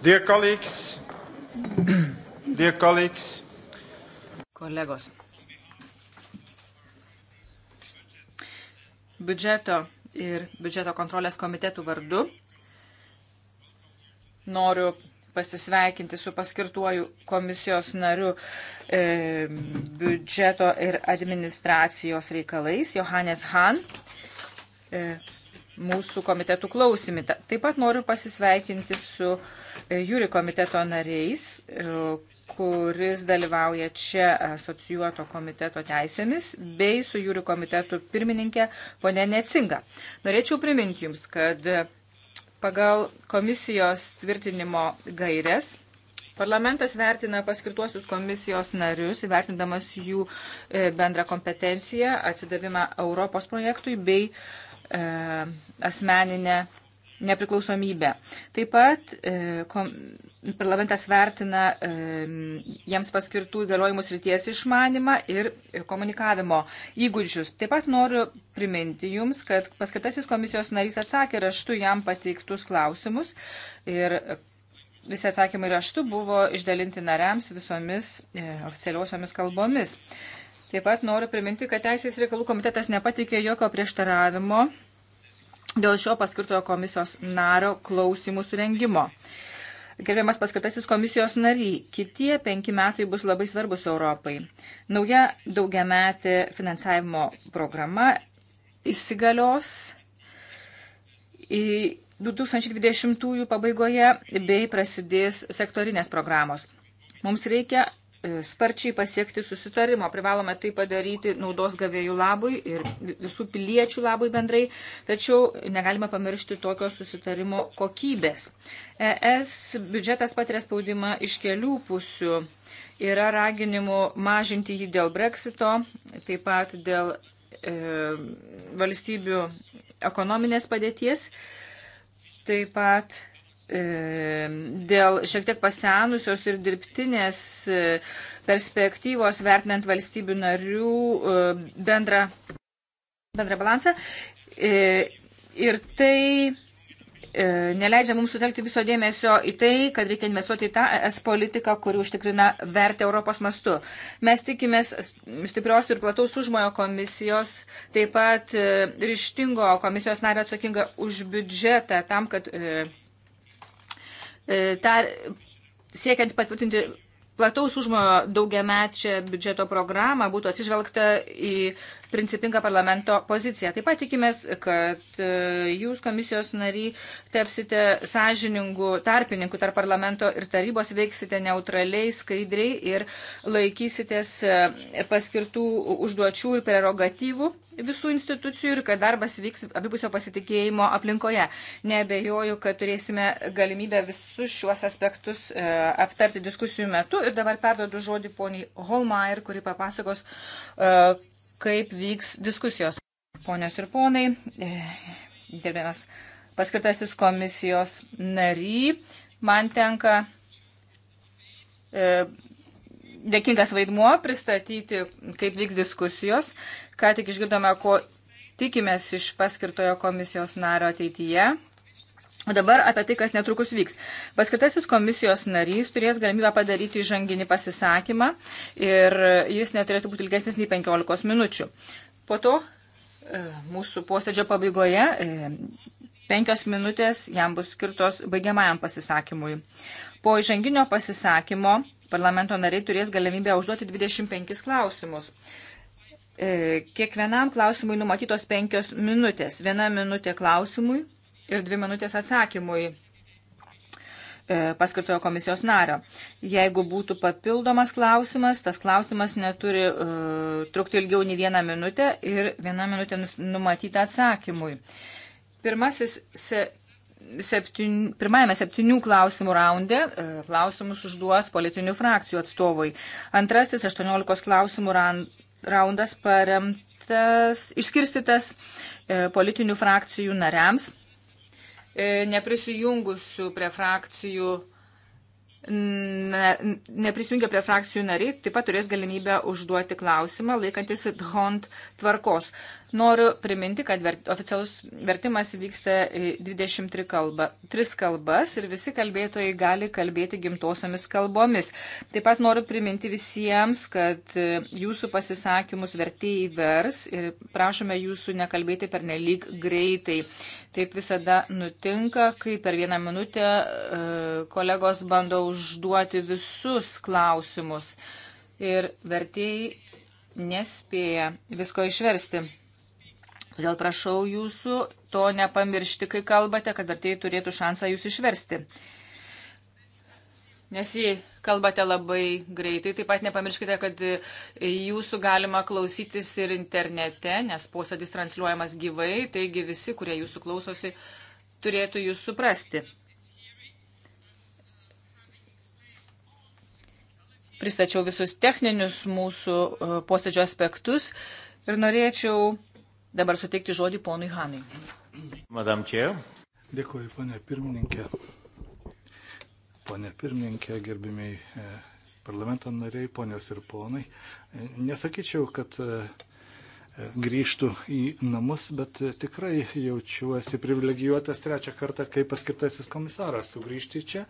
Dear colleagues, dear colleagues. Kolegos. Biudžeto ir biudžeto kontrolės komitetų vardu noriu pasisveikinti su paskirtuoju komisijos nariu e, biudžeto ir administracijos reikalais, Johannes Han. E, mūsų komitetų klausimį. Taip pat noriu pasisveikinti su e, jūri komiteto nariais, e, kuris dalyvauja čia asocijuoto komiteto teisėmis, bei su jūri komitetų pirmininkė ponė Necinga. Norėčiau priminti Jums, kad pagal komisijos tvirtinimo gairias Parlamentas vertina paskirtuosius komisijos narius, įvertindamas jų e, bendrą kompetenciją, atsidavimą Europos projektui bei uh, e, asmeninę nepriklausomybę. Taip pat e, kom, parlamentas vertina e, jiems paskirtų įgaliojimų srities išmanimą ir komunikavimo įgūdžius. Taip pat noriu priminti Jums, kad paskatasis komisijos narys atsakė raštu jam pateiktus klausimus ir visi atsakymai raštu buvo išdalinti nariams visomis e, oficialiosiomis kalbomis. E, Taip pat noriu priminti, kad Teisės reikalų komitetas nepatikė jokio prieštaravimo dėl šio paskirtojo komisijos nario klausimų surengimo. Gerbiamas paskirtasis komisijos nariai, kitie penki metai bus labai svarbus Europai. Nauja daugiametė finansavimo programa įsigalios 2020 pabaigoje bei prasidės sektorinės programos. Mums reikia E, sparčiai pasiekti susitarimo. Privalome tai padaryti naudos gavėjų labui ir visų piliečių labui bendrai, tačiau negalime pamiršti tokio susitarimo kokybės. ES biudžetas patiria spaudimą iš kelių pusių. Yra raginimų mažinti jį dėl breksito, taip pat dėl e, valstybių ekonominės padėties, taip pat E, dėl šiek tiek pasenusios ir dirbtinės e, perspektyvos vertinant valstybių narių e, bendrą, bendrą balansą. Ir tai neleidžia mums sutelkti viso dėmesio į tai, kad reikia investuoti į tą es politiką, kuri užtikrina vertę Europos mastu. Mes tikimės stiprios ir plataus užmojo komisijos, taip pat ryštingo komisijos nario atsakinga už biudžetą tam, kad tar, e, siekiant patvirtinti plataus užmo daugiamečią biudžeto programą būtų atsižvelgta į principingą parlamento poziciją. Taip pat tikimės, kad e, jūs komisijos nariai tepsite sąžiningų tarpininkų tarp parlamento ir tarybos, veiksite neutraliai, skaidriai ir laikysitės e, paskirtų užduočių ir prerogatyvų visų institucijų ir kad darbas vyks abipusio pasitikėjimo aplinkoje. Nebejoju, kad turėsime galimybę visus šiuos aspektus e, aptarti diskusijų metu ir dabar perdodu žodį poniai Holmeier, kuri papasakos, e, kaip vyks diskusijos. Ponios ir ponai, e, gerbiamas paskirtasis komisijos nary, man tenka e, dėkingas vaidmuo pristatyti, kaip vyks diskusijos. Ką tik išgirdome, ko tikimės iš paskirtojo komisijos nario ateityje. O dabar apie tai, kas netrukus vyks. Paskirtasis komisijos narys turės galimybę padaryti žanginį pasisakymą ir jis neturėtų būti ilgesnis nei 15 minučių. Po to e, mūsų posėdžio pabaigoje e, penkios minutės jam bus skirtos baigiamajam pasisakymui. Po žanginio pasisakymo parlamento nariai turės galimybę užduoti 25 klausimus. E, kiekvienam klausimui numatytos penkios minutės. Viena minutė klausimui, ir dvi minutės atsakymui e, paskirtojo komisijos nario. Jeigu būtų papildomas klausimas, tas klausimas neturi uh, trukti ilgiau nei vieną minutę ir vieną minutę numatyta atsakymui. Pirmasis se, septyn, pirmajame septynių klausimų raunde uh, klausimus užduos politinių frakcijų atstovai. Antrasis 18 klausimų raundas paremtas, išskirstytas uh, politinių frakcijų nariams E, neprisijungusių prie frakcijų neprisijungę prie frakcijų nariai taip pat turės galimybę užduoti klausimą laikantis DHONT tvarkos. Noriu priminti, kad ver, oficialus vertimas vyksta 23 kalba, 3 kalbas ir visi kalbėtojai gali kalbėti gimtosiomis kalbomis. Taip pat noriu priminti visiems, kad e, jūsų pasisakymus vertėjai vers ir prašome jūsų nekalbėti per nelik greitai. Taip visada nutinka, kai per vieną minutę e, kolegos bando užduoti visus klausimus ir vertėjai nespėja visko išversti. Todėl prašau jūsų to nepamiršti, kai kalbate, kad vertėjai turėtų šansą jūs išversti. Nes jei kalbate labai greitai, taip pat nepamirškite, kad jūsų galima klausytis ir internete, nes posėdis transliuojamas gyvai, taigi visi, kurie jūsų klausosi, turėtų jūs suprasti. Pristačiau visus techninius mūsų e, posėdžio aspektus ir norėčiau dabar suteikti žodį ponui Hanai. Madam Čia. Dėkuoju, ponė pirmininkė. Ponė pirmininkė, gerbimiai e, parlamento nariai, ponios ir ponai. E, nesakyčiau, kad e, grįžtų į namus, bet tikrai jaučiuosi privilegijuotas trečią kartą, kai paskirtasis komisaras sugrįžti čia.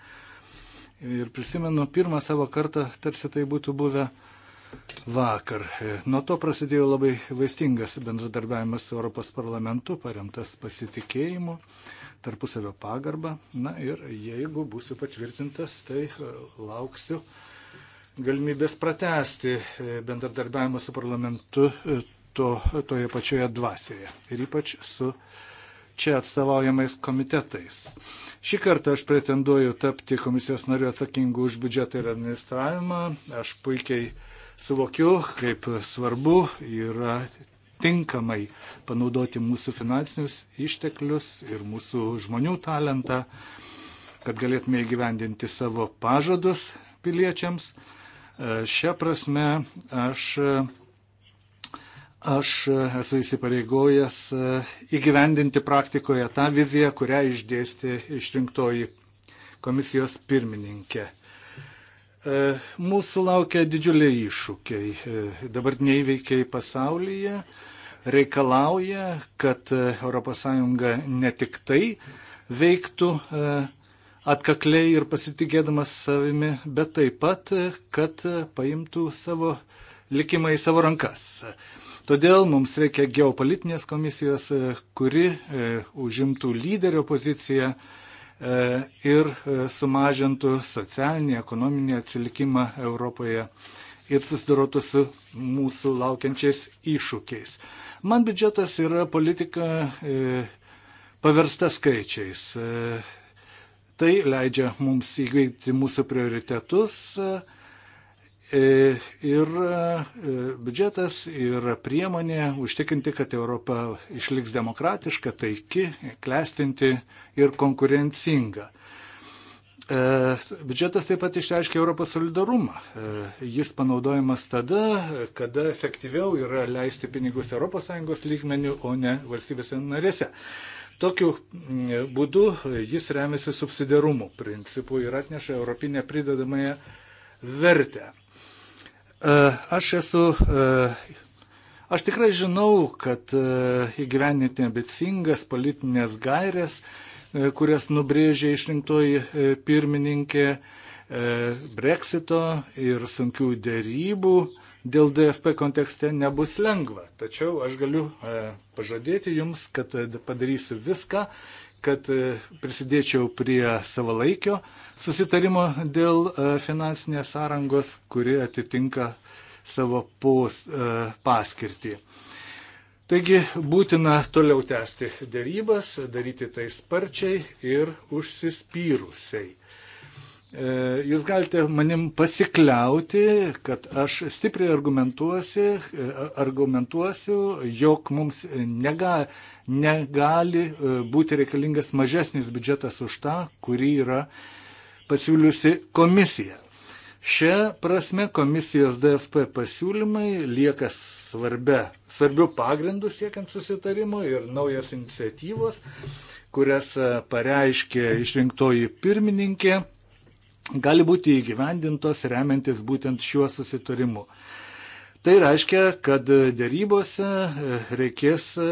Ir prisimenu pirmą savo kartą, tarsi tai būtų buvę uh, vakar. Nuo to prasidėjo labai vaistingas bendradarbiavimas su Europos parlamentu, paremtas pasitikėjimu, tarpusavio pagarba. Na ir jeigu būsiu patvirtintas, tai e, lauksiu galimybės pratesti e, bendradarbiavimą su parlamentu e, to, toje pačioje dvasioje. Ir ypač su čia atstovaujamais komitetais. Šį kartą aš pretenduoju tapti komisijos nariu atsakingu už biudžetą ir administravimą. Aš puikiai uh, suvokiu, kaip svarbu yra tinkamai panaudoti mūsų finansinius išteklius ir mūsų žmonių talentą, kad galėtume įgyvendinti savo pažadus piliečiams. E, Šią prasme aš, aš esu įsipareigojęs e, įgyvendinti praktikoje tą viziją, kurią išdėstė išrinktoji komisijos pirmininkė. E, mūsų laukia didžiuliai iššūkiai. E, Dabar neįveikiai pasaulyje reikalauja, kad ES ne tik tai veiktų e, atkakliai ir pasitikėdamas savimi, bet taip pat, kad paimtų savo likimą į savo rankas. Todėl mums reikia geopolitinės komisijos, kuri užimtų lyderio poziciją E, ir e, sumažintų socialinį, ekonominį atsilikimą Europoje ir susidorotų su mūsų laukiančiais iššūkiais. Man biudžetas yra politika e, paversta skaičiais. Tai leidžia mums įveikti mūsų prioritetus E, ir e, biudžetas, ir priemonė užtikrinti, kad Europa išliks demokratiška, taiki, klestinti ir konkurencinga. E, biudžetas taip pat išreiškia Europos solidarumą. Jis panaudojamas tada, kada efektyviau yra leisti pinigus ES lygmenių, o ne valstybėse narėse. Tokiu mm, būdu jis remiasi subsidiarumu principu ir atneša europinę pridedamąją vertę. E, aš esu, e, aš tikrai žinau, kad e, įgyveninti ambicingas politinės gairės, kurias nubrėžė išrinktoji pirmininkė Brexito ir sunkių dėrybų dėl DFP kontekste nebus lengva. Tačiau aš galiu pažadėti Jums, kad padarysiu viską, kad prisidėčiau prie savalaikio susitarimo dėl e, finansinės sąrangos, kuri atitinka savo pos, e, paskirtį. Taigi būtina toliau tęsti dėrybas, daryti tai sparčiai ir užsispyrusiai. E, jūs galite manim pasikliauti, kad aš stipriai argumentuosi, argumentuosiu, jog mums nega, negali būti reikalingas mažesnis biudžetas už tą, kurį yra uh, pasiūliusi komisija. Šią prasme komisijos DFP pasiūlymai lieka svarbia, svarbių pagrindų siekiant susitarimo ir naujos iniciatyvos, kurias e, pareiškė išrinktoji pirmininkė, gali būti įgyvendintos remiantis būtent šiuo susitarimu. Tai reiškia, kad dėrybose e, reikės e,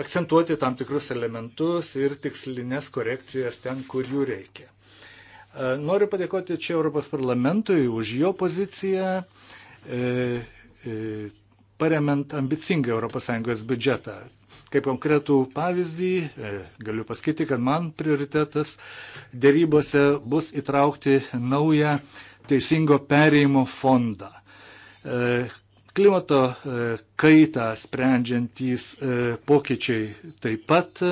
akcentuoti tam tikrus elementus ir tikslinės korekcijas ten, kur jų reikia. E, noriu padėkoti čia Europos parlamentui už jo poziciją, e, e, paremant ambicingą ES biudžetą. Kaip konkretų pavyzdį galiu pasakyti, kad man prioritetas dėrybose bus įtraukti naują teisingo pereimo fondą. Klimato kaitą sprendžiantys pokyčiai taip pat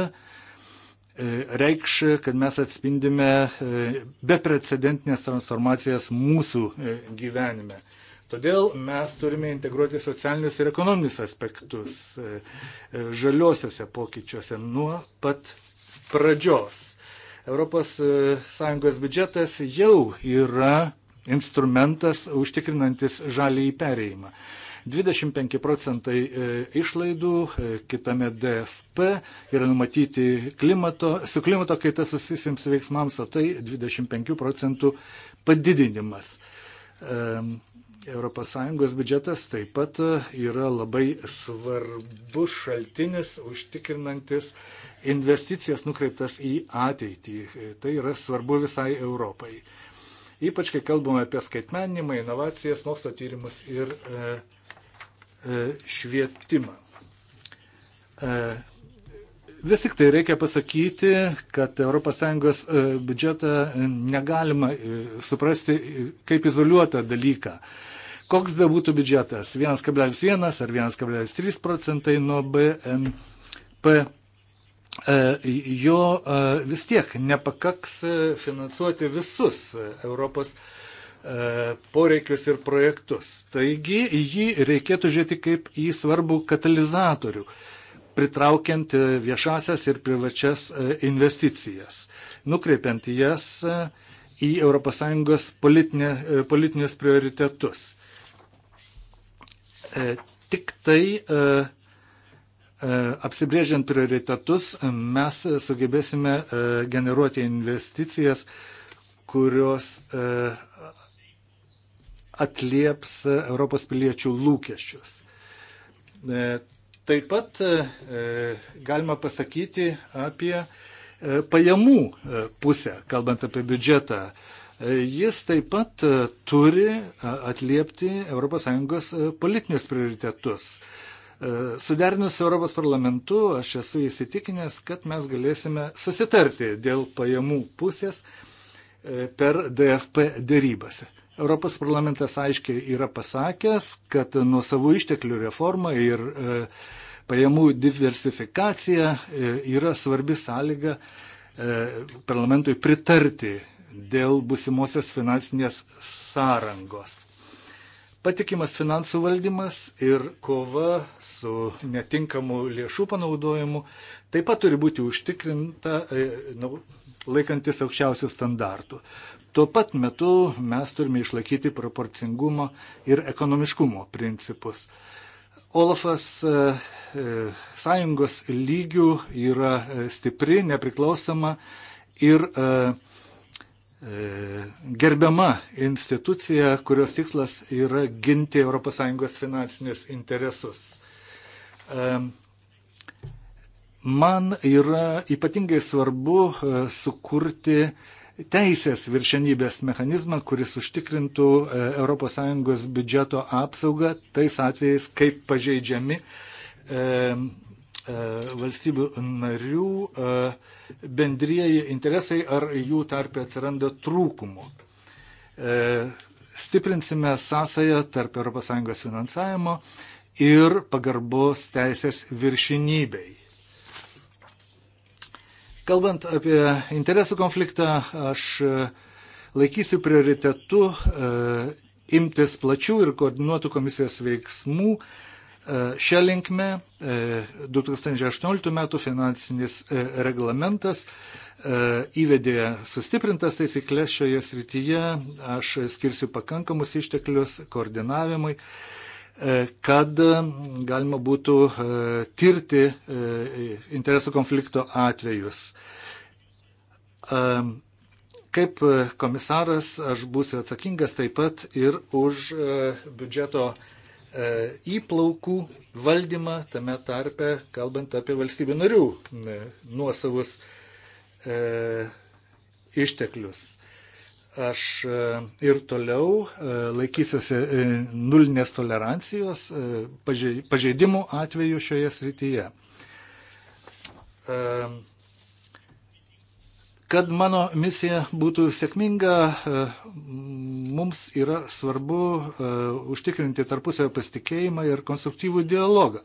E, reikš, kad mes atspindime e, beprecedentinės transformacijas mūsų e, gyvenime. Todėl mes turime integruoti socialinius ir ekonominius aspektus žaliosiuose pokyčiuose nuo pat pradžios. ES biudžetas jau yra instrumentas užtikrinantis žalį į perėjimą. 25 procentai e, išlaidų e, kitame DFP yra numatyti klimato, su klimato kaita susisims veiksmams, o tai 25 procentų padidinimas. ES biudžetas taip pat e, yra labai svarbus šaltinis užtikrinantis investicijas nukreiptas į ateitį. Tai yra svarbu visai Europai. Ypač kai kalbame apie skaitmeninimą, inovacijas, mokslo tyrimus ir e, E, švietimą. E, vis tik tai reikia pasakyti, kad ES e, biudžetą negalima suprasti kaip izoliuotą dalyką. Koks be būtų biudžetas, 1,1 ar 1,3 procentai nuo BNP, jo vis tiek nepakaks finansuoti visus ES E, poreikius ir projektus. Taigi į jį reikėtų žiūrėti kaip į svarbų katalizatorių, pritraukiant viešasias ir privačias e, investicijas, nukreipiant jas e, į ES politinė, politinius prioritetus. Tik tai apsibrėžiant prioritetus mes sugebėsime generuoti investicijas, kurios atlieps e, Europos piliečių lūkesčius. E, taip pat e, galima pasakyti apie pajamų pusę, kalbant apie biudžetą. Jis taip pat turi atliepti ES politinius prioritetus. Suderinus Europos parlamentu, aš esu įsitikinęs, kad mes galėsime susitarti dėl pajamų pusės per DFP dėrybose. Europos parlamentas aiškiai yra pasakęs, kad nuo savų išteklių reforma ir e, pajamų diversifikacija e, yra svarbi sąlyga e, parlamentui pritarti dėl busimosios finansinės sąrangos. Patikimas finansų valdymas ir kova su netinkamu lėšų panaudojimu taip pat turi būti užtikrinta e, nu, laikantis aukščiausių standartų. Tuo pat metu mes turime išlaikyti proporcingumo ir ekonomiškumo principus. Olafas e, e, sąjungos lygių yra e, stipri, nepriklausoma ir gerbiama institucija, kurios tikslas yra ginti ES finansinius interesus. Man yra ypatingai svarbu sukurti teisės viršenybės mechanizmą, kuris užtikrintų ES biudžeto apsaugą tais atvejais, kaip pažeidžiami e, e, valstybių narių e, bendrieji interesai ar jų tarpė atsiranda trūkumų. Stiprinsime sąsają tarp ES finansavimo ir pagarbos teisės viršinybei. Kalbant apie interesų konfliktą, aš e, laikysiu prioritetu e, imtis plačių ir koordinuotų komisijos veiksmų. Šią linkmę 2018 m. finansinis e, reglamentas įvedė sustiprintas taisyklės šioje srityje. Aš skirsiu pakankamus išteklius koordinavimui kad e, galima būtų e, tirti e, interesų konflikto atvejus. Kaip komisaras aš būsiu atsakingas taip pat ir už biudžeto įplaukų valdymą, tame tarpe kalbant apie valstybių narių nuosavus išteklius aš e, ir toliau e, laikysiuosi e, nulinės tolerancijos pažeidimų atveju šioje srityje. Kad mano misija būtų sėkminga, mums yra svarbu užtikrinti tarpusavio pasitikėjimą ir konstruktyvų dialogą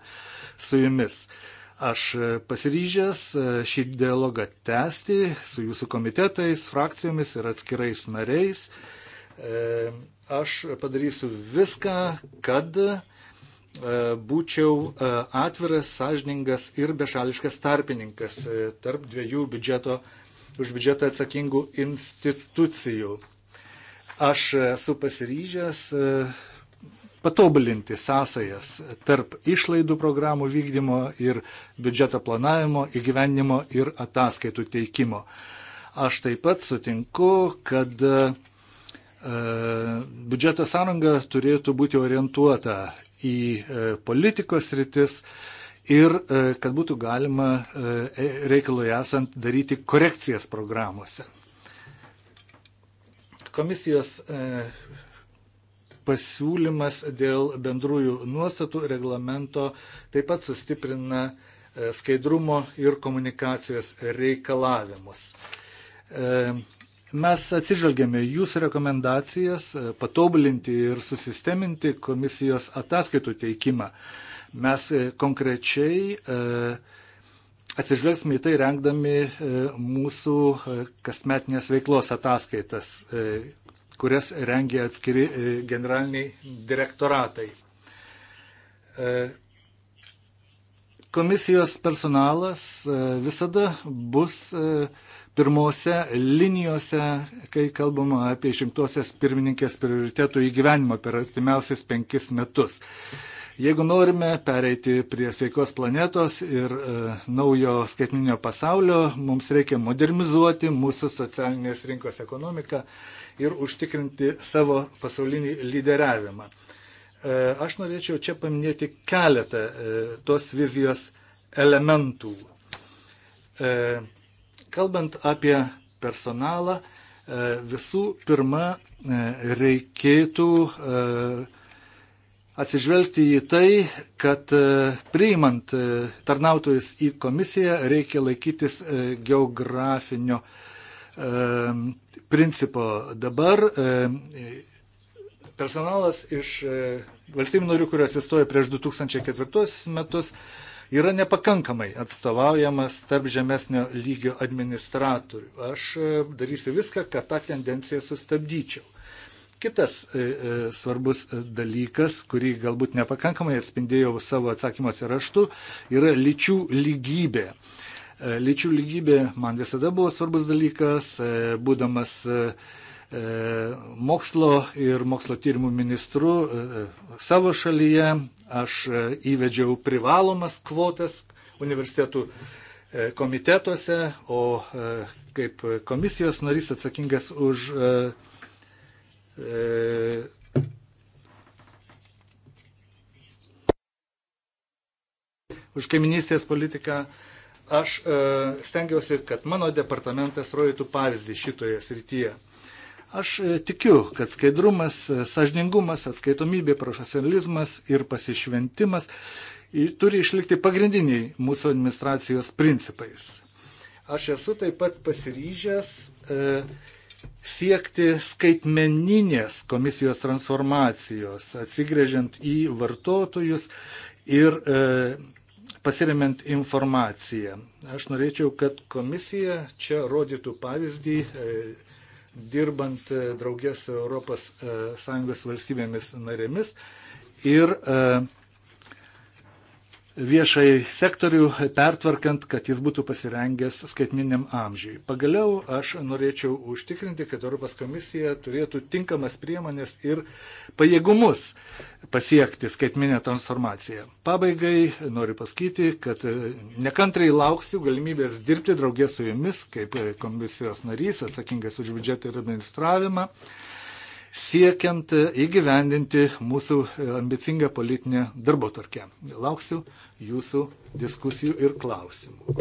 su jumis. Uh, Aš pasiryžęs e, šį dialogą tęsti su jūsų komitetais, frakcijomis ir atskirais nariais. E, aš padarysiu viską, kad e, būčiau atviras, sąžiningas ir bešališkas tarpininkas tarp dviejų biudžeto, už biudžetą atsakingų institucijų. Aš esu pasiryžęs patobulinti sąsajas tarp išlaidų programų vykdymo ir biudžeto planavimo, įgyvenimo ir ataskaitų teikimo. Aš taip pat sutinku, kad e, biudžeto sąranga turėtų būti orientuota į e, politikos rytis ir e, kad būtų galima reikalui esant daryti korekcijas programuose. Komisijos pasiūlymas dėl bendrųjų nuostatų reglamento taip pat sustiprina e, skaidrumo ir komunikacijos reikalavimus. E, mes atsižvelgėme jūsų rekomendacijas e, patobulinti ir susisteminti komisijos ataskaitų teikimą. Mes konkrečiai atsižvelgsime į tai rengdami mūsų kasmetinės veiklos ataskaitas, kurias rengia atskiri e, generaliniai direktoratai. E, komisijos personalas e, visada bus pirmose linijose, kai kalbama apie šimtosios pirmininkės prioritetų įgyvenimą per artimiausius penkis metus. Jeigu norime pereiti prie sveikos planetos ir e, naujo skaitminio pasaulio, mums reikia modernizuoti mūsų socialinės rinkos ekonomiką, ir užtikrinti savo pasaulinį lyderiavimą. E, aš norėčiau čia paminėti keletą e, tos vizijos elementų. E, kalbant apie personalą, visų pirma reikėtų atsižvelgti į tai, kad priimant tarnautojus į komisiją reikia laikytis geografinio principo. Dabar e, personalas iš e, valstybių narių, kurios įstojo prieš 2004 metus, yra nepakankamai atstovaujamas tarp žemesnio lygio administratorių. Aš e, darysiu viską, kad tą tendenciją sustabdyčiau. Kitas e, e, svarbus dalykas, kurį galbūt nepakankamai atspindėjau savo atsakymuose raštu, yra lyčių lygybė. E, E, lyčių lygybė man visada buvo svarbus dalykas, e, būdamas e, mokslo ir mokslo tyrimų ministru savo šalyje. Aš įvedžiau privalomas kvotas universitetų komitetuose, o kaip komisijos narys atsakingas už už kaiminystės politiką aš e, stengiausi, kad mano departamentas rodytų pavyzdį šitoje srityje. Aš e, tikiu, kad skaidrumas, e, sažningumas, atskaitomybė, profesionalizmas ir pasišventimas turi išlikti pagrindiniai mūsų administracijos principais. Aš esu taip pat pasiryžęs e, siekti skaitmeninės komisijos transformacijos, atsigrėžiant į vartotojus ir e, pasiremiant informaciją. Aš norėčiau, kad komisija čia rodytų pavyzdį, e, dirbant e, draugės Europos e, Sąjungos valstybėmis narėmis ir uh, viešai sektorių pertvarkant, kad jis būtų pasirengęs skaitmininiam amžiui. Pagaliau aš norėčiau užtikrinti, kad Europos komisija turėtų tinkamas priemonės ir pajėgumus pasiekti skaitminę transformaciją. Pabaigai noriu pasakyti, kad nekantrai lauksiu galimybės dirbti draugės su jumis, kaip komisijos narys, atsakingas už biudžetą ir administravimą siekiant įgyvendinti mūsų ambicingą politinę darbo tarkę. Lauksiu jūsų diskusijų ir klausimų.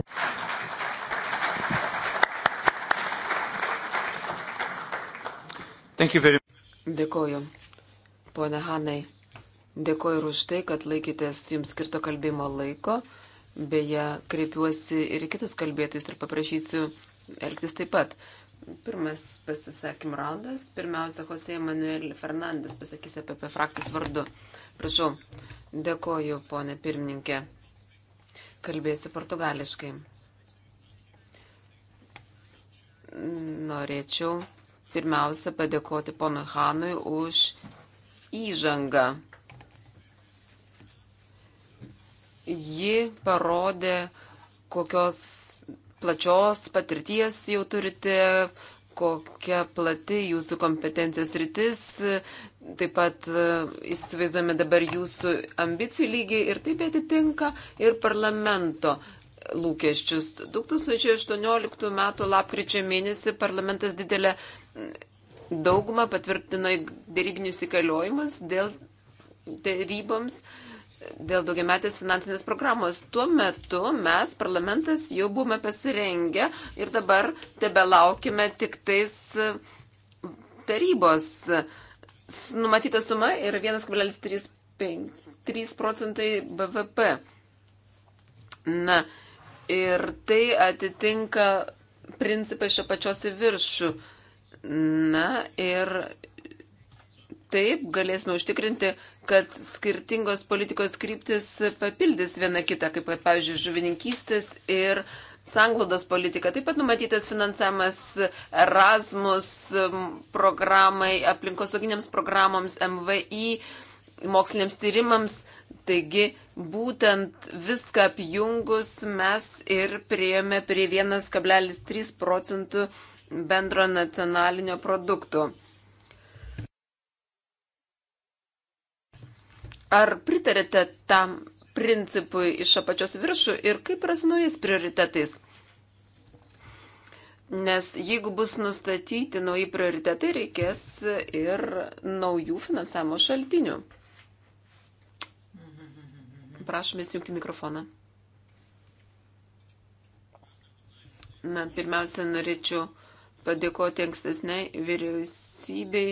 Dėkoju, ponė Hanai. Dėkoju ir už tai, kad laikytės jums skirto kalbėjimo laiko. Beje, kreipiuosi ir kitus kalbėtojus ir paprašysiu elgtis taip pat. Pirmas pasisakym raundas. Pirmiausia, Jose Manuel Fernandes pasakys apie, apie frakcijos vardu. Prašau, dėkoju, ponė pirmininkė. Kalbėsiu portugališkai. Norėčiau pirmiausia padėkoti ponui Hanui už įžangą. Ji parodė, kokios plačios patirties jau turite, kokia plati jūsų kompetencijos rytis, taip pat e, įsivaizduojame dabar jūsų ambicijų lygį ir taip atitinka ir parlamento lūkesčius. 2018 m. lapkričio mėnesį parlamentas didelę daugumą patvirtino dėrybinius įgaliojimus dėl dėryboms dėl daugiametės finansinės programos. Tuo metu mes, parlamentas, jau buvome pasirengę ir dabar tebe laukime tik tais e, tarybos. Numatyta suma yra 1,3 procentai BVP. Na, ir tai atitinka principai iš apačios į viršų. Na, ir taip galėsime užtikrinti, kad skirtingos politikos kryptis papildys viena kitą, kaip kad, pavyzdžiui, žuvininkystės ir sanglaudos politika. Taip pat numatytas finansavimas Erasmus programai, aplinkosauginiams programams, MVI, moksliniams tyrimams. Taigi, būtent viską apjungus mes ir prieėmė prie 1,3 procentų bendro nacionalinio produktų. Ar pritarėte tam principui iš apačios viršų ir kaip yra su naujais prioritetais? Nes jeigu bus nustatyti nauji prioritetai, reikės ir naujų finansavimo šaltinių. Prašome įsijungti mikrofoną. Na, pirmiausia, norėčiau padėkoti ankstesniai vyriausybei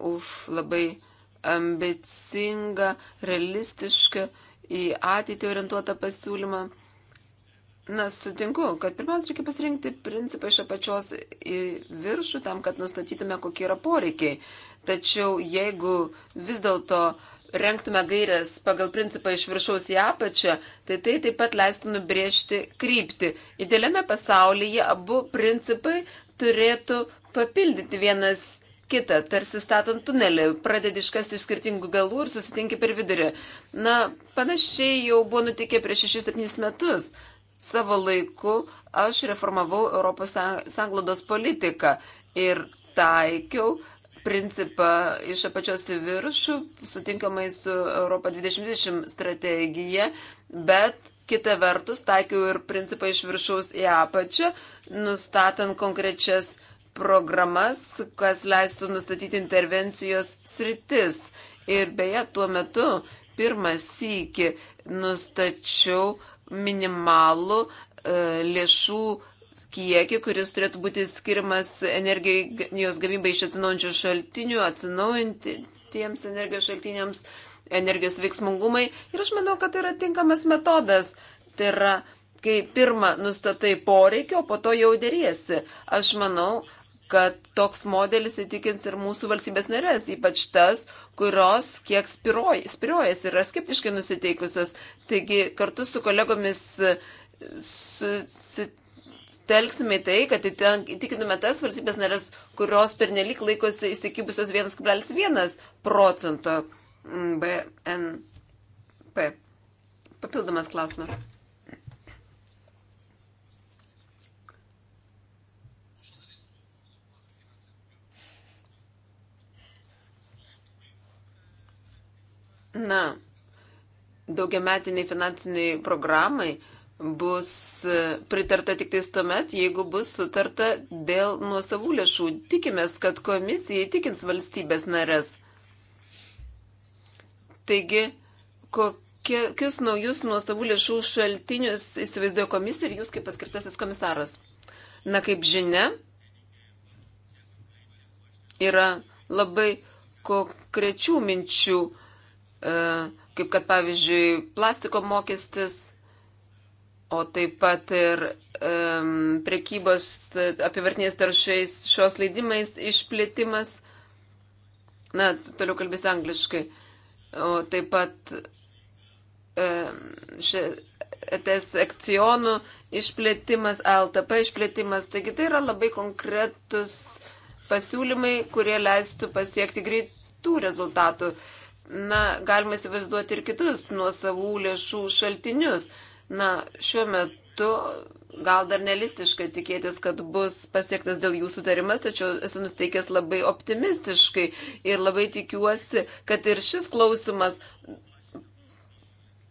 už labai ambicingą, realistišką, į ateitį orientuotą pasiūlymą. Na, sutinku, kad pirmiausia reikia pasirinkti principą iš apačios į viršų tam, kad nustatytume, kokie yra poreikiai. Tačiau jeigu vis dėlto renktume gairias pagal principą iš viršaus į apačią, tai tai taip pat leistų nubrėžti kryptį. Idealiame pasaulyje abu principai turėtų papildyti vienas kitą, tarsi statant tunelį, pradedi iškasti iš skirtingų galų ir susitinki per vidurį. Na, panašiai jau buvo nutikę prieš 6-7 metus. Savo laiku aš reformavau Europos sanglodos politiką ir taikiau principą iš apačios į viršų, sutinkamai su Europa 2020 strategija, bet kita vertus taikiau ir principą iš viršaus į apačią, nustatant konkrečias uh, programas, kas leistų nustatyti intervencijos sritis. Ir beje, tuo metu pirmą sykį nustačiau minimalų e, lėšų kiekį, kuris turėtų būti skirimas energijos gamybai iš atsinaujančių šaltinių, atsinaujantiems energijos šaltiniams, energijos veiksmungumai. Ir aš manau, kad tai yra tinkamas metodas. Tai yra, kai pirmą nustatai poreikio, po to jau dėrėsi. Aš manau, kad toks modelis įtikins ir mūsų valstybės narės, ypač tas, kurios kiek spiriojas ir yra skeptiškai nusiteikusios. Taigi kartu su kolegomis e, susitelksime į tai, kad įtikinume tas valstybės narės, kurios pernelik laikosi įsikibusios 1,1 procento mm, BNP. Papildomas klausimas. Na, daugiametiniai finansiniai programai bus e, pritarta tik tais tuomet, jeigu bus sutarta dėl nuosavų lėšų. Tikimės, kad komisija įtikins valstybės narės. Taigi, kokius naujus nuosavų lėšų šaltinius įsivaizduoja komisija ir jūs kaip paskirtasis komisaras? Na, kaip žinia, yra labai konkrečių minčių E, kaip kad pavyzdžiui plastiko mokestis, o taip pat ir um, prekybos e, apivartiniais taršais šios leidimais išplėtimas. Na, toliau kalbėsiu angliškai. O taip pat um, ETS akcionų išplėtimas, LTP išplėtimas. Taigi tai yra labai konkretus pasiūlymai, kurie leistų pasiekti greitų rezultatų. Uh, na, galima įsivaizduoti ir kitus nuo savų lėšų šaltinius. Na, šiuo metu gal dar nelistiška tikėtis, kad bus pasiektas dėl jų sutarimas, tačiau esu nusteikęs labai optimistiškai ir labai tikiuosi, kad ir šis klausimas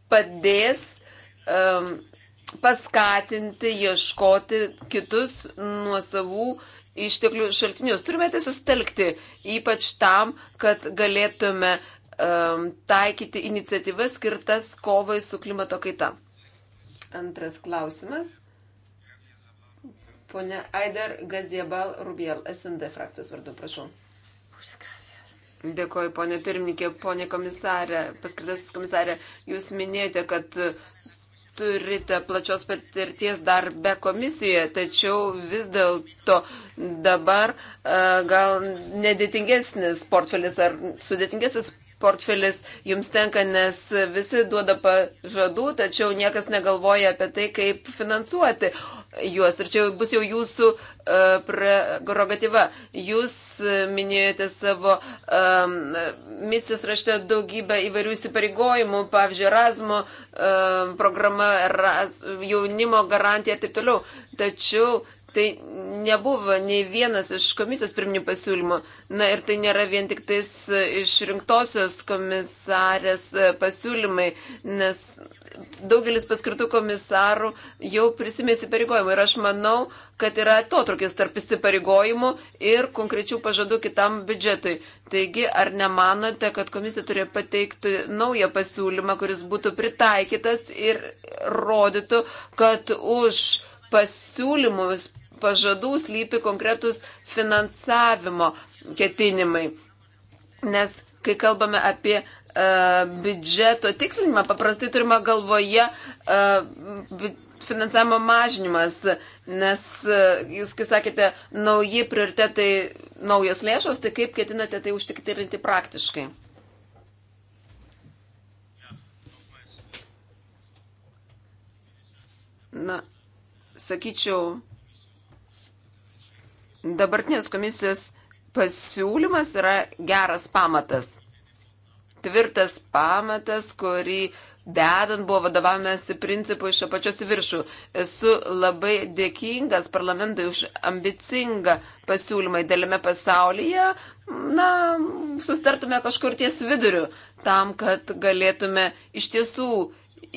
padės um, paskatinti, ieškoti kitus nuo savų išteklių šaltinius. Turime tai sustelkti, ypač tam, kad galėtume uh, um, taikyti iniciatyvas skirtas kovai su klimato kaita? Antras klausimas. Pone Aider Gaziebal Rubiel, SND frakcijos vardu, prašau. Dėkoju, ponė pirmininkė, ponė komisarė, paskirtasis komisarė, jūs minėjote, kad turite plačios patirties darbe komisijoje, tačiau vis dėlto dabar uh, gal nedėtingesnis portfelis ar sudėtingesnis portfelis jums tenka, nes visi duoda pažadų, tačiau niekas negalvoja apie tai, kaip finansuoti juos. Ir čia bus jau jūsų uh, prerogatyva. Jūs e, minėjote savo um, misijos rašte daugybę įvairių įsipareigojimų, pavyzdžiui, Erasmo um, programa, Eras, jaunimo garantija ir taip toliau. Tačiau Tai nebuvo nei vienas iš komisijos pirminių pasiūlymų. Na ir tai nėra vien tik tais e, išrinktosios komisarės e, pasiūlymai, nes daugelis paskirtų komisarų jau prisimė įsipareigojimą. Ir aš manau, kad yra atotrukis tarp įsipareigojimų ir konkrečių pažadų kitam biudžetui. Taigi, ar nemanote, kad komisija turėjo pateikti naują pasiūlymą, kuris būtų pritaikytas ir rodytų, kad už pasiūlymus pažadų slypi konkretus finansavimo ketinimai. Nes kai kalbame apie uh, biudžeto tikslinimą, paprastai turime galvoje uh, finansavimo mažinimas, nes uh, jūs, kai sakėte, nauji prioritetai, naujos lėšos, tai kaip ketinate tai užtikrinti praktiškai? Na, sakyčiau, dabartinės komisijos pasiūlymas yra geras pamatas. Tvirtas pamatas, kurį dedant buvo vadovavimėsi principų iš apačios į viršų. Esu labai dėkingas parlamentui už ambicingą pasiūlymą įdėlėme pasaulyje. Na, sustartume kažkur ties viduriu, tam, kad galėtume iš tiesų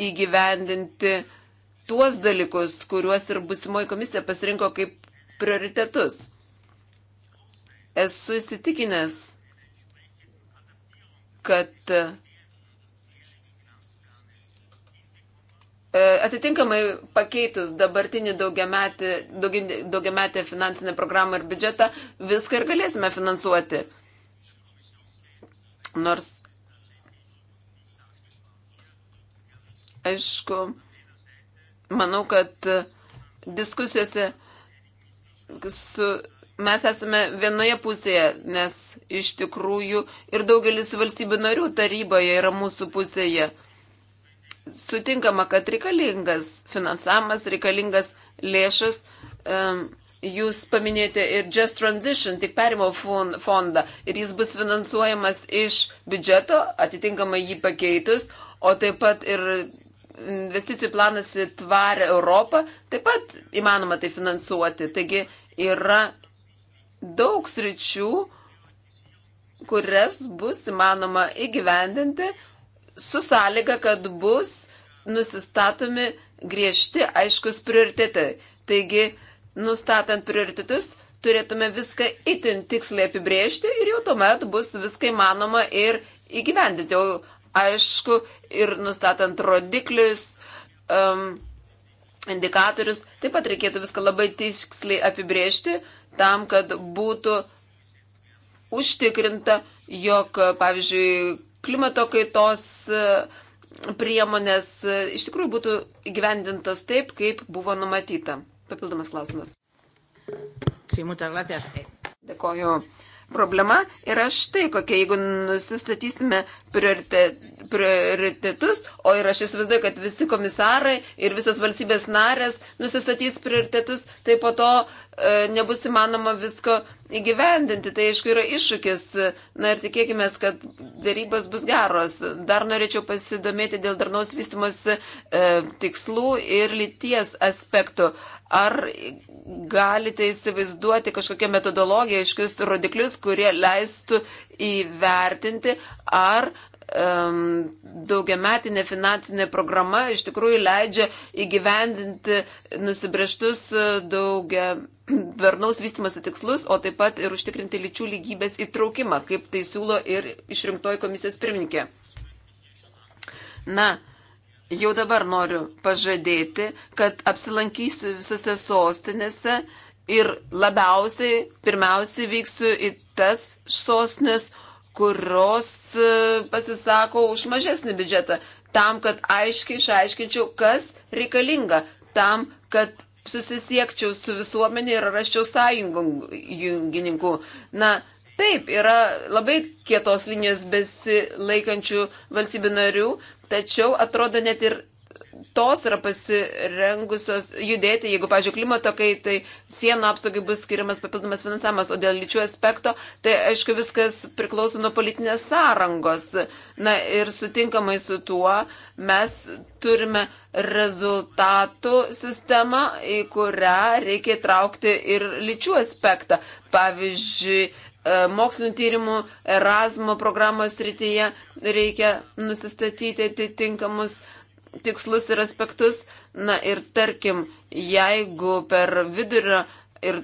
įgyvendinti uh, tuos dalykus, kuriuos ir busimoji komisija pasirinko kaip prioritetus. Esu įsitikinęs, kad e, Atitinkamai pakeitus dabartinį daugiametį, daugiametį finansinę programą ir biudžetą, viską ir galėsime finansuoti. Nors, aišku, Manau, kad e, diskusijose su mes esame vienoje pusėje, nes iš tikrųjų ir daugelis valstybių narių taryboje yra mūsų pusėje. Sutinkama, kad reikalingas finansavimas, reikalingas lėšas. Um, jūs paminėjote ir Just Transition, tik perimo fondą, ir jis bus finansuojamas iš biudžeto, atitinkamai jį pakeitus, o taip pat ir investicijų planas į tvarę Europą, taip pat įmanoma tai finansuoti. Taigi yra daug sričių, kurias bus įmanoma įgyvendinti su sąlyga, kad bus nusistatomi griežti aiškus prioritetai. Taigi, nustatant prioritetus, turėtume viską itin tiksliai apibriežti ir jau tuomet bus viską įmanoma ir įgyvendinti. O aišku, ir nustatant rodiklius, um, indikatorius, taip pat reikėtų viską labai tiksliai apibrėžti tam, kad būtų užtikrinta, jog, pavyzdžiui, klimato kaitos uh, priemonės uh, iš tikrųjų būtų gyvendintos taip, kaip buvo numatyta. Papildomas klausimas. Sí, muchas gracias. Dėkoju. Problema yra štai kokia, jeigu nusistatysime prioritetus, o ir aš įsivaizduoju, kad visi komisarai ir visos valstybės narės nusistatys prioritetus, tai po to uh, E, nebus įmanoma visko įgyvendinti. Tai aišku yra iššūkis. Na ir tikėkime, kad darybos bus geros. Dar norėčiau pasidomėti dėl darnaus vystimosi e, tikslų ir lyties aspektų. Ar galite įsivaizduoti kažkokią metodologiją, aiškius rodiklius, kurie leistų įvertinti, ar um, daugiametinė finansinė programa iš tikrųjų leidžia įgyvendinti nusibrieštus e, daugia tvarnaus vystimasi tikslus, o taip pat ir užtikrinti lyčių lygybės įtraukimą, kaip tai siūlo ir išrinktoji komisijos pirmininkė. Na, jau dabar noriu pažadėti, kad apsilankysiu visose sostinėse ir labiausiai, pirmiausiai vyksiu į tas sostinės, kurios e, pasisako už mažesnį biudžetą, tam, kad aiškiai išaiškinčiau, kas reikalinga, tam, kad susisiekčiau su visuomenė ir raščiau sąjungininkų. Na, taip, yra labai kietos linijos besilaikančių valstybių narių, tačiau atrodo net ir tos yra pasirengusios judėti, jeigu, pažiūrėjau, klimato kaitai, sienų apsaugai bus skiriamas papildomas finansavimas, o dėl lyčių aspekto, tai aišku, viskas priklauso nuo politinės sąrangos. Na ir sutinkamai su tuo mes turime rezultatų sistemą, į kurią reikia traukti ir lyčių aspektą. Pavyzdžiui, e, mokslinio tyrimų Erasmo programos rytyje reikia nusistatyti atitinkamus uh, tikslus ir aspektus. Na ir tarkim, jeigu per vidurio ir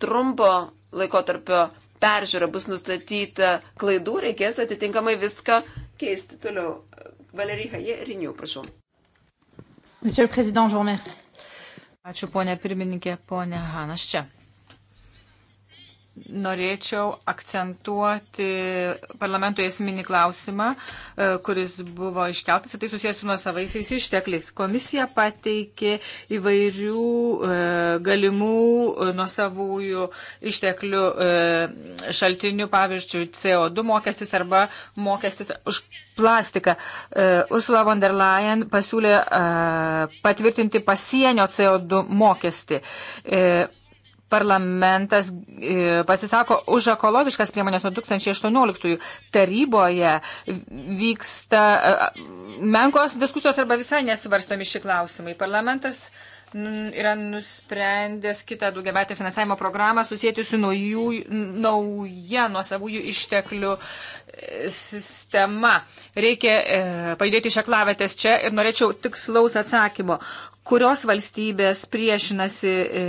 trumpo laikotarpio peržiūra bus nustatyta klaidų, reikės atitinkamai viską keisti toliau. Valerija Jerinių, prašau. Ačiū, ponė pirmininkė, ponė Hanas čia norėčiau akcentuoti parlamento esminį klausimą, e, kuris buvo iškeltas, tai susijęs su nuosavaisiais ištekliais. Komisija pateikė įvairių e, galimų e, nuosavųjų išteklių šaltinių, pavyzdžiui, CO2 mokestis arba mokestis už plastiką. Ursula von der Leyen pasiūlė patvirtinti pasienio CO2 mokestį parlamentas e, pasisako už ekologiškas priemonės nuo 2018 taryboje vyksta e, menkos diskusijos arba visai nesvarstomi šį klausimai. Parlamentas yra nusprendęs kitą daugiametę finansavimo programą susijęti su naujų, nauja nuosavųjų išteklių e, sistema. Reikia e, pajudėti iš aklavėtės čia ir norėčiau tikslaus atsakymo kurios valstybės priešinasi e,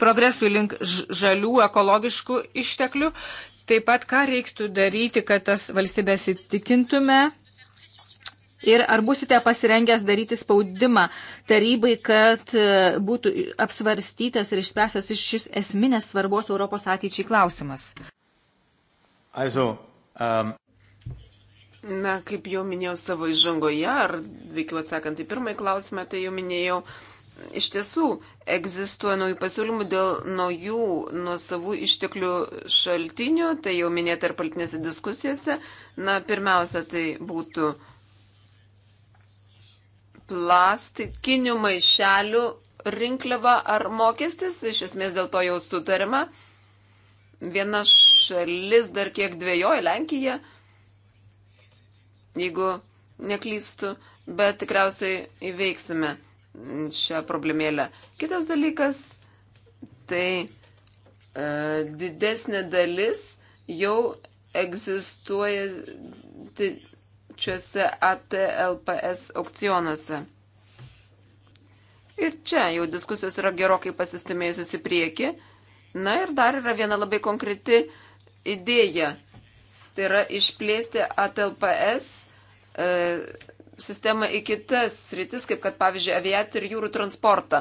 progresui link žalių ekologiškų išteklių. Taip pat, ką reiktų daryti, kad tas valstybės įtikintume ir ar būsite pasirengęs daryti spaudimą tarybai, kad e, būtų apsvarstytas ir išspręstas šis esminės svarbos Europos ateičiai klausimas. Also, um... Na, kaip jau minėjau savo įžangoje, ar veikiau atsakant į pirmąjį klausimą, tai jau minėjau, iš tiesų egzistuoja naujų pasiūlymų dėl naujų nuosavų išteklių šaltinių, tai jau minėta ir politinėse diskusijose. Na, pirmiausia, tai būtų plastikinių maišelių rinkliava ar mokestis, iš esmės dėl to jau sutarima. Viena šalis dar kiek dviejoja, Lenkija jeigu neklystu, bet tikriausiai įveiksime šią problemėlę. Kitas dalykas, tai e, didesnė dalis jau egzistuoja čiuose ATLPS aukcionuose. Ir čia jau diskusijos yra gerokai pasistumėjusios į priekį. Na ir dar yra viena labai konkreti idėja. Tai yra išplėsti ATLPS E, sistemą į kitas rytis, kaip kad pavyzdžiui aviaciją ir jūrų transportą.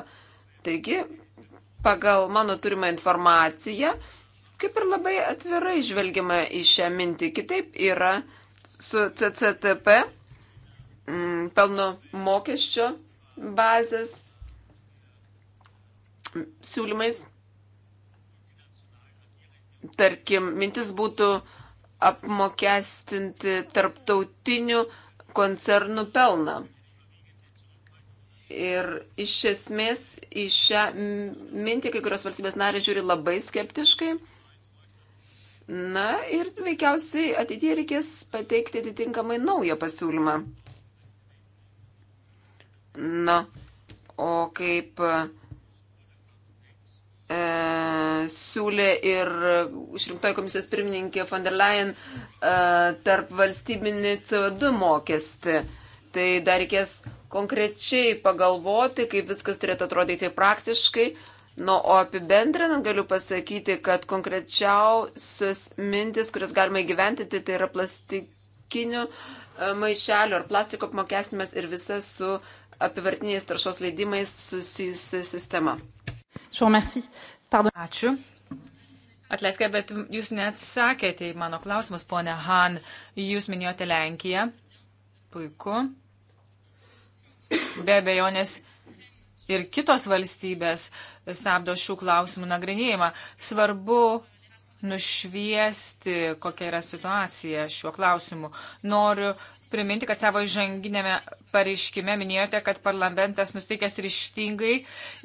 Taigi, pagal mano turimą informaciją, kaip ir labai atvirai žvelgiama į šią mintį. Kitaip yra su CCTP m, mm, pelno mokesčio bazės siūlymais. Tarkim, mintis būtų apmokestinti tarptautinių uh, koncernų pelną. Ir iš esmės į šią mintį kai kurios valstybės narės žiūri labai skeptiškai. Na ir veikiausiai ateityje reikės pateikti atitinkamai naują pasiūlymą. Na, o kaip uh, E, siūlė ir išrinktoji komisijos pirmininkė von der Leyen e, tarp valstybinį CO2 mokestį. Tai dar reikės konkrečiai pagalvoti, kaip viskas turėtų atrodyti praktiškai. Nu, o apibendrinant galiu pasakyti, kad konkrečiausias mintis, kuris galima įgyventinti, tai yra plastikinių e, maišelių ar plastiko apmokestimas ir visa su apivartiniais taršos leidimais susijusi sistema. Ačiū. Atleiskite, bet jūs neatsakėte į mano klausimus, ponė Han. Jūs minėjote Lenkiją. Puiku. Be abejonės ir kitos valstybės stabdo šių klausimų nagrinėjimą. Svarbu nušviesti, kokia yra situacija šiuo klausimu. Noriu priminti, kad savo įžanginėme pareiškime minėjote, kad parlamentas nusteikęs ryštingai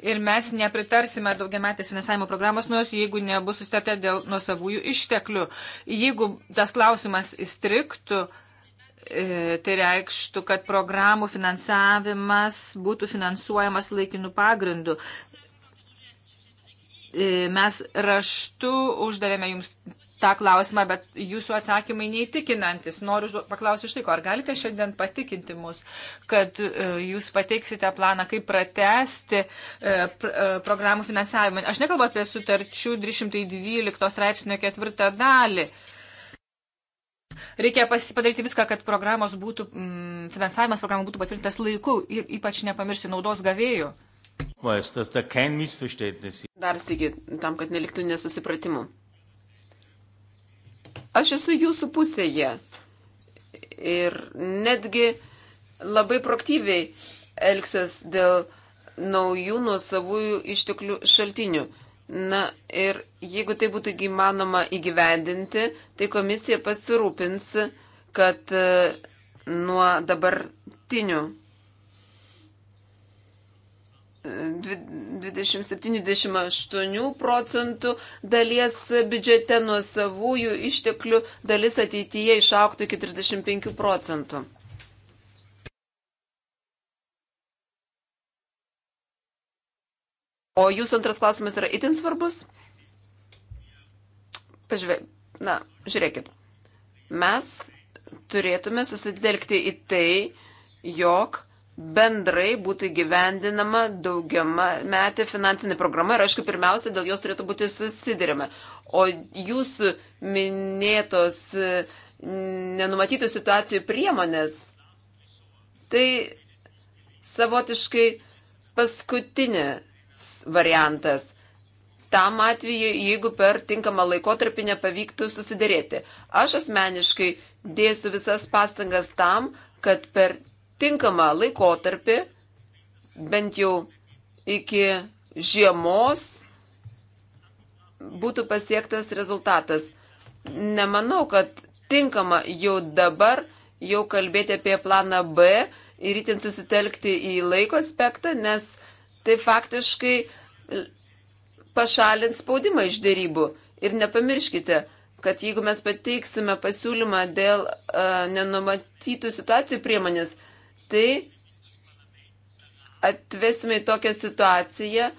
ir mes nepritarsime daugiametės finansavimo programos, nors jeigu nebus sustatę dėl nuosavųjų išteklių. Jeigu tas klausimas įstriktų, e, tai reikštų, kad programų finansavimas būtų finansuojamas laikinų pagrindų. E, mes raštu uždavėme jums tą klausimą, bet jūsų atsakymai neįtikinantis. Noriu paklausyti štai ko, ar galite šiandien patikinti mus, kad e, jūs pateiksite planą, kaip pratesti e, programų finansavimą. Aš nekalbu apie sutarčių 312 straipsnio ketvirtą dalį. Reikia padaryti viską, kad programos būtų, finansavimas programų būtų patvirtintas laiku ir ypač nepamiršti naudos gavėjų. Dar sėki, tam, kad neliktų nesusipratimų. Aš esu jūsų pusėje ir netgi labai proaktyviai elgsiuos dėl naujų nuosavųjų išteklių šaltinių. Na ir jeigu tai būtų įmanoma įgyvendinti, tai komisija pasirūpins, kad e, nuo dabartinių 27-28 procentų dalies biudžete nuo savųjų išteklių dalis ateityje išauktų iki 35 procentų. O jūsų antras klausimas yra itin svarbus? Pažvė... Na, žiūrėkit. Mes turėtume susitelkti į tai, jog bendrai būtų įgyvendinama daugiama metė finansinė programa ir, aišku, pirmiausia, dėl jos turėtų būti susidurima. O jūsų minėtos e, nenumatytų situacijų priemonės, tai savotiškai paskutinis variantas tam atveju, jeigu per tinkamą laikotarpį nepavyktų susidėrėti. Aš asmeniškai dėsiu visas pastangas tam, kad per tinkamą laikotarpį, bent jau iki žiemos, būtų pasiektas rezultatas. Nemanau, kad tinkama jau dabar jau kalbėti apie planą B ir itin susitelkti į laiko aspektą, nes tai faktiškai pašalins spaudimą iš dėrybų. Ir nepamirškite, kad jeigu mes pateiksime pasiūlymą dėl uh, nenumatytų situacijų priemonės, tai atvesime į tokią situaciją,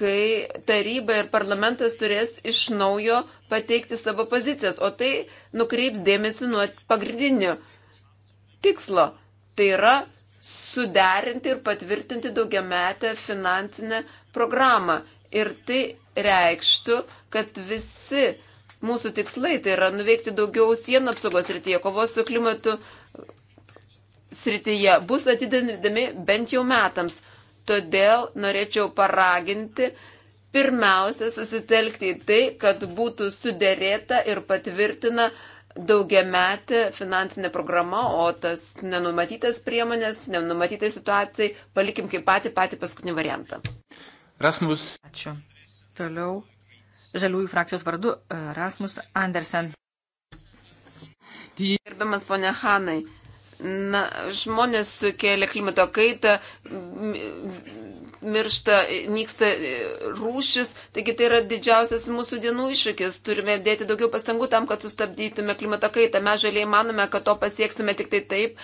kai taryba ir parlamentas turės iš naujo pateikti savo pozicijas, o tai nukreips dėmesį nuo pagrindinio tikslo. Tai yra suderinti ir patvirtinti daugiametę finansinę programą. Ir tai reikštų, kad visi mūsų tikslai, tai yra nuveikti daugiau sienų apsaugos rytyje, kovos su klimatu srityje bus atidedami bent jau metams. Todėl norėčiau paraginti pirmiausia susitelkti į tai, kad būtų suderėta ir patvirtina daugiametė finansinė programa, o tas nenumatytas priemonės, nenumatytai situacijai palikim kaip patį patį paskutinį variantą. Rasmus. Ačiū. Toliau. Žaliųjų frakcijos vardu e, Rasmus Andersen. Gerbiamas ponė Hanai, Na, žmonės sukelia klimato kaitą, miršta, nyksta e, rūšis, taigi tai yra didžiausias mūsų dienų iššūkis. Turime dėti daugiau pastangų tam, kad sustabdytume klimato kaitą. Mes žaliai manome, kad to pasieksime tik tai taip,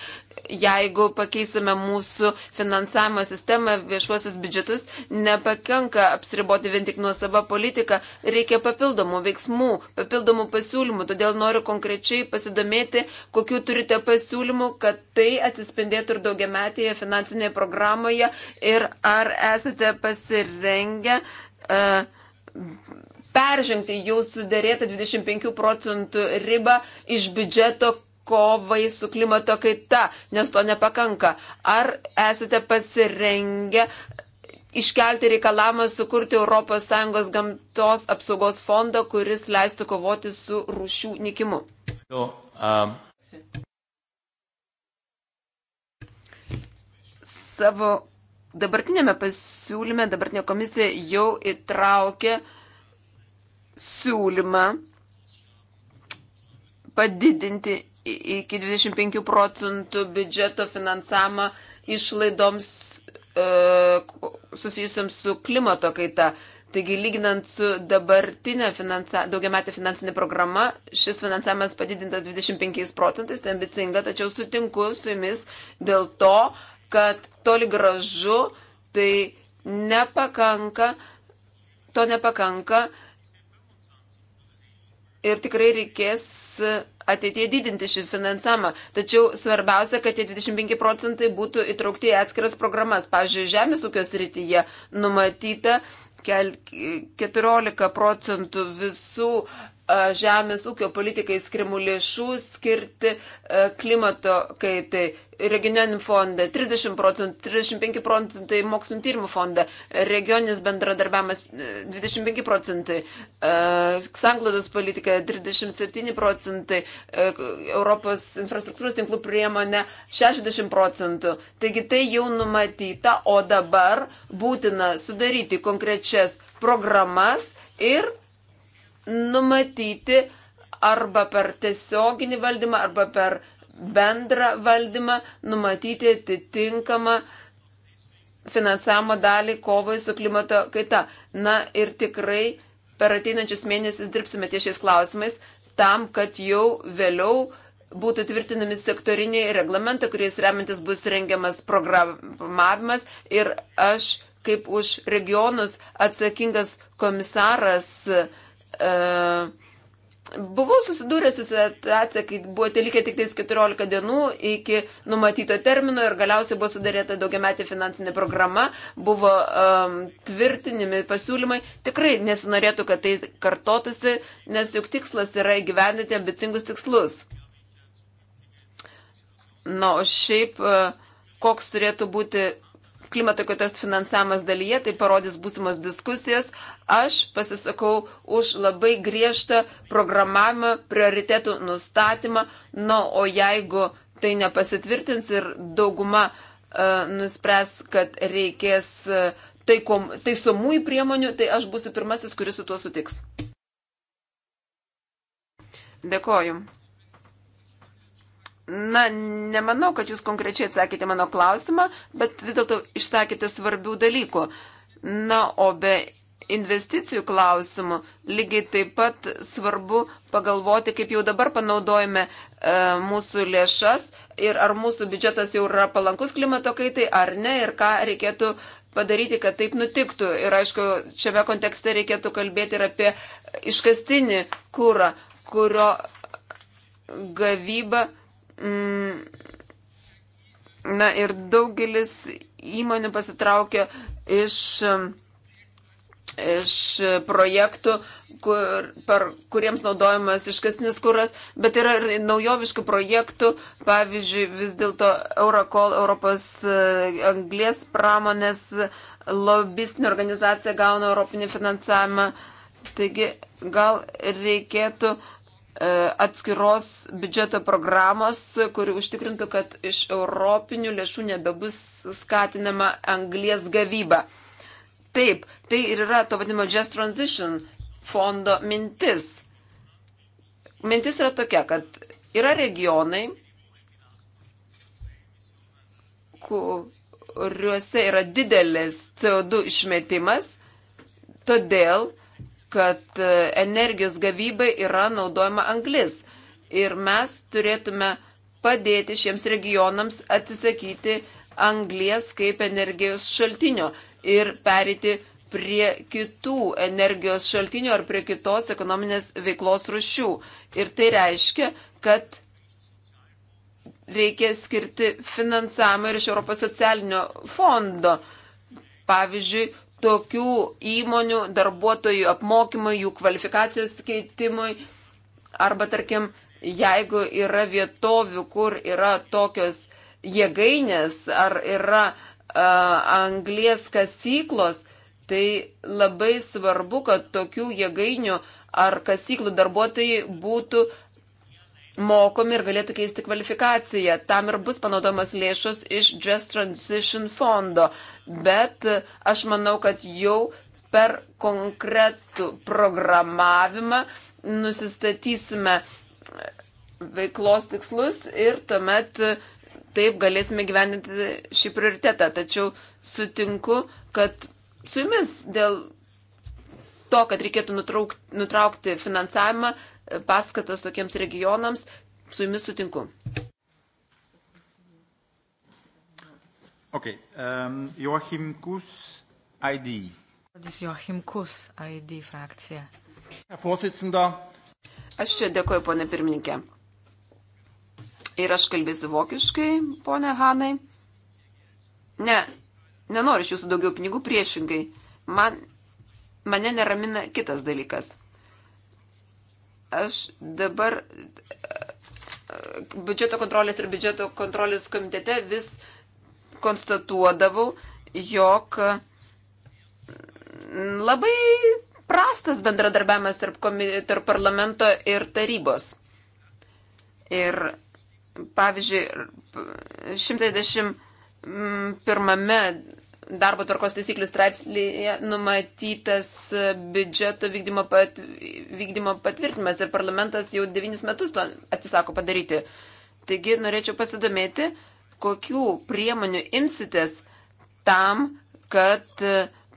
jeigu pakeisime mūsų finansavimo sistemą, viešuosius biudžetus, nepakanka apsiriboti vien tik nuosavą politiką, reikia papildomų veiksmų, papildomų pasiūlymų. Todėl noriu konkrečiai pasidomėti, kokiu turite pasiūlymų, kad tai atsispindėtų ir daugiametėje finansinėje programoje ir ar esate pasirengę e, peržengti jau sudėrėtą 25 procentų ribą iš biudžeto kovai su klimato kaita, nes to nepakanka. Ar esate pasirengę iškelti reikalavimą sukurti ES gamtos apsaugos fondą, kuris leistų kovoti su rūšių nikimu. So, um... Savo dabartinėme pasiūlyme, dabartinė komisija jau įtraukė siūlymą padidinti iki 25 procentų biudžeto finansavimą išlaidoms e, susijusiams su klimato kaita. Taigi, lyginant su dabartinė finansa, daugiametė finansinė programa, šis finansavimas padidintas 25 procentais, tai ambicinga, tačiau sutinku su jumis dėl to, kad toli gražu tai nepakanka, to nepakanka ir tikrai reikės ateitie didinti šį finansavimą. Tačiau svarbiausia, kad tie 25 procentai būtų įtraukti į atskiras programas. Pavyzdžiui, žemės ūkio srityje numatyta 14 procentų visų žemės ūkio politikai skrimų lėšų skirti e, klimato kaitai, regioninį fondą 30 procentų, 35 procentai mokslinio tyrimų fondą, regioninis bendradarbiavimas 25 e, procentai, e, sanglodos politika 37 procentai, Europos infrastruktūros tinklų priemonė 60 procentų. Taigi tai jau numatyta, o dabar būtina sudaryti konkrečias programas ir numatyti arba per tiesioginį valdymą, arba per bendrą valdymą, numatyti atitinkamą finansavimo dalį kovai su klimato kaita. Na ir tikrai per ateinančius mėnesius dirbsime ties šiais klausimais tam, kad jau vėliau būtų tvirtinami sektoriniai reglamentai, kuriais remintis bus rengiamas programavimas ir aš kaip už regionus atsakingas komisaras uh, Uh, Buvau susidūręs su situacija, kai buvo telikę tik 14 dienų iki numatyto termino ir galiausiai buvo sudaryta daugiametė finansinė programa, buvo um, tvirtinimi pasiūlymai. Tikrai nesinorėtų, kad tai kartotusi, nes juk tikslas yra įgyvendinti ambicingus tikslus. Na, o šiaip, e, koks turėtų būti klimato kaitos finansavimas dalyje, tai parodys būsimos diskusijos. Aš pasisakau už labai griežtą programavimą, prioritetų nustatymą, nu, o jeigu tai nepasitvirtins ir dauguma uh, nuspręs, kad reikės uh, e, tai, kom, tai sumųjų priemonių, tai aš būsiu pirmasis, kuris su tuo sutiks. Dėkoju. Na, nemanau, kad jūs konkrečiai atsakėte mano klausimą, bet vis dėlto išsakėte svarbių dalykų. Na, o be investicijų klausimų lygiai taip pat svarbu pagalvoti, kaip jau dabar panaudojame e, mūsų lėšas ir ar mūsų biudžetas jau yra palankus klimato kaitai ar ne ir ką reikėtų padaryti, kad taip nutiktų. Ir aišku, šiame kontekste reikėtų kalbėti ir apie iškastinį kūrą, kurio gavybą Mm, na ir daugelis įmonių pasitraukė iš, iš projektų, kur, per, kuriems naudojamas iškasnis kuras, bet yra ir naujoviškų projektų, pavyzdžiui, vis dėlto Eurocall, Europos e, anglės pramonės lobistinė organizacija gauna europinį finansavimą. Taigi gal reikėtų uh, E, atskiros biudžeto programos, kuri užtikrintų, kad iš europinių lėšų nebebus skatinama anglies gavyba. Taip, tai ir yra to vadinamo Just Transition fondo mintis. Mintis yra tokia, kad yra regionai, kuriuose yra didelis CO2 išmetimas, todėl kad e, energijos gavybai yra naudojama anglis. Ir mes turėtume padėti šiems regionams atsisakyti anglies kaip energijos šaltinio ir perėti prie kitų energijos šaltinių ar prie kitos ekonominės veiklos rušių. Ir tai reiškia, kad reikia skirti finansavimą ir iš Europos socialinio fondo. Pavyzdžiui, tokių įmonių darbuotojų apmokymui, jų kvalifikacijos keitimui arba tarkim, jeigu yra vietovių, kur yra tokios jėgainės ar yra uh, anglės kasyklos, tai labai svarbu, kad tokių jėgainių ar kasyklų darbuotojai būtų mokomi ir galėtų keisti kvalifikaciją. Tam ir bus panaudomas lėšos iš Just Transition fondo. Uh, bet aš manau, kad jau per konkretų programavimą nusistatysime veiklos tikslus ir tuomet taip galėsime gyveninti šį prioritetą. Tačiau sutinku, kad su jumis dėl to, kad reikėtų nutraukti, nutraukti finansavimą paskatas tokiems regionams, su jumis sutinku. Okay. Um, Joachim Kus, ID. Žodis Joachim Kus, ID frakcija. Aš čia dėkoju, ponė pirmininkė. Ir aš kalbėsiu vokiškai, ponė Hanai. Ne, nenoriu iš jūsų daugiau pinigų, priešingai. Man, mane neramina kitas dalykas. Aš dabar e, e, biudžeto kontrolės ir biudžeto kontrolės komitete vis uh, konstatuodavau, jog labai prastas bendradarbiavimas tarp, tarp parlamento ir tarybos. Ir pavyzdžiui, 121 darbo tvarkos taisyklių straipslyje numatytas biudžeto vykdymo, pat, vykdymo patvirtinimas ir parlamentas jau devynis metus to atsisako padaryti. Taigi norėčiau pasidomėti, kokių priemonių imsitės tam, kad e,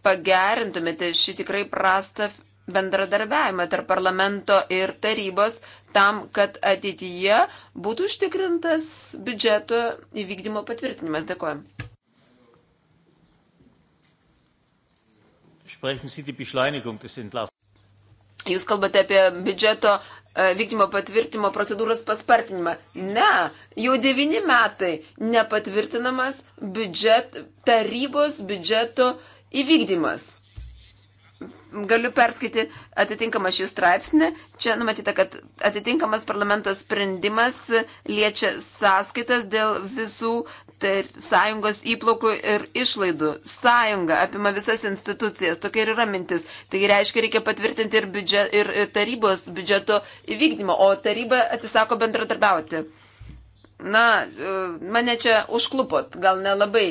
pagerintumėte šį tikrai prastą bendradarbiavimą tarp parlamento ir tarybos tam, kad ateityje būtų užtikrintas biudžeto įvykdymo patvirtinimas. Dėkuoju. Sprechen Sie die Beschleunigung des Entlastungs. Jūs kalbate apie biudžeto e, vykdymo patvirtimo procedūros paspartinimą. Ne, jau devini metai nepatvirtinamas biudžet, tarybos biudžeto įvykdymas. Galiu perskaiti atitinkamą šį straipsnį. Čia numatyta, kad atitinkamas parlamento sprendimas liečia sąskaitas dėl visų sąjungos įplaukų ir išlaidų. Sąjunga apima visas institucijas, tokia ir yra mintis. Tai reiškia, reikia patvirtinti ir, biudžet, ir tarybos biudžeto įvykdymą, o taryba atsisako bendradarbiauti. Na, e, mane čia užklupot, gal nelabai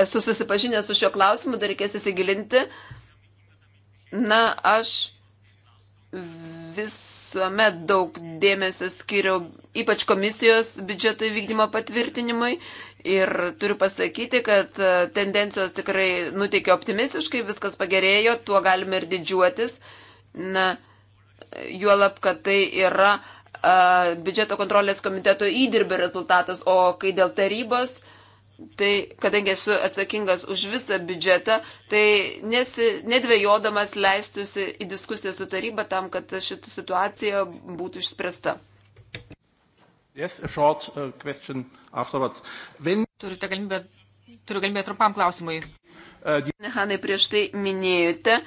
esu susipažinęs su šio klausimu, dar reikės įsigilinti. Na, aš vis visuomet daug dėmesio skiriau ypač komisijos biudžeto įvykdymo patvirtinimui. Ir turiu pasakyti, kad e, tendencijos tikrai nuteikia optimistiškai, viskas pagerėjo, tuo galime ir didžiuotis. Na, juolab, kad tai yra a, e, biudžeto kontrolės komiteto įdirbio rezultatas, o kai dėl tarybos, a, tai kadangi esu atsakingas už visą biudžetą, tai nesi, nedvėjodamas leistusi į diskusiją su taryba tam, kad šitą situaciją būtų išspręsta. Yes, short, uh, When... Turite galimybę, turiu galimybę trumpam klausimui. Uh, the... Hanai, prieš tai minėjote,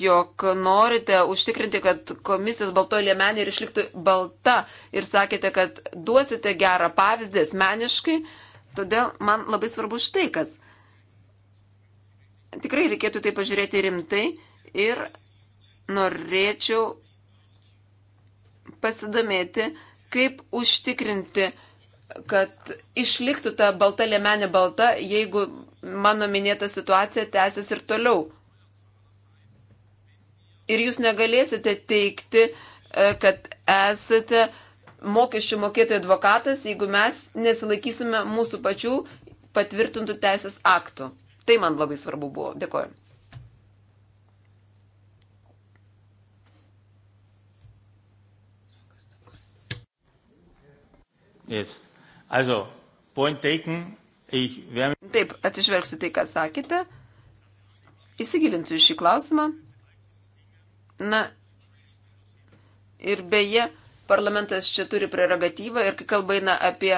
jog norite užtikrinti, kad komisijos baltoji liemenė ir išliktų balta ir sakėte, kad duosite gerą pavyzdį asmeniškai. Uh, Todėl man labai svarbu štai kas. Tikrai reikėtų tai pažiūrėti rimtai ir norėčiau pasidomėti, kaip užtikrinti, kad išliktų ta balta lėmenė balta, jeigu mano minėta situacija tęsis ir toliau. Ir jūs negalėsite teikti, e, kad esate uh, mokesčių mokėtojų advokatas, jeigu mes nesilaikysime mūsų pačių patvirtintų teisės aktų. Tai man labai svarbu buvo. Dėkuoju. Jetzt. Also, point taken, ich werde. Taip, atsižvelgsiu tai, ką sakėte. Įsigilinsiu į šį klausimą. Na, ir beje, Parlamentas čia turi prerogatyvą ir kai kalba eina apie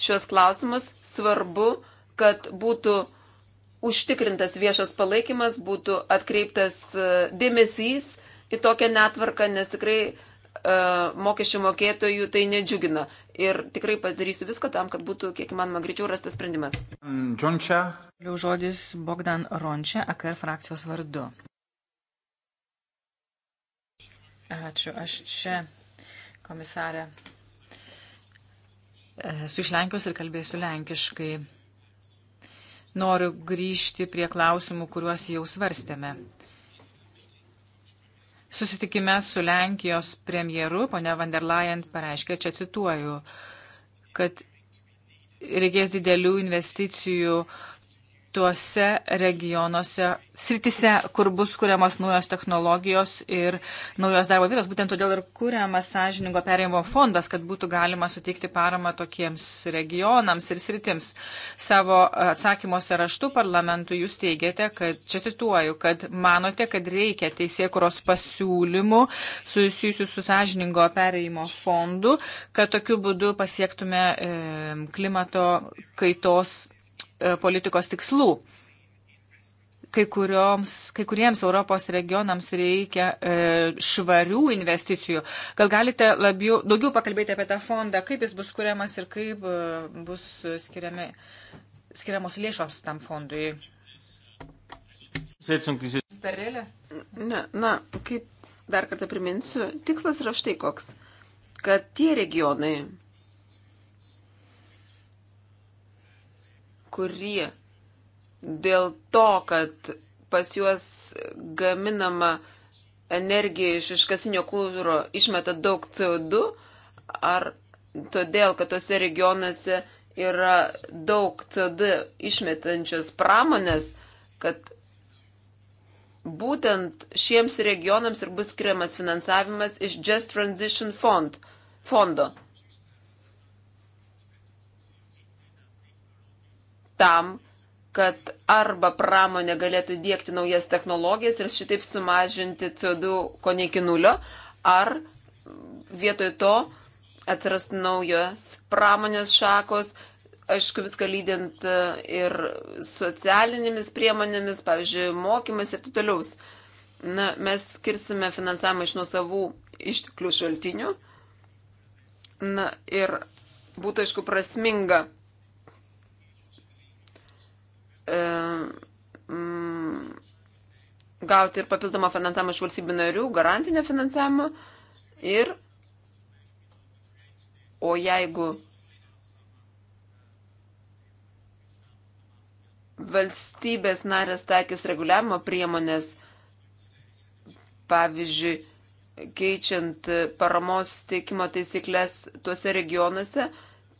šios klausimus, svarbu, kad būtų užtikrintas viešas palaikymas, būtų atkreiptas e, dėmesys į tokią netvarką, nes tikrai uh, mokesčių mokėtojų tai nedžiugina. Ir tikrai padarysiu viską tam, kad būtų kiek įmanoma greičiau rastas sprendimas. Džončia. Vėliau žodis Bogdan Rončia, AKR frakcijos vardu. Ačiū, aš čia komisarė. Esu iš Lenkijos ir kalbėsiu lenkiškai. Noriu grįžti prie klausimų, kuriuos jau svarstėme. Susitikime su Lenkijos premjeru, ponia van der Leyen pareiškė, čia cituoju, kad reikės didelių investicijų tuose regionuose, sritise, kur bus kuriamos naujos technologijos ir naujos darbo vietos. Būtent todėl ir kuriamas sąžiningo perėjimo fondas, kad būtų galima suteikti paramą tokiems regionams ir sritims. Savo atsakymuose raštu parlamentu jūs teigiate, kad, čia cituoju, kad manote, kad reikia teisėkuros pasiūlymų susijusių su sąžiningo perėjimo fondu, kad tokiu būdu pasiektume e, klimato kaitos E, politikos tikslų. Kai, kurioms, kai kuriems Europos regionams reikia e, švarių investicijų. Gal galite labiau, daugiau pakalbėti apie tą fondą, kaip jis bus kuriamas ir kaip e, bus skiriami, skiriamos lėšos tam fondui? Perėlė? Na, na, kaip dar kartą priminsiu, tikslas yra štai koks, kad tie regionai, kurį dėl to, kad pas juos gaminama energija iš iškasinio kūro išmeta daug CO2, ar todėl, kad tose regionuose yra daug CO2 išmetančios pramonės, kad būtent šiems regionams ir bus skiriamas finansavimas iš Just Transition Fond, fondo. tam, kad arba pramonė galėtų dėkti naujas technologijas ir šitaip sumažinti CO2 ko ne iki nulio, ar vietoj to atsiras naujos pramonės šakos, aišku, viską lydint e, ir socialinėmis priemonėmis, pavyzdžiui, mokymas ir taip toliau. Na, mes skirsime finansavimą iš nusavų išteklių šaltinių. Na ir būtų, aišku, prasminga E, mm, gauti ir papildomą finansavimą iš valstybių narių, garantinę finansavimą. Ir, o jeigu valstybės narės taikys reguliavimo priemonės, pavyzdžiui, keičiant paramos teikimo taisyklės tuose regionuose,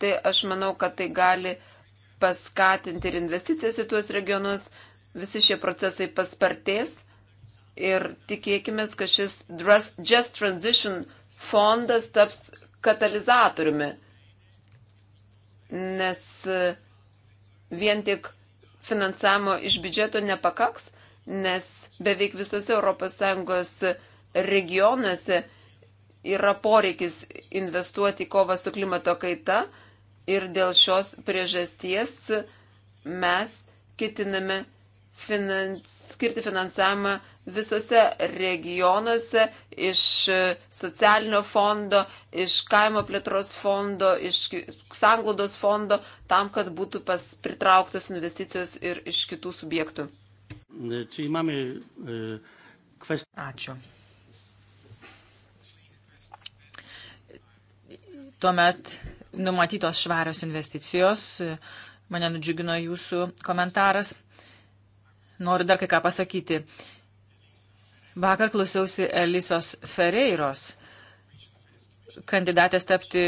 tai aš manau, kad tai gali uh, paskatinti ir investicijas į tuos regionus. Visi šie procesai paspartės ir tikėkime, kad šis Just Transition fondas taps katalizatoriumi, nes e, vien tik finansavimo iš biudžeto nepakaks, nes beveik visose ES regionuose yra poreikis investuoti į kovą su klimato kaita, ir dėl šios priežasties mes ketiname finans, skirti finansavimą visose regionuose iš socialinio fondo, iš kaimo plėtros fondo, iš sanglaudos fondo, tam, kad būtų pas, pritrauktos investicijos ir iš kitų subjektų. E, Ačiū. Tuomet numatytos švarios investicijos. Mane nudžiugino jūsų komentaras. Noriu dar kai ką pasakyti. Vakar klausiausi Elisos Ferreiros, kandidatės tapti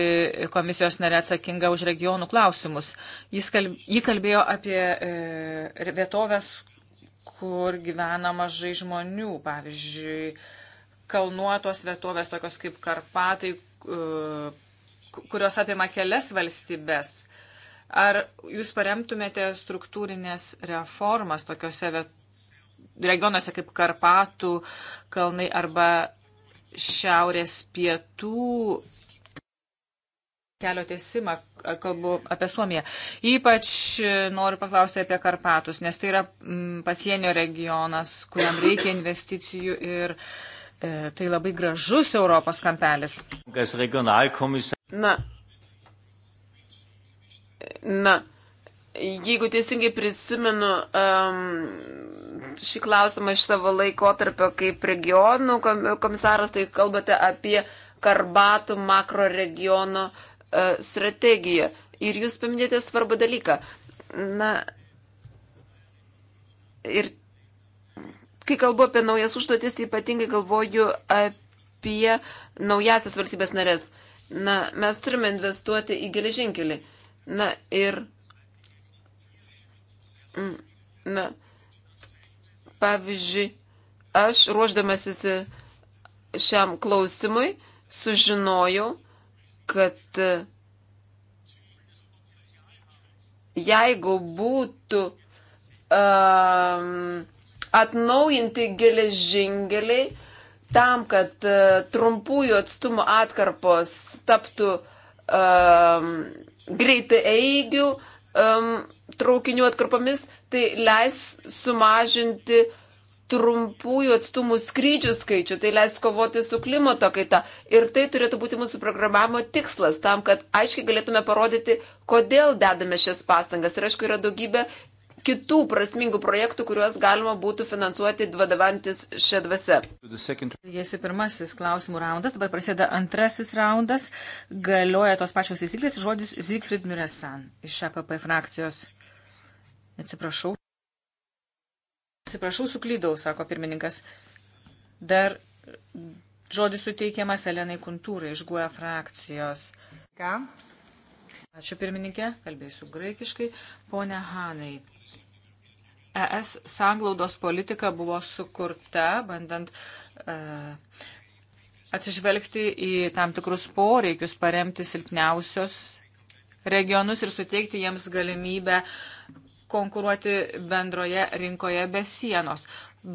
komisijos nare atsakinga už regionų klausimus. Jis kalb, jį kalbėjo apie e, vietovės, kur gyvena mažai žmonių, pavyzdžiui, kalnuotos vietovės, tokios kaip Karpatai, e, kurios apima kelias valstybės. Ar jūs paremtumėte struktūrinės reformas tokiuose regionuose kaip Karpatų kalnai arba šiaurės pietų kelio tiesimą, kalbu apie Suomiją. Ypač e, noriu paklausti apie Karpatus, nes tai yra pasienio regionas, kuriam reikia investicijų ir e, tai labai gražus Europos kampelis. Na, na, jeigu teisingai prisimenu um, šį klausimą iš savo laikotarpio kaip regionų komisaras, tai kalbate apie Karbatų makro regiono uh, strategiją. Ir jūs paminėjote svarbą dalyką. Na, ir kai kalbu apie naujas užduotis, ypatingai galvoju apie naujasias valstybės narės. Uh, Na, mes turime investuoti į geležinkelį. Na ir. Mm, na, pavyzdžiui, aš ruoždamasis šiam klausimui sužinojau, kad e, jeigu būtų um, atnaujinti geležinkeliai, tam, kad e, trumpųjų atstumų atkarpos taptų um, greitai eigių um, traukinių atkarpomis, tai leis sumažinti trumpųjų atstumų skrydžių skaičių, tai leis kovoti su klimato kaita. Ir tai turėtų būti mūsų programavimo tikslas, tam, kad aiškiai galėtume parodyti, kodėl dedame šias pastangas. Ir aišku, yra daugybė kitų prasmingų projektų, kuriuos galima būtų finansuoti vadovantis šią dvasę. Jėsi pirmasis klausimų raundas, dabar prasideda antrasis raundas, galioja tos pačios įsiklės ir žodis Zygfrid Miresan iš APP frakcijos. Atsiprašau. Atsiprašau, suklydau, sako pirmininkas. Dar žodis suteikiamas Elenai Kuntūrai iš GUE frakcijos. Ką? Ačiū pirmininkė, kalbėsiu graikiškai. Pone Hanai, ES sanglaudos politika buvo sukurta, bandant uh, atsižvelgti į tam tikrus poreikius, paremti silpniausios regionus ir suteikti jiems galimybę konkuruoti bendroje rinkoje be sienos.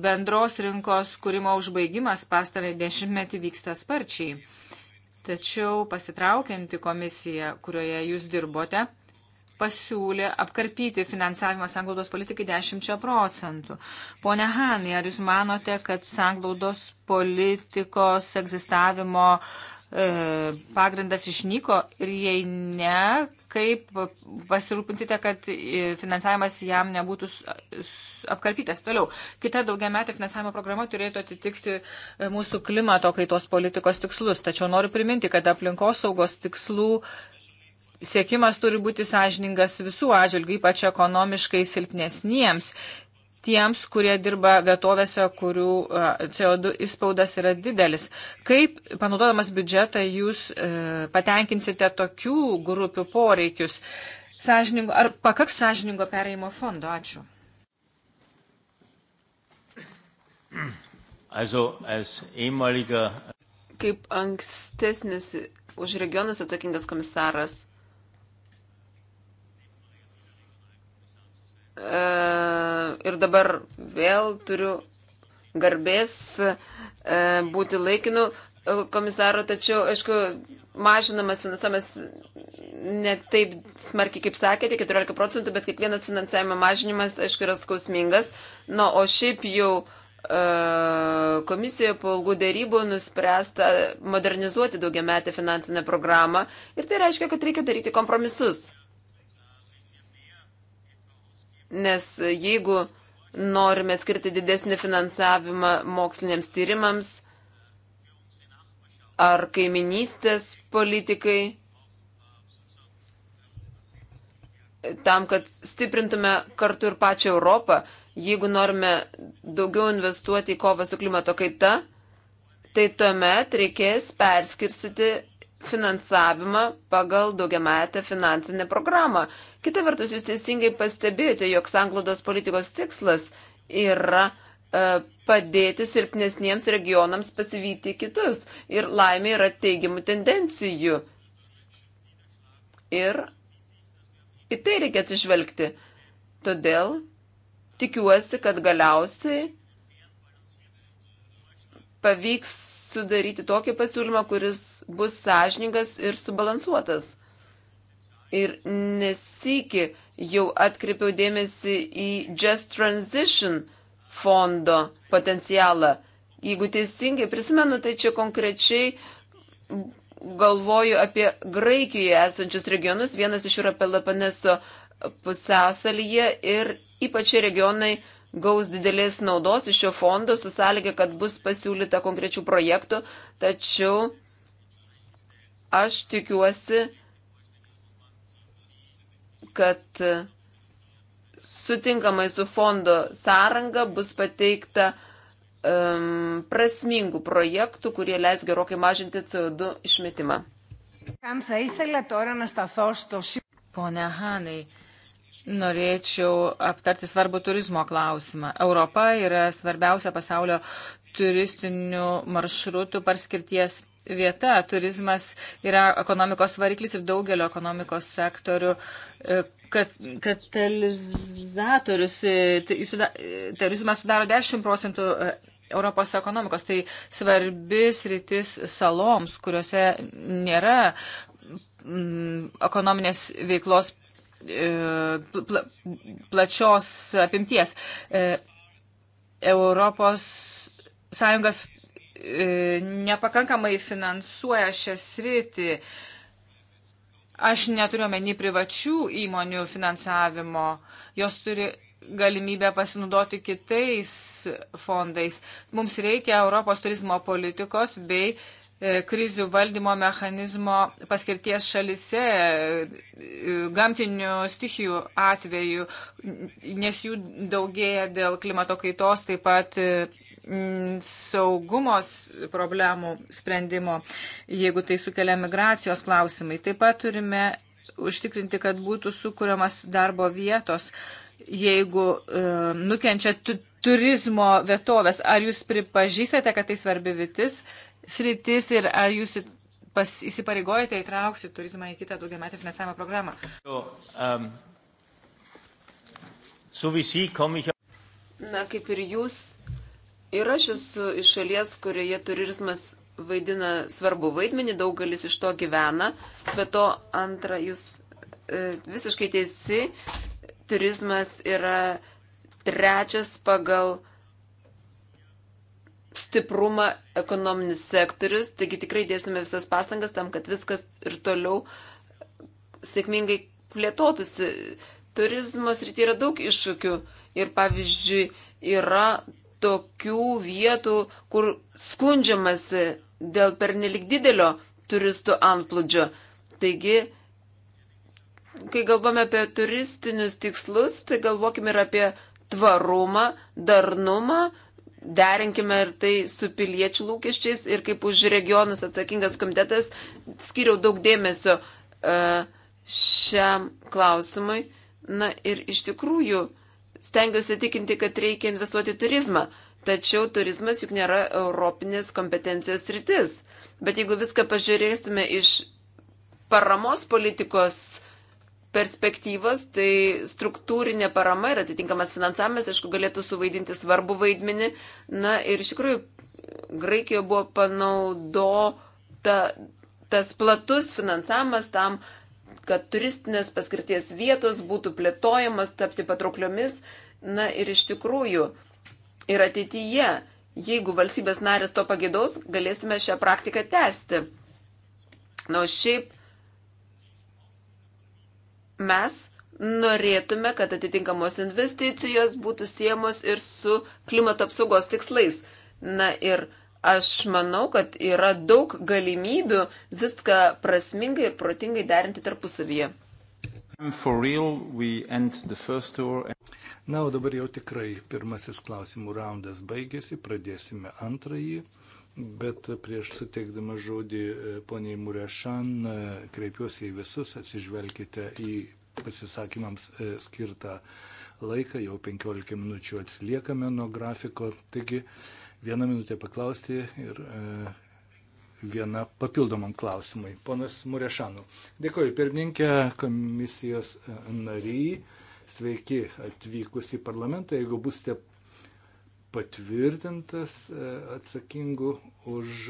Bendros rinkos kūrimo užbaigimas pastarąjį dešimtmetį vyksta sparčiai. Tačiau pasitraukianti komisija, kurioje jūs dirbote, pasiūlė apkarpyti finansavimą sanglaudos politikai 10 procentų. Pone Hanai, ar Jūs manote, kad sanglaudos politikos egzistavimo e, pagrindas išnyko ir jei ne, kaip pasirūpinsite, kad e, finansavimas jam nebūtų apkarpytas toliau. Kita daugiametė finansavimo programa turėtų atitikti e, mūsų klimato kaitos politikos tikslus, tačiau noriu priminti, kad aplinkosaugos tikslų siekimas turi būti sąžiningas visų atžvilgių, ypač ekonomiškai silpnesniems, tiems, kurie dirba vietovėse, kurių CO2 įspaudas yra didelis. Kaip, panaudodamas biudžetą, jūs e, patenkinsite tokių grupių poreikius? Sąžiningo, ar pakaks sąžiningo pereimo fondo? Ačiū. Also, als ehemaliger... Kaip ankstesnis už regionus atsakingas komisaras E, ir dabar vėl turiu garbės e, būti laikinu komisaru, tačiau, aišku, mažinamas finansavimas ne taip smarkiai, kaip sakėte, 14 procentų, bet kiekvienas finansavimo mažinimas, aišku, yra skausmingas. Na, o šiaip jau e, komisijoje po ilgų dėrybų nuspręsta modernizuoti daugiametę finansinę programą ir tai reiškia, kad reikia daryti kompromisus nes jeigu norime skirti didesnį finansavimą moksliniams tyrimams ar kaiminystės politikai, tam, kad stiprintume kartu ir pačią Europą, jeigu norime daugiau investuoti į kovą su klimato kaita, tai tuomet reikės perskirsyti finansavimą pagal daugiametę finansinę programą. Kita vertus, jūs teisingai pastebėjote, jog sanglodos politikos tikslas yra e, padėti silpnesniems regionams pasivyti kitus. Ir laimė yra teigiamų tendencijų. Ir į tai reikia atsižvelgti. Todėl tikiuosi, kad galiausiai pavyks sudaryti tokį pasiūlymą, kuris bus sąžiningas ir subalansuotas. Ir nesiki jau atkreipiau dėmesį į Just Transition fondo potencialą. Jeigu teisingai prisimenu, tai čia konkrečiai galvoju apie Graikijoje esančius regionus, vienas iš yra Peloponeso pusęsalyje ir ypač regionai gaus didelės naudos iš šio fondo, su sąlyga, kad bus pasiūlyta konkrečių projektų, tačiau aš tikiuosi, kad sutinkamai su fondo sąranga bus pateikta um, prasmingų projektų, kurie leis gerokai mažinti CO2 išmetimą. Pone Hanai, Norėčiau aptarti svarbų turizmo klausimą. Europa yra svarbiausia pasaulio turistinių maršrutų parskirties vieta. Turizmas yra ekonomikos variklis ir daugelio ekonomikos sektorių e, kat, katalizatorius. E, tai e, turizmas sudaro 10 procentų Europos ekonomikos. Tai svarbis rytis saloms, kuriuose nėra ekonominės veiklos E, pla, plačios apimties. E, Europos Sąjunga e, nepakankamai finansuoja šią sritį. Aš neturiu meni privačių įmonių finansavimo. Jos turi galimybę pasinaudoti kitais fondais. Mums reikia Europos turizmo politikos bei uh, E, krizių valdymo mechanizmo paskirties šalise e, gamtinių stichijų atveju, nes jų daugėja dėl klimato kaitos, taip pat e, saugumos problemų sprendimo, jeigu tai sukelia migracijos klausimai. Taip pat turime užtikrinti, kad būtų sukūriamas darbo vietos, jeigu uh, nukenčia turizmo vietovės. Ar jūs pripažįstate, kad tai svarbi vitis sritis ir ar jūs pas, įsipareigojate įtraukti turizmą į kitą daugiametę finansavimo programą? Ehm, Na, kaip ir jūs, ir aš esu iš šalies, kurioje turizmas vaidina svarbu vaidmenį, daugelis iš to gyvena, bet to antra, jūs e, visiškai teisi, turizmas yra trečias pagal e, stiprumą ekonominis sektorius, taigi tikrai dėsime visas pastangas tam, kad viskas ir toliau sėkmingai plėtotųsi. Turizmo srityje yra daug iššūkių ir pavyzdžiui yra tokių vietų, kur skundžiamasi dėl pernelik didelio turistų antplūdžio. Taigi, kai galvome apie turistinius tikslus, tai galvokime ir apie tvarumą, darnumą, derinkime ir tai su piliečių lūkesčiais ir kaip už regionus atsakingas komitetas skiriau daug dėmesio e, šiam klausimui. Na ir iš tikrųjų stengiuosi tikinti, kad reikia investuoti turizmą. Tačiau turizmas juk nėra europinės kompetencijos rytis. Bet jeigu viską pažiūrėsime iš paramos politikos perspektyvos, tai struktūrinė parama ir atitinkamas finansavimas, aišku, galėtų suvaidinti svarbu vaidmenį. Na ir iš tikrųjų, Graikijoje buvo panaudota tas platus finansavimas tam, kad turistinės paskirties vietos būtų plėtojamas, tapti patraukliomis. Na ir iš tikrųjų, ir ateityje, jeigu valstybės narės to pagėdaus, galėsime šią praktiką tęsti. Na, o šiaip mes norėtume, kad atitinkamos investicijos būtų siemos ir su klimato apsaugos tikslais. Na ir aš manau, kad yra daug galimybių viską prasmingai ir protingai derinti tarpusavyje. Na, o dabar jau tikrai pirmasis klausimų raundas baigėsi, pradėsime antrąjį. Bet prieš suteikdama žodį e, poniai Murešan, e, kreipiuosi į visus, atsižvelkite į pasisakymams e, skirtą laiką, jau 15 minučių atsiliekame nuo grafiko, taigi vieną minutę paklausti ir vieną papildomam klausimui. Ponas Murešanu, dėkoju pirmininkė komisijos nariai, sveiki atvykus į parlamentą, jeigu būsite patvirtintas e, atsakingų už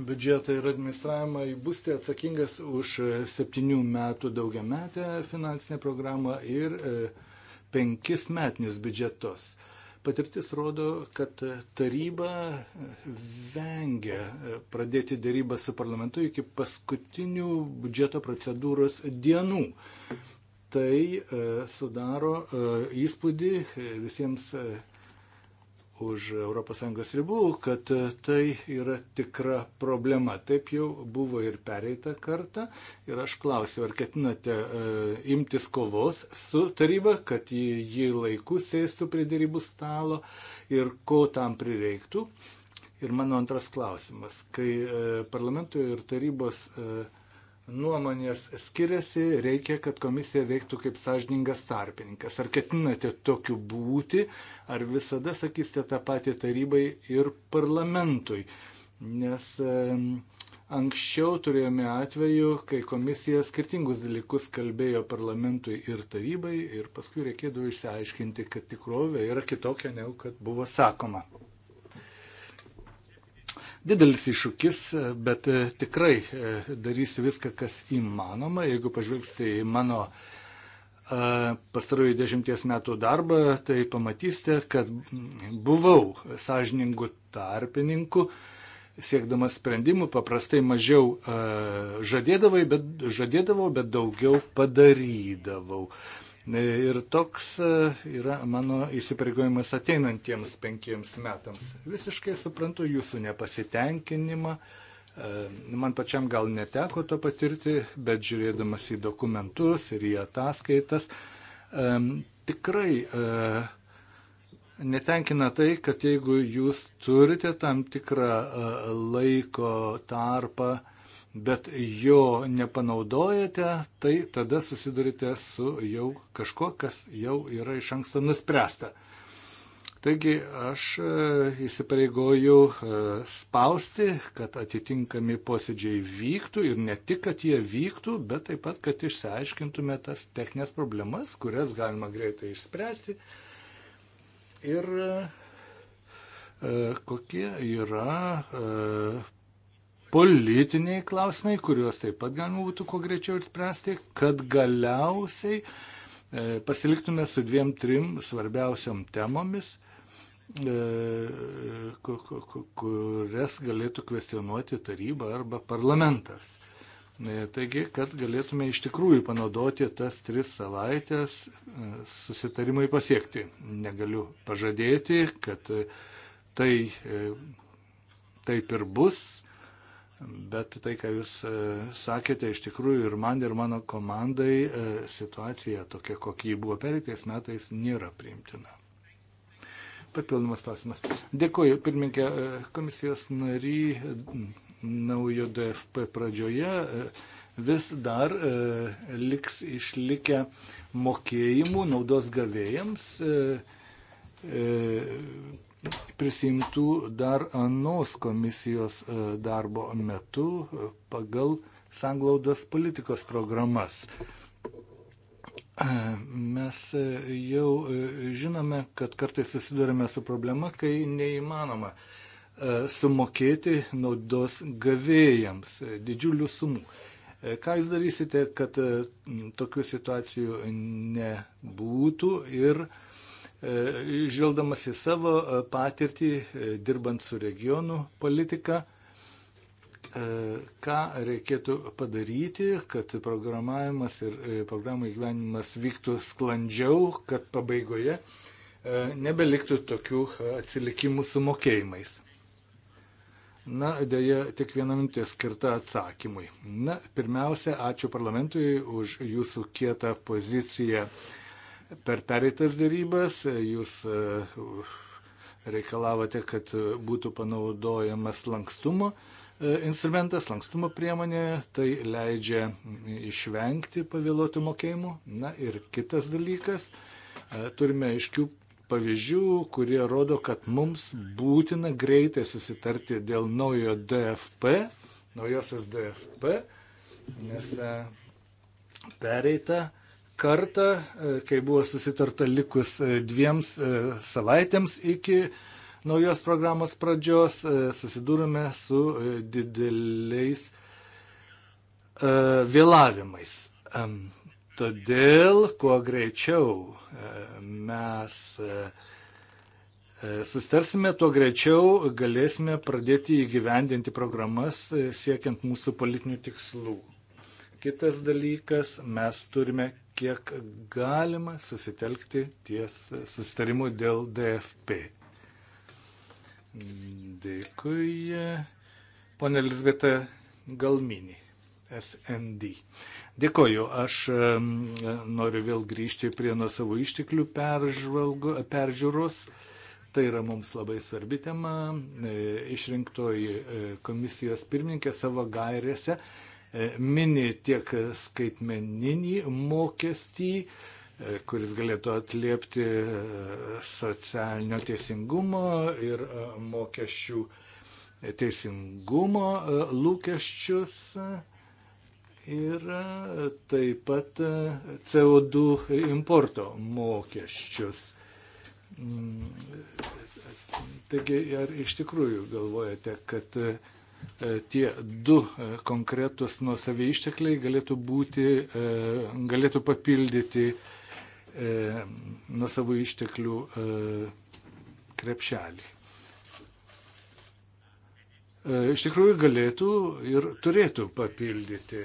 biudžetą ir administravimą. Bus tai atsakingas už septynių metų daugiametę finansinę programą ir e, penkis metinius biudžetus. Patirtis rodo, kad taryba vengia e, pradėti dėrybą su parlamentu iki paskutinių biudžeto procedūros dienų tai e, sudaro e, įspūdį e, visiems už ES ribų, kad tai yra tikra problema. Taip jau buvo ir pereitą kartą. Ir aš klausiu, ar ketinate imtis kovos su taryba, kad ji, ji laiku sėstų prie dėrybų stalo ir ko tam prireiktų. Ir mano antras klausimas. Kai parlamento ir tarybos uh, nuomonės skiriasi, reikia, kad komisija veiktų kaip sąžiningas tarpininkas. Ar ketinate tokiu būti, ar visada sakysite tą patį tarybai ir parlamentui? Nes anksčiau turėjome atveju, kai komisija skirtingus dalykus kalbėjo parlamentui ir tarybai ir paskui reikėdavo išsiaiškinti, kad tikrovė yra kitokia, negu kad buvo sakoma didelis iššūkis, bet e, tikrai e, darysiu viską, kas įmanoma. Jeigu pažvelgsite į mano e, pastarųjų dešimties metų darbą, tai pamatysite, kad buvau sąžiningu tarpininku, siekdamas sprendimų, paprastai mažiau žadėdavau, bet, žadėdavau, bet daugiau padarydavau. Ir toks e, yra mano įsipareigojimas ateinantiems penkiems metams. Visiškai suprantu jūsų nepasitenkinimą. E, man pačiam gal neteko to patirti, bet žiūrėdamas į dokumentus ir į ataskaitas, e, tikrai netenkina tai, kad jeigu jūs turite tam tikrą laiko tarpą, bet jo nepanaudojate, tai tada susidurite su jau kažkuo, kas jau yra iš anksto nuspręsta. Taigi aš e, įsipareigoju e, spausti, kad atitinkami posėdžiai vyktų ir ne tik, kad jie vyktų, bet taip pat, kad išsiaiškintume tas techninės problemas, kurias galima greitai išspręsti ir e, kokie yra politiniai klausimai, kuriuos taip pat galima būtų kuo greičiau ir spręsti, kad galiausiai e, pasiliktume su dviem, trim svarbiausiam temomis, e, kurias galėtų kvestionuoti taryba arba parlamentas. E, taigi, kad galėtume iš tikrųjų panaudoti tas tris savaitės susitarimai pasiekti. Negaliu pažadėti, kad tai taip ir bus, Bet tai, ką Jūs e, sakėte, iš tikrųjų ir man, ir mano komandai e, situacija tokia, kokia ji buvo pereitais metais, nėra priimtina. Papildomas klausimas. Dėkuoju, pirmininkė, e, komisijos nary naujo DFP pradžioje vis dar liks išlikę mokėjimų naudos gavėjams prisimtų dar anos komisijos e, darbo metu e, pagal sanglaudos politikos programas. E, mes jau žinome, kad kartais susidurime su problema, kai neįmanoma sumokėti naudos gavėjams didžiulių sumų. Ką jūs darysite, kad tokių situacijų nebūtų ir uh, E, žvelgdamas į savo e, patirtį, e, dirbant su regionų politika, ką reikėtų padaryti, kad programavimas ir programų įgyvenimas vyktų sklandžiau, kad pabaigoje nebeliktų tokių atsilikimų su mokėjimais. Na, dėja, tik viena minutė skirta atsakymui. Na, pirmiausia, ačiū parlamentui už jūsų kietą poziciją Per pereitas darybas jūs e, reikalavote, kad būtų panaudojamas lankstumo e, instrumentas, lankstumo priemonė, tai leidžia išvengti pavėluotų mokėjimų. Na ir kitas dalykas, e, turime aiškių pavyzdžių, kurie rodo, kad mums būtina greitai susitarti dėl naujo DFP, naujosios DFP, nes pereitą kartą, e, kai buvo susitarta likus e, dviems e, savaitėms iki naujos programos pradžios, susidūrėme su dideliais vėlavimais. Todėl, kuo greičiau mes sustarsime, tuo greičiau galėsime pradėti įgyvendinti programas siekiant mūsų politinių tikslų. Kitas dalykas, mes turime kiek galima susitelkti ties sustarimu dėl DFP. Dėkui. Pone Elizabeta Galminį, SND. Dėkoju, aš noriu vėl grįžti prie nuo savo išteklių peržiūros. Tai yra mums labai svarbi tema. E, išrinktoji e, komisijos pirmininkė savo gairėse E, mini tiek skaitmeninį mokestį, e, kuris galėtų atliepti e, socialinio teisingumo ir mokesčių teisingumo lūkesčius ir taip pat CO2 importo mokesčius. Mm, taigi, ar iš tikrųjų galvojate, kad E, tie du e, konkretus nuosavį ištekliai galėtų, būti, e, galėtų papildyti nuosavų išteklių krepšelį. Iš tikrųjų galėtų ir turėtų papildyti.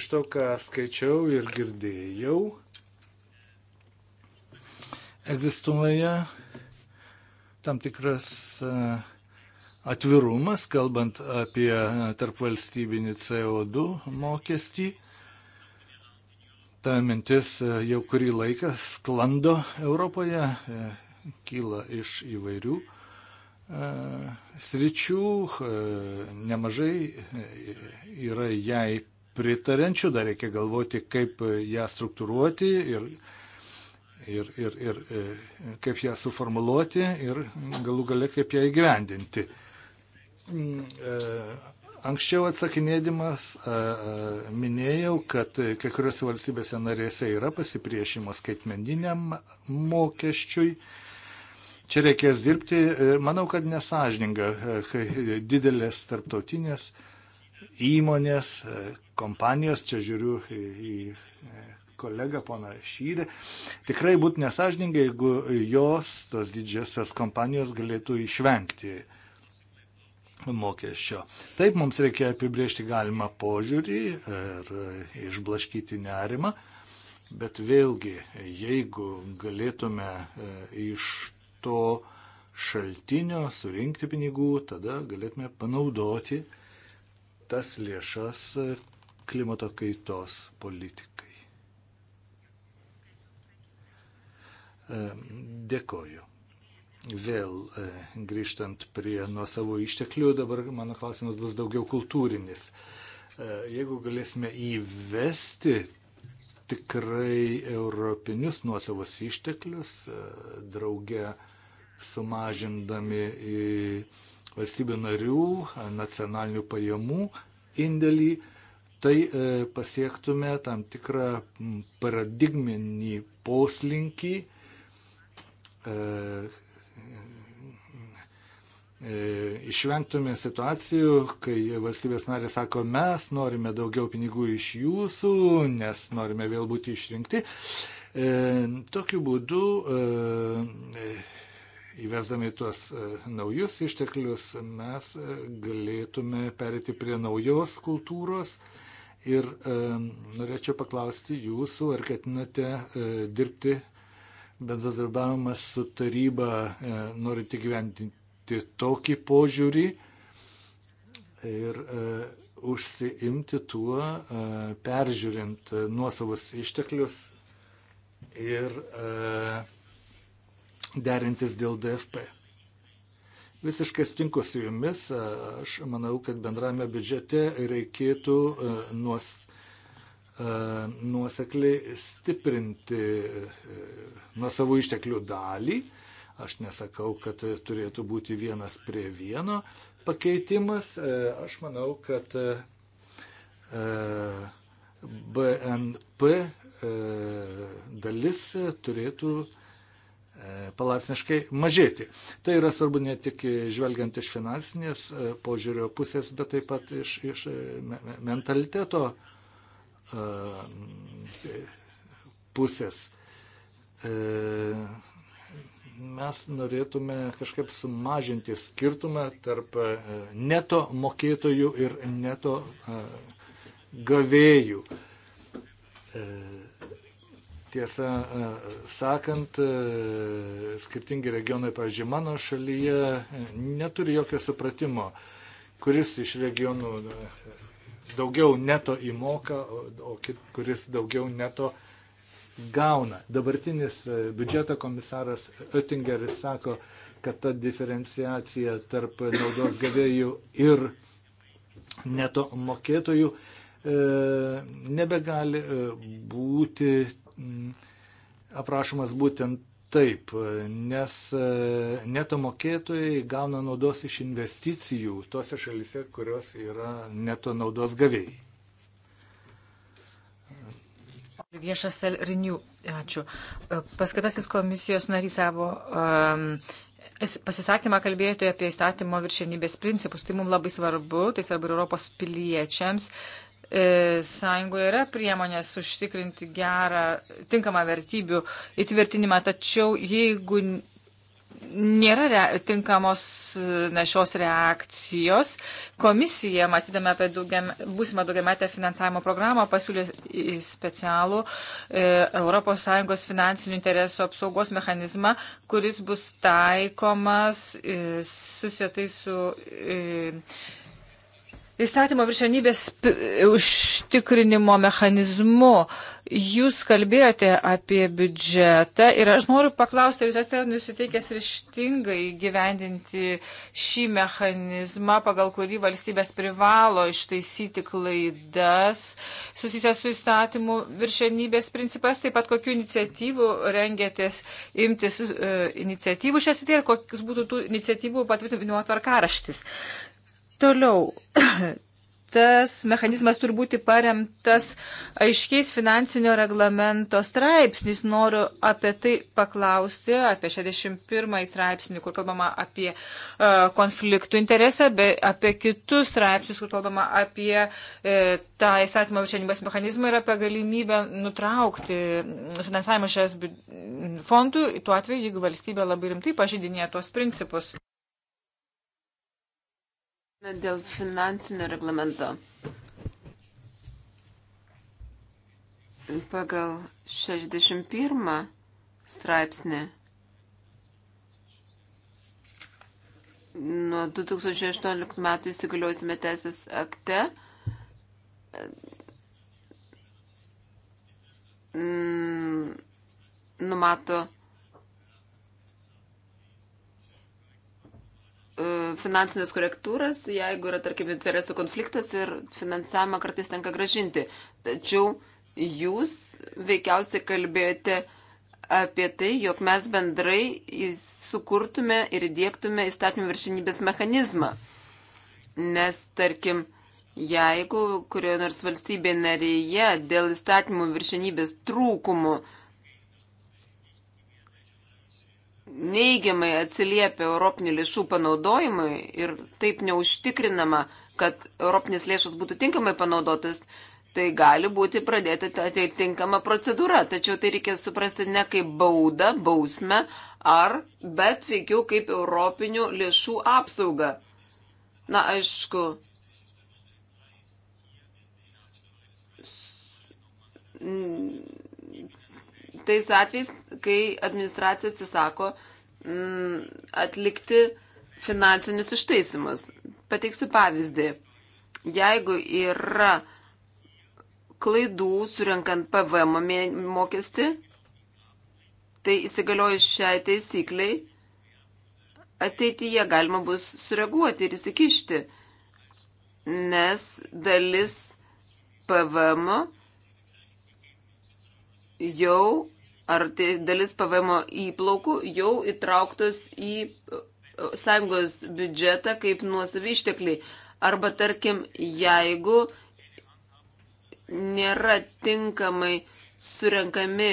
Iš to, ką skaičiau ir girdėjau, egzistuoja tam tikras uh, atvirumas, kalbant apie e, tarpvalstybinį CO2 mokestį. Ta mintis e, jau kurį laiką sklando Europoje, e, kyla iš įvairių sričių, nemažai yra jai pritarančių, dar reikia galvoti, kaip ją struktūruoti ir, ir, ir, ir kaip ją suformuluoti ir galų gale kaip ją įgyvendinti. Mm, e, anksčiau atsakinėdamas e, e, minėjau, kad kai kuriuose valstybėse narėse yra pasipriešimo skaitmeniniam mokesčiui. Čia reikės dirbti, manau, kad nesažininga, kai didelės tarptautinės įmonės, kompanijos, čia žiūriu į kolegą poną Šyrį, tikrai būtų nesažininga, jeigu jos, tos didžiosios kompanijos galėtų išvengti uh, mokesčio. Taip mums reikia apibriežti galimą požiūrį ir išblaškyti nerimą, bet vėlgi, jeigu galėtume e, iš to šaltinio surinkti pinigų, tada galėtume panaudoti tas lėšas e, klimato kaitos politikai. E, dėkoju. Vėl e, grįžtant prie nuo savo išteklių, dabar mano klausimas bus daugiau kultūrinis. E, jeigu galėsime įvesti tikrai europinius nuosavus išteklius, e, drauge sumažindami į valstybių narių nacionalinių pajamų indėlį, tai pasiektume tam tikrą paradigminį poslinkį E, išvengtume situacijų, kai valstybės narė sako, mes norime daugiau pinigų iš jūsų, nes norime vėl būti išrinkti. E, tokiu būdu, e, įvesdami tuos naujus išteklius, mes galėtume perėti prie naujos kultūros. Ir norėčiau paklausti jūsų, ar ketinate dirbti bendradarbiavimas su taryba, norint įgyvendinti pasirinkti tokį požiūrį ir e, užsiimti tuo, e, peržiūrint e, nuosavus išteklius ir e, derintis dėl DFP. Visiškai sutinku su jumis, e, aš manau, kad bendrame biudžete reikėtų e, nuos, e, nuosekliai stiprinti e, nuo savo išteklių dalį Aš nesakau, kad turėtų būti vienas prie vieno pakeitimas. E, aš manau, kad e, e, BNP dalis turėtų palaipsniškai mažėti. Tai yra svarbu ne tik žvelgiant iš finansinės požiūrio pusės, bet taip pat iš, iš mentaliteto pusės mes norėtume kažkaip sumažinti skirtumą tarp e, neto mokėtojų ir neto e, gavėjų. E, Tiesą sakant, skirtingi regionai, pavyzdžiui, mano šalyje neturi jokio supratimo, kuris iš regionų daugiau neto įmoka, o kuris daugiau neto įmoka gauna. Dabartinis e, biudžeto komisaras Oettingeris sako, kad ta diferenciacija tarp naudos gavėjų ir neto mokėtojų e, nebegali e, būti aprašomas būtent taip, nes neto mokėtojai gauna naudos iš investicijų tose šalise, kurios yra neto naudos gavėjai. Viešas Renew. Ačiū. E, Paskatasis komisijos narys savo um, pasisakymą kalbėjote apie įstatymo viršienybės principus. Tai mums labai svarbu, tai svarbu ir Europos piliečiams. E, sąjungoje yra priemonės užtikrinti gerą, tinkamą vertybių įtvirtinimą, tačiau jeigu nėra re, tinkamos e, našios reakcijos. Komisija, mąstydama apie daugiam, būsimą daugiametę finansavimo programą, pasiūlė specialų e, ES finansinių interesų apsaugos mechanizmą, kuris bus taikomas e, susietai su. E, įstatymo viršenybės užtikrinimo mechanizmu. Jūs kalbėjote apie biudžetą ir aš noriu paklausti, ar jūs esate nusiteikęs ryštingai gyvendinti šį mechanizmą, pagal kurį valstybės privalo ištaisyti klaidas susijusias su įstatymu viršenybės principas, taip pat kokiu iniciatyvu rengėtės imtis e, iniciatyvų šią sitį ir kokius būtų tų iniciatyvų patvirtinimo tvarkaraštis. Toliau, tas mechanizmas turi būti paremtas aiškiais finansinio reglamento straipsnis. Noriu apie tai paklausti, apie 61 straipsnį, kur kalbama apie uh, konfliktų interesą, bet apie kitus straipsnius, kur kalbama apie uh, tą įstatymą viršenybės mechanizmą ir apie galimybę nutraukti finansavimą šias fondų, tuo atveju, jeigu valstybė labai rimtai pažydinė tuos principus. Na, dėl finansinio reglamento. Pagal 61 straipsnį nuo 2018 metų įsigaliosime teisės akte mm, numato E, finansinės korektūras, jeigu yra, tarkim, interesų konfliktas ir finansavimą kartais tenka gražinti. Tačiau jūs veikiausiai kalbėjote apie tai, jog mes bendrai sukurtume ir įdėktume įstatymų viršinybės mechanizmą. Nes, tarkim, jeigu kurioje nors valstybėje narėje dėl įstatymų viršinybės trūkumų uh, neigiamai atsiliepia europinių lėšų panaudojimui ir taip neužtikrinama, kad europinės lėšos būtų tinkamai panaudotas, tai gali būti pradėta atitinkama procedūra. Tačiau tai reikia suprasti ne kaip baudą, bausmę, ar, bet veikiau kaip europinių lėšų apsaugą. Na, aišku, tais atvejais, kai administracija atsisako Mm, atlikti finansinius ištaisimus. Pateiksiu pavyzdį. Jeigu yra klaidų surinkant PVM mokestį, tai įsigaliojus šiai taisykliai ateityje galima bus sureaguoti ir įsikišti, nes dalis PVM jau ar tai dalis PVM įplaukų jau įtrauktos į e, sąjungos biudžetą kaip nuosavį išteklį. Arba tarkim, jeigu nėra tinkamai surenkami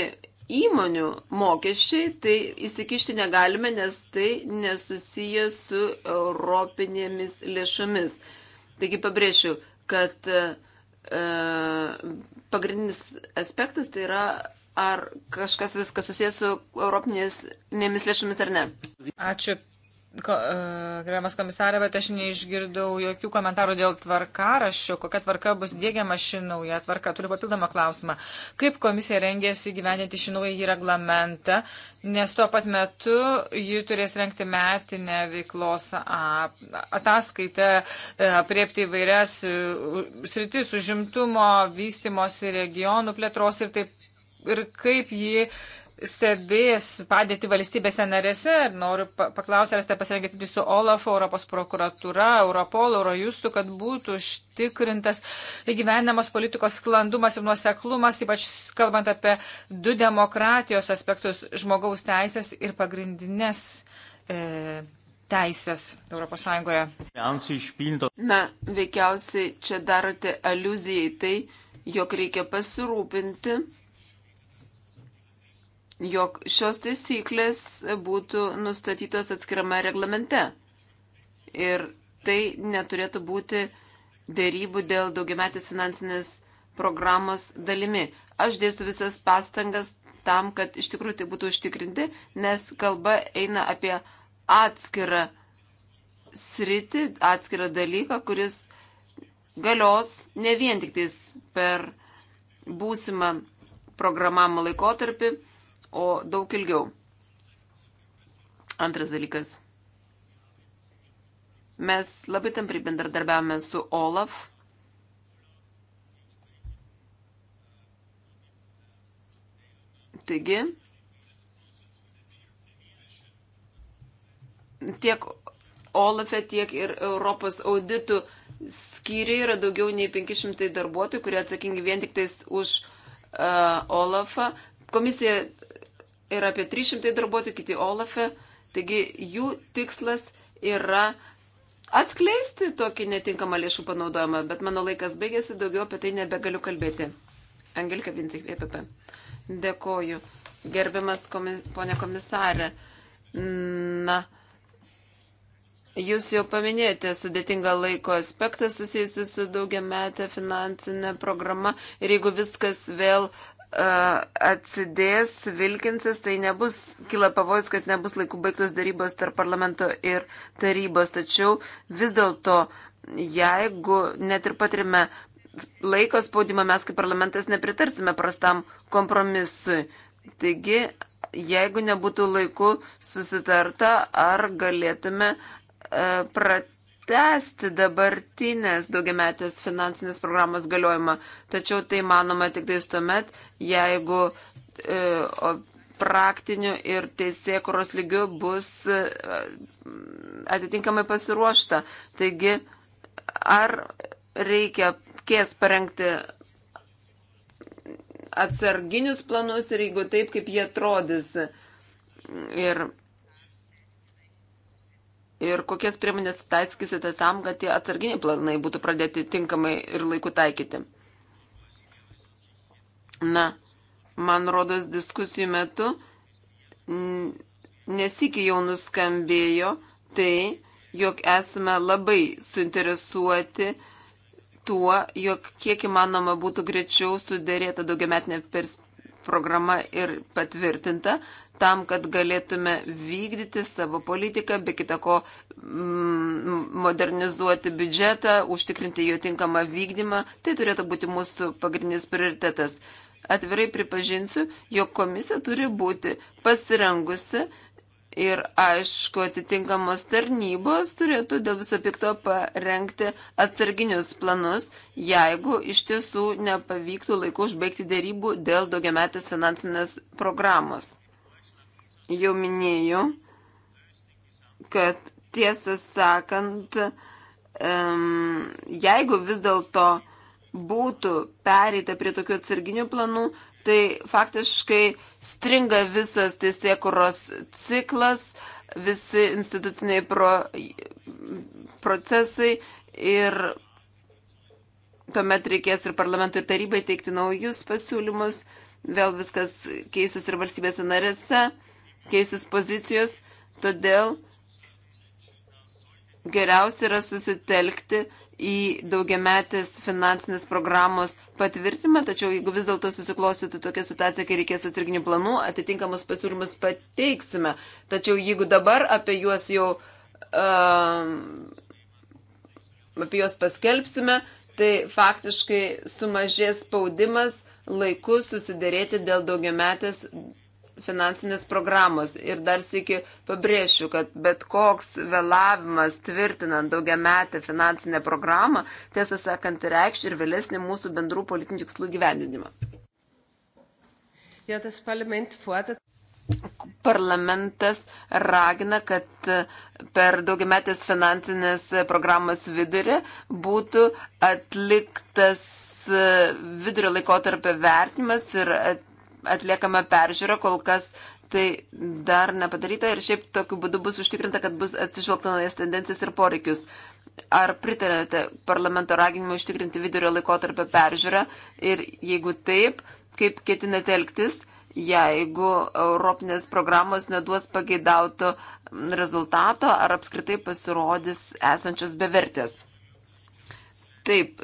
įmonių mokesčiai, tai įsikišti negalime, nes tai nesusiję su europinėmis lėšomis. Taigi pabrėšiu, kad e, pagrindinis aspektas tai yra ar kažkas viskas susijęs su europinėmis lėšomis ar ne. Ačiū. Ko, uh, Gerbiamas komisarė, bet aš neišgirdau jokių komentarų dėl tvarkaraščio, kokia tvarka bus dėgiama ši nauja tvarka. Turiu papildomą klausimą. Kaip komisija rengėsi gyveninti šį naują reglamentą, nes tuo pat metu ji turės renkti metinę veiklos ataskaitą, e, apriepti įvairias e, sritis užimtumo, vystimosi, regionų plėtros ir taip ir kaip ji stebės padėti valstybėse narėse. Noriu paklausti, ar esate pasirengęs dirbti su OLAF, Europos prokuratūra, Europol, Eurojustu, kad būtų užtikrintas įgyvenamos politikos sklandumas ir nuoseklumas, ypač kalbant apie du demokratijos aspektus - žmogaus teisės ir pagrindinės. E, teisės Europos Sąjungoje. Na, veikiausiai čia darote aluziją į tai, jog reikia pasirūpinti, jog šios taisyklės būtų nustatytos atskirame reglamente. Ir tai neturėtų būti dėrybų dėl daugiametės finansinės programos dalimi. Aš dėsiu visas pastangas tam, kad iš tikrųjų tai būtų užtikrinti, nes kalba eina apie atskirą sritį, atskirą dalyką, kuris galios ne vien tik tais per būsimą programavimo laikotarpį, o daug ilgiau. Antras dalykas. Mes labai tampri bendradarbiavame su Olaf. Taigi, tiek Olafe, tiek ir Europos auditų skyriai yra daugiau nei 500 darbuotojų, kurie atsakingi vien tik tais už uh, Olafą. Komisija yra apie 300 darbuotojų, kiti Olafe. Taigi jų tikslas yra atskleisti tokį netinkamą lėšų panaudojimą, bet mano laikas baigėsi, daugiau apie tai nebegaliu kalbėti. Angelika Vincik, EPP. Dėkoju. Gerbiamas komi, ponė komisarė. Na, jūs jau paminėjote sudėtingą laiko aspektą susijusi su daugiametė finansinė programa ir jeigu viskas vėl atsidės, vilkinsis, tai nebus, kila pavojus, kad nebus laikų baigtos darybos tarp parlamento ir tarybos. Tačiau vis dėlto, jeigu net ir patirime laiko spaudimą, mes kaip parlamentas nepritarsime prastam kompromisui. Taigi, jeigu nebūtų laiku susitarta, ar galėtume e, pratesti tęsti dabartinės daugiametės finansinės programos galiojimą, tačiau tai manoma tik tais tuomet, jeigu e, praktiniu ir teisėkuros lygiu bus e, atitinkamai pasiruošta. Taigi, ar reikia kės parengti atsarginius planus ir jeigu taip, kaip jie atrodys. Ir ir kokias priemonės taikysite tam, kad tie atsarginiai planai būtų pradėti tinkamai ir laiku taikyti. Na, man rodos diskusijų metu nesikį jau nuskambėjo tai, jog esame labai suinteresuoti tuo, jog kiek įmanoma būtų greičiau sudėrėta daugiametinė perspektyva programa ir patvirtinta tam, kad galėtume vykdyti savo politiką, be kitako mm, modernizuoti biudžetą, užtikrinti jo tinkamą vykdymą. Tai turėtų būti mūsų pagrindinis prioritetas. Atvirai pripažinsiu, jog komisija turi būti pasirengusi uh, Ir aišku, atitinkamos tarnybos turėtų dėl viso pikto parengti atsarginius planus, jeigu iš tiesų nepavyktų laiku užbaigti dėrybų dėl daugiametės finansinės programos. Jau minėjau, kad tiesą sakant, jeigu vis dėlto būtų pereita prie tokių atsarginių planų, tai faktiškai stringa visas teisėkuros ciklas, visi instituciniai pro, procesai ir tuomet reikės ir parlamentui ir tarybai teikti naujus pasiūlymus, vėl viskas keisis ir valstybėse narėse, keisis pozicijos, todėl geriausia yra susitelkti į daugiametės finansinės programos patvirtimą, tačiau jeigu vis dėlto susiklostytų tokia situacija, kai reikės atsarginių planų, atitinkamus pasiūlymus pateiksime. Tačiau jeigu dabar apie juos jau um, apie juos paskelbsime, tai faktiškai sumažės spaudimas laiku susidėrėti dėl daugiametės finansinės programos. Ir dar sėki pabrėšiu, kad bet koks vėlavimas tvirtinant daugiametę finansinę programą, tiesą sakant, reikš ir vėlesnį mūsų bendrų politinių tikslų gyvendinimą. Ja, Parlamentas ragina, kad per daugiametės finansinės programos vidurį būtų atliktas vidurio laikotarpio vertinimas ir at, atliekama peržiūra, kol kas tai dar nepadaryta ir šiaip tokiu būdu bus užtikrinta, kad bus atsižvelgta naujas tendencijas ir poreikius. Ar pritarėte parlamento raginimui užtikrinti vidurio laikotarpio peržiūrą ir jeigu taip, kaip ketinate elgtis, jeigu Europinės programos neduos pageidauto rezultato ar apskritai pasirodys esančios bevertės? Taip,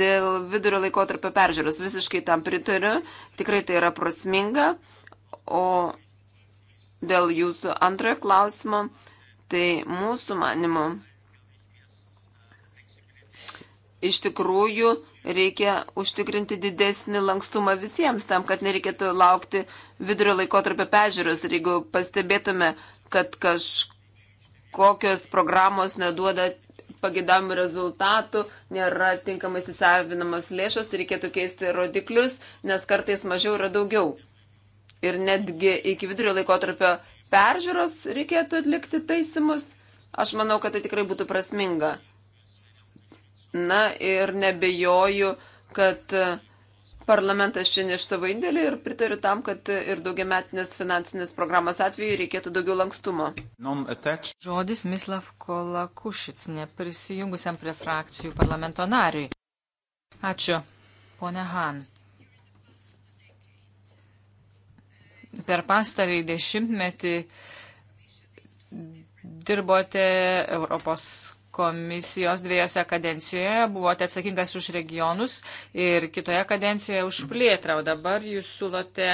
dėl vidurio laikotarpio peržiūros visiškai tam pritariu, tikrai tai yra prasminga, o dėl jūsų antrojo klausimo, tai mūsų manimo iš tikrųjų reikia užtikrinti didesnį lankstumą visiems tam, kad nereikėtų laukti vidurio laikotarpio peržiūros ir jeigu pastebėtume, kad kažkokios programos neduoda pagėdamų rezultatų, nėra tinkamai įsisavinamos lėšos, tai reikėtų keisti rodiklius, nes kartais mažiau yra daugiau. Ir netgi iki vidurio laikotarpio peržiūros reikėtų atlikti taisimus. Aš manau, kad tai tikrai būtų prasminga. Na ir nebejoju, kad uh, Parlamentas čia neš savo indėlį ir pritariu tam, kad ir daugiametinės finansinės programos atveju reikėtų daugiau lankstumo. Žodis Mislav Kolakušic, neprisijungusiam prie frakcijų parlamento nariui. Ačiū, ponė Han. Per pastarąjį dešimtmetį dirbote Europos komisijos dviejose kadencijoje, buvote atsakingas už regionus ir kitoje kadencijoje už plėtrą, o dabar jūs siūlote.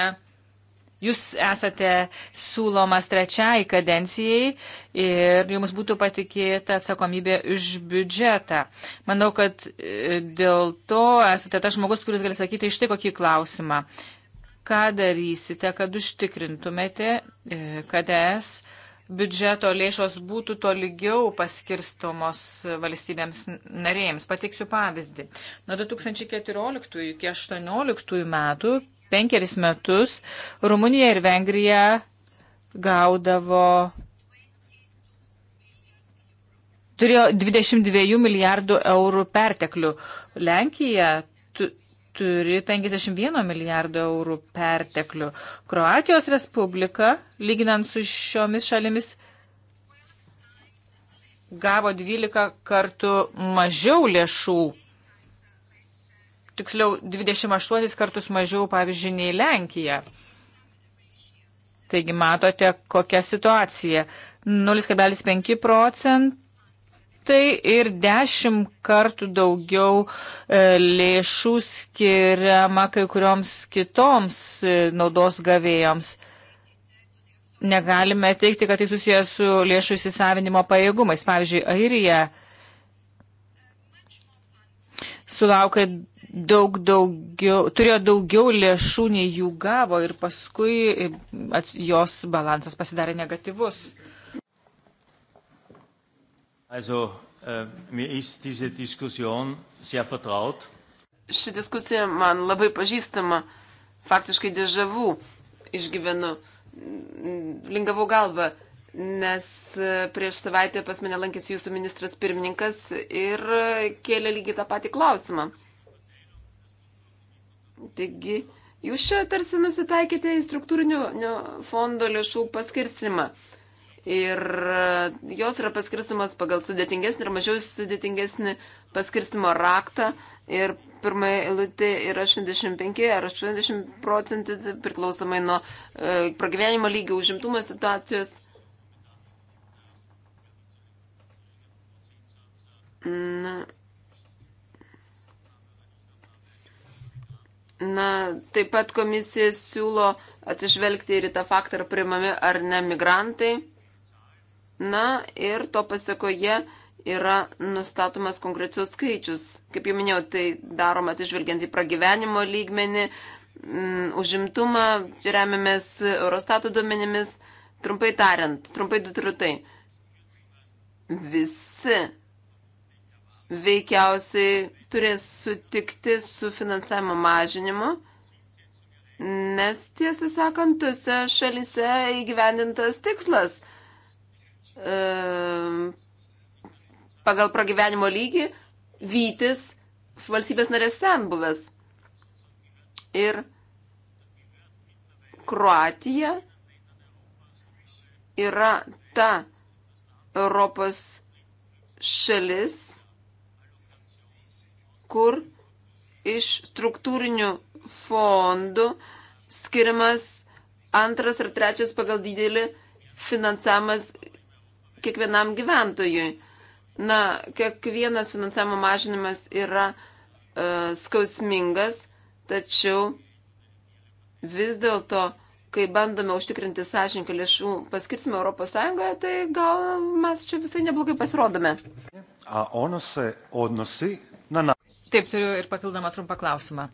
Jūs esate siūlomas trečiai kadencijai ir jums būtų patikėta atsakomybė už biudžetą. Manau, kad e, dėl to esate tas žmogus, kuris gali sakyti iš tai kokį klausimą. Ką darysite, kad užtikrintumėte, e, kad es biudžeto lėšos būtų tolygiau paskirstomos valstybėms narėjams. Pateiksiu pavyzdį. Nuo 2014 iki 2018 metų, penkeris metus, Rumunija ir Vengrija gaudavo. Turėjo 22 milijardų eurų perteklių. Lenkija turi 51 milijardo eurų perteklių. Kroatijos Respublika, lyginant su šiomis šalimis, gavo 12 kartų mažiau lėšų. Tiksliau, 28 kartus mažiau, pavyzdžiui, nei Lenkija. Taigi matote, kokia situacija. 0,5 procent tai ir dešimt kartų daugiau e, lėšų skiriama kai kurioms kitoms e, naudos gavėjoms. Negalime teikti, kad tai susijęs su lėšų įsisavinimo pajėgumais. Pavyzdžiui, Airija sulaukė daug daugiau, turėjo daugiau lėšų nei jų gavo ir paskui e, jos balansas pasidarė negatyvus. Also, uh, mir ist diese Diskussion sehr vertraut. Ši diskusija man labai pažįstama, faktiškai dežavų išgyvenu, lingavau galvą, nes e, prieš savaitę pas mane lankėsi jūsų ministras pirmininkas ir e, kėlė lygiai tą patį klausimą. Taigi, jūs čia tarsi nusitaikėte į struktūrinių fondo lėšų paskirsimą. Uh, ir e, jos yra paskirstimas pagal sudėtingesnį ir mažiau sudėtingesnį paskirstimo raktą ir pirmoje eilutėje yra 65 ar 80 procentų tai priklausomai nuo e, pragyvenimo lygio užimtumo situacijos. Na, na, taip pat komisija siūlo atsižvelgti ir į tą faktą, ar primami ar ne migrantai. Na ir to pasakoje yra nustatomas konkretus skaičius. Kaip jau minėjau, tai daroma atsižvelgiant į pragyvenimo lygmenį, m, mm, užimtumą, remiamės Eurostato duomenimis. Trumpai tariant, trumpai du trutai. Visi veikiausiai turės sutikti su finansavimo mažinimu, nes tiesą sakant, tuose šalise įgyvendintas tikslas Ehm, pagal pragyvenimo lygį vytis valstybės narės senbuvės. Ir Kroatija yra ta Europos šalis, kur iš struktūrinių fondų skiriamas antras ar trečias pagal didelį finansavimas kiekvienam gyventojui. Na, kiekvienas finansavimo mažinimas yra uh, skausmingas, tačiau vis dėlto, kai bandome užtikrinti sąžininką lėšų paskirsimą ES, tai gal mes čia visai neblogai pasirodome. Taip, turiu ir papildomą trumpą klausimą.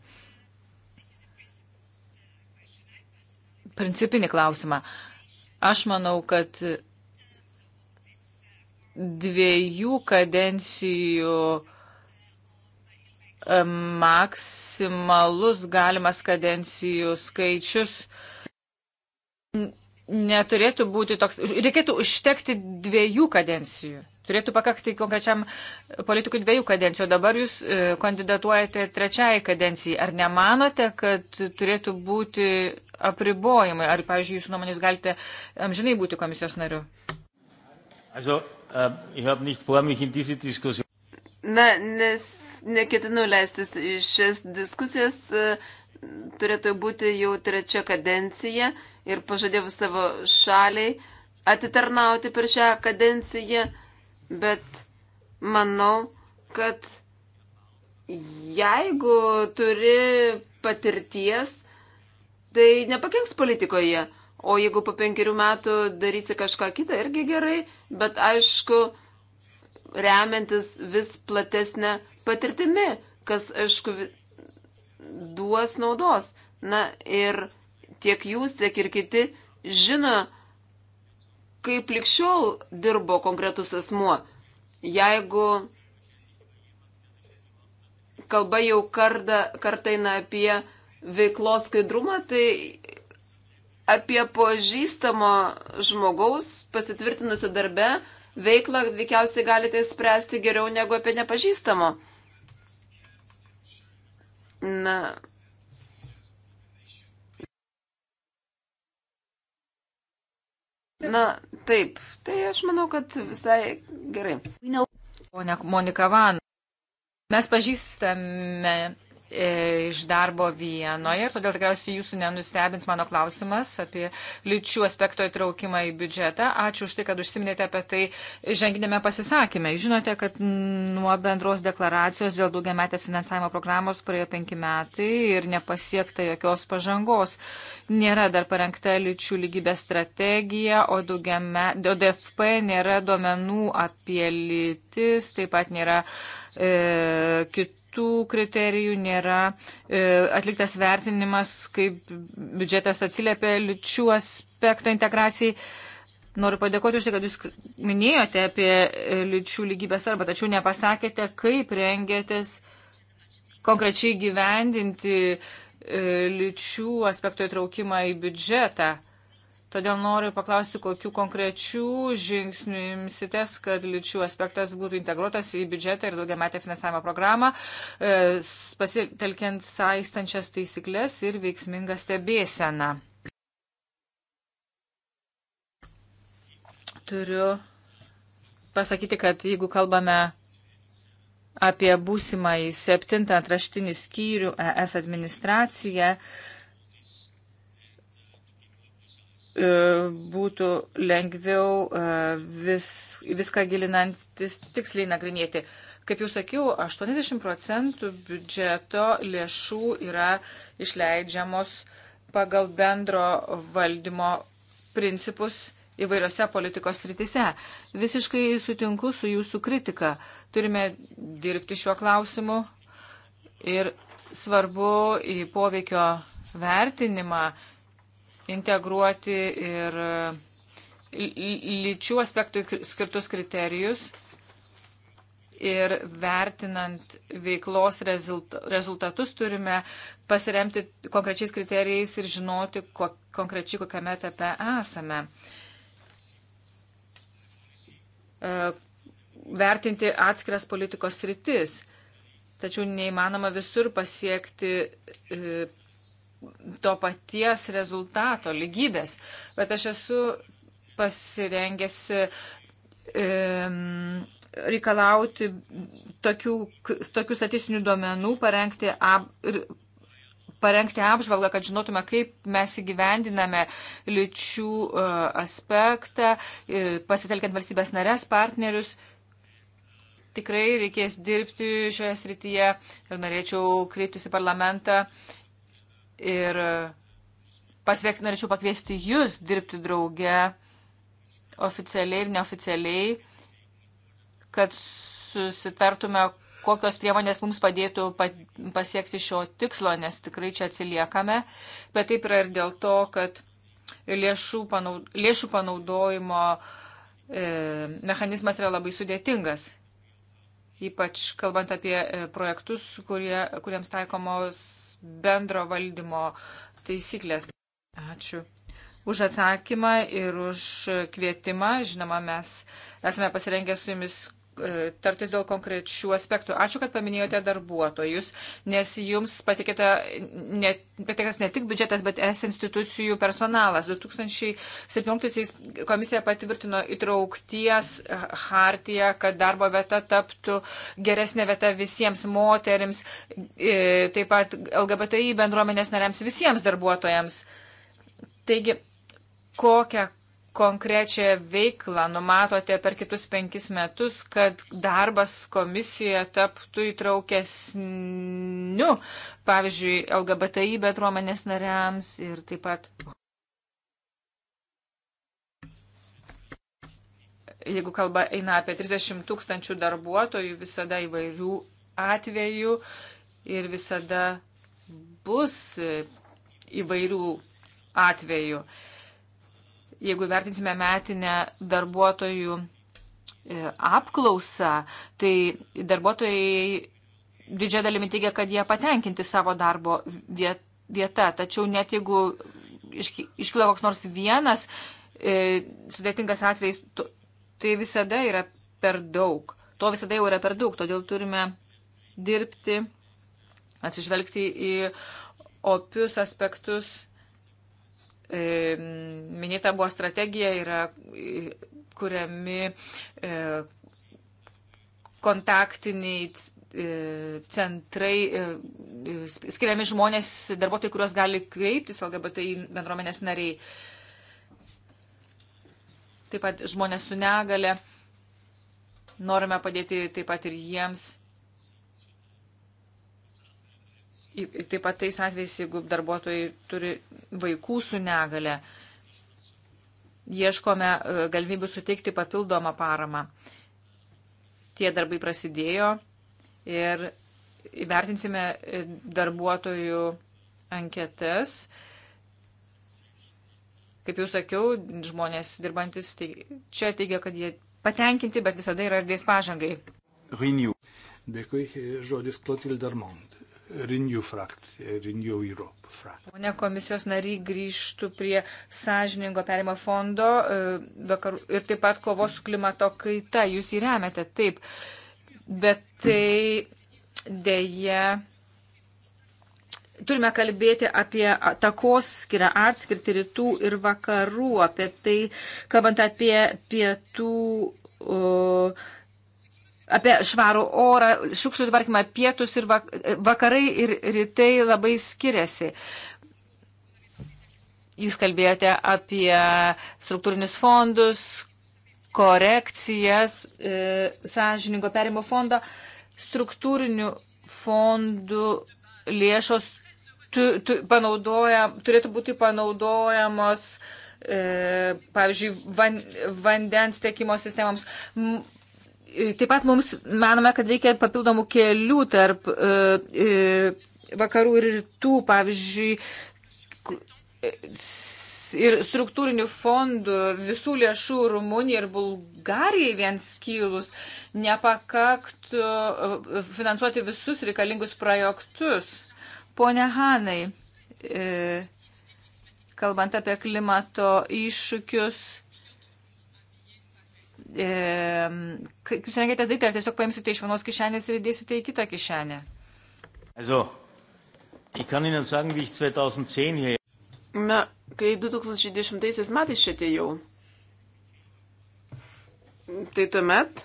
Principinį klausimą. Aš manau, kad dviejų kadencijų e, maksimalus galimas kadencijų skaičius neturėtų būti toks, reikėtų užtekti dviejų kadencijų. Turėtų pakakti konkrečiam politikui dviejų kadencijų. Dabar jūs e, kandidatuojate trečiai kadencijai. Ar nemanote, kad turėtų būti apribojimai? Ar, pavyzdžiui, jūsų nuomonės galite amžinai būti komisijos nariu? Also, uh, ich habe nicht vor, mich in diese Diskussion. Na, nes neketinu leistis į šias diskusijas. E, turėtų būti jau trečia kadencija ir pažadėjau savo šaliai atitarnauti per šią kadenciją, bet manau, kad jeigu turi patirties, tai nepakenks politikoje. O jeigu po penkerių metų darysi kažką kitą, irgi gerai, bet aišku, remiantis vis platesnė patirtimi, kas aišku duos naudos. Na ir tiek jūs, tiek ir kiti žino, kaip likščiol dirbo konkretus asmuo. Jeigu kalba jau karda, kartą eina apie veiklos skaidrumą, tai apie pažįstamo žmogaus pasitvirtinusių darbe veiklą veikiausiai galite spręsti geriau negu apie nepažįstamo. Na. Na, taip. Tai aš manau, kad visai gerai. Ponia Monika Van, mes pažįstame E, iš darbo vienoje ir todėl tikriausiai jūsų nenustebins mano klausimas apie lyčių aspekto įtraukimą į biudžetą. Ačiū už tai, kad užsiminėte apie tai ženginėme pasisakymę. Žinote, kad nuo bendros deklaracijos dėl daugiametės finansavimo programos praėjo penki metai ir nepasiekta jokios pažangos nėra dar parengta lyčių lygybės strategija, o daugiame, DFP nėra duomenų apie lytis, taip pat nėra e, kitų kriterijų, nėra e, atliktas vertinimas, kaip biudžetas atsiliepia lyčių aspekto integracijai. Noriu padėkoti už tai, kad jūs minėjote apie e, lyčių lygybės arba, tačiau nepasakėte, kaip rengėtės konkrečiai gyvendinti E, lyčių aspekto įtraukimą į biudžetą. Todėl noriu paklausti, kokiu konkrečiu žingsniu imsitės, kad lyčių aspektas būtų integruotas į biudžetą ir daugiametę finansavimo programą, e, pasitelkiant saistančias taisyklės ir veiksmingą stebėseną. Turiu pasakyti, kad jeigu kalbame apie būsimąjį septintą atraštinį skyrių ES administraciją e, būtų lengviau e, vis, viską gilinantis tiksliai nagrinėti. Kaip jau sakiau, 80 procentų biudžeto lėšų yra išleidžiamos pagal bendro valdymo principus įvairiose politikos rytise. Visiškai sutinku su jūsų kritika. Turime dirbti šiuo klausimu ir svarbu į poveikio vertinimą integruoti ir lyčių aspektų skirtus kriterijus ir vertinant veiklos rezultatus turime pasiremti konkrečiais kriterijais ir žinoti ko, konkrečiai kokiame etape esame. E, vertinti atskiras politikos sritis. Tačiau neįmanoma visur pasiekti e, to paties rezultato, lygybės. Bet aš esu pasirengęs e, reikalauti tokių, tokių statistinių duomenų, parengti ab, parengti apžvalgą, kad žinotume, kaip mes įgyvendiname lyčių e, aspektą, e, pasitelkiant valstybės narės partnerius. Tikrai reikės dirbti šioje srityje ir norėčiau kreiptis į parlamentą ir pasveikti, norėčiau pakviesti jūs dirbti drauge oficialiai ir neoficialiai, kad susitartume, kokios priemonės mums padėtų pasiekti šio tikslo, nes tikrai čia atsiliekame, bet taip yra ir dėl to, kad lėšų, panaud, lėšų panaudojimo e, mechanizmas yra labai sudėtingas. Ypač kalbant apie e, projektus, kurie, kuriems taikomos bendro valdymo taisyklės. Ačiū už atsakymą ir už kvietimą. Žinoma, mes esame pasirengę su jumis E, tartis dėl konkrečių aspektų. Ačiū, kad paminėjote darbuotojus, nes jums patikėta ne, patikėtas ne tik biudžetas, bet es institucijų personalas. 2017 komisija patvirtino įtraukties hartiją, kad darbo vieta taptų geresnė vieta visiems moterims, e, taip pat LGBTI bendruomenės nariams, visiems darbuotojams. Taigi, kokią konkrečią veiklą numatote per kitus penkis metus, kad darbas komisijoje taptų įtraukesniu, pavyzdžiui, LGBTI bendruomenės nariams ir taip pat. Jeigu kalba eina apie 30 tūkstančių darbuotojų, visada įvairių atvejų ir visada bus įvairių atvejų. Uh, jeigu vertinsime metinę darbuotojų e, apklausą, tai darbuotojai didžia dalimi teigia, kad jie patenkinti savo darbo vietą. Tačiau net jeigu iškyla koks nors vienas e, sudėtingas atvejs, tai visada yra per daug. To visada jau yra per daug, todėl turime dirbti, atsižvelgti į opius aspektus E, minėta buvo strategija, yra e, kuriami e, kontaktiniai centrai, skiriami žmonės, darbuotojai, kuriuos gali kreiptis LGBT bendruomenės nariai. Taip pat žmonės su negale. Norime padėti taip pat ir jiems taip pat tais atvejais, jeigu darbuotojai turi vaikų su negale, ieškome e, galimybių suteikti papildomą paramą. Tie darbai prasidėjo ir įvertinsime e, darbuotojų anketas. Kaip jau sakiau, žmonės dirbantis tai čia teigia, kad jie patenkinti, bet visada yra erdvės pažangai. Renew. Dėkui, žodis Klotil Darmon. Renew frakcija, Renew Europe frakcija. Pone komisijos nariai grįžtų prie sąžiningo perimo fondo e, vakarų, ir taip pat kovos su klimato kaita. Jūs jį remiate, taip. Bet tai dėja. Turime kalbėti apie takos skirą atskirti rytų ir vakarų, apie tai, kalbant apie pietų. Uh, apie švarų orą, šiukšlių tvarkymą pietus ir vakarai ir rytai labai skiriasi. Jūs kalbėjote apie struktūrinius fondus, korekcijas, e, sąžininko perimo fondo, struktūrinių fondų lėšos tu, tu, panaudoja, turėtų būti panaudojamos, e, pavyzdžiui, van, vandens tiekimo sistemams. M, Taip pat mums manome, kad reikia papildomų kelių tarp e, e, vakarų ir rytų, pavyzdžiui, ir struktūrinių fondų visų lėšų Rumunijai ir Bulgarijai vien skylus nepakaktų e, finansuoti visus reikalingus projektus. Pone Hanai, kalbant apie klimato iššūkius, E, kaip jūs rengėtės daryti, ar tiesiog paimsite iš vienos kišenės ir įdėsite į kitą kišenę? Also, ich kann Ihnen sagen, wie ich 2010 hier. Na, kai 2010 metais čia atėjau, tai tuomet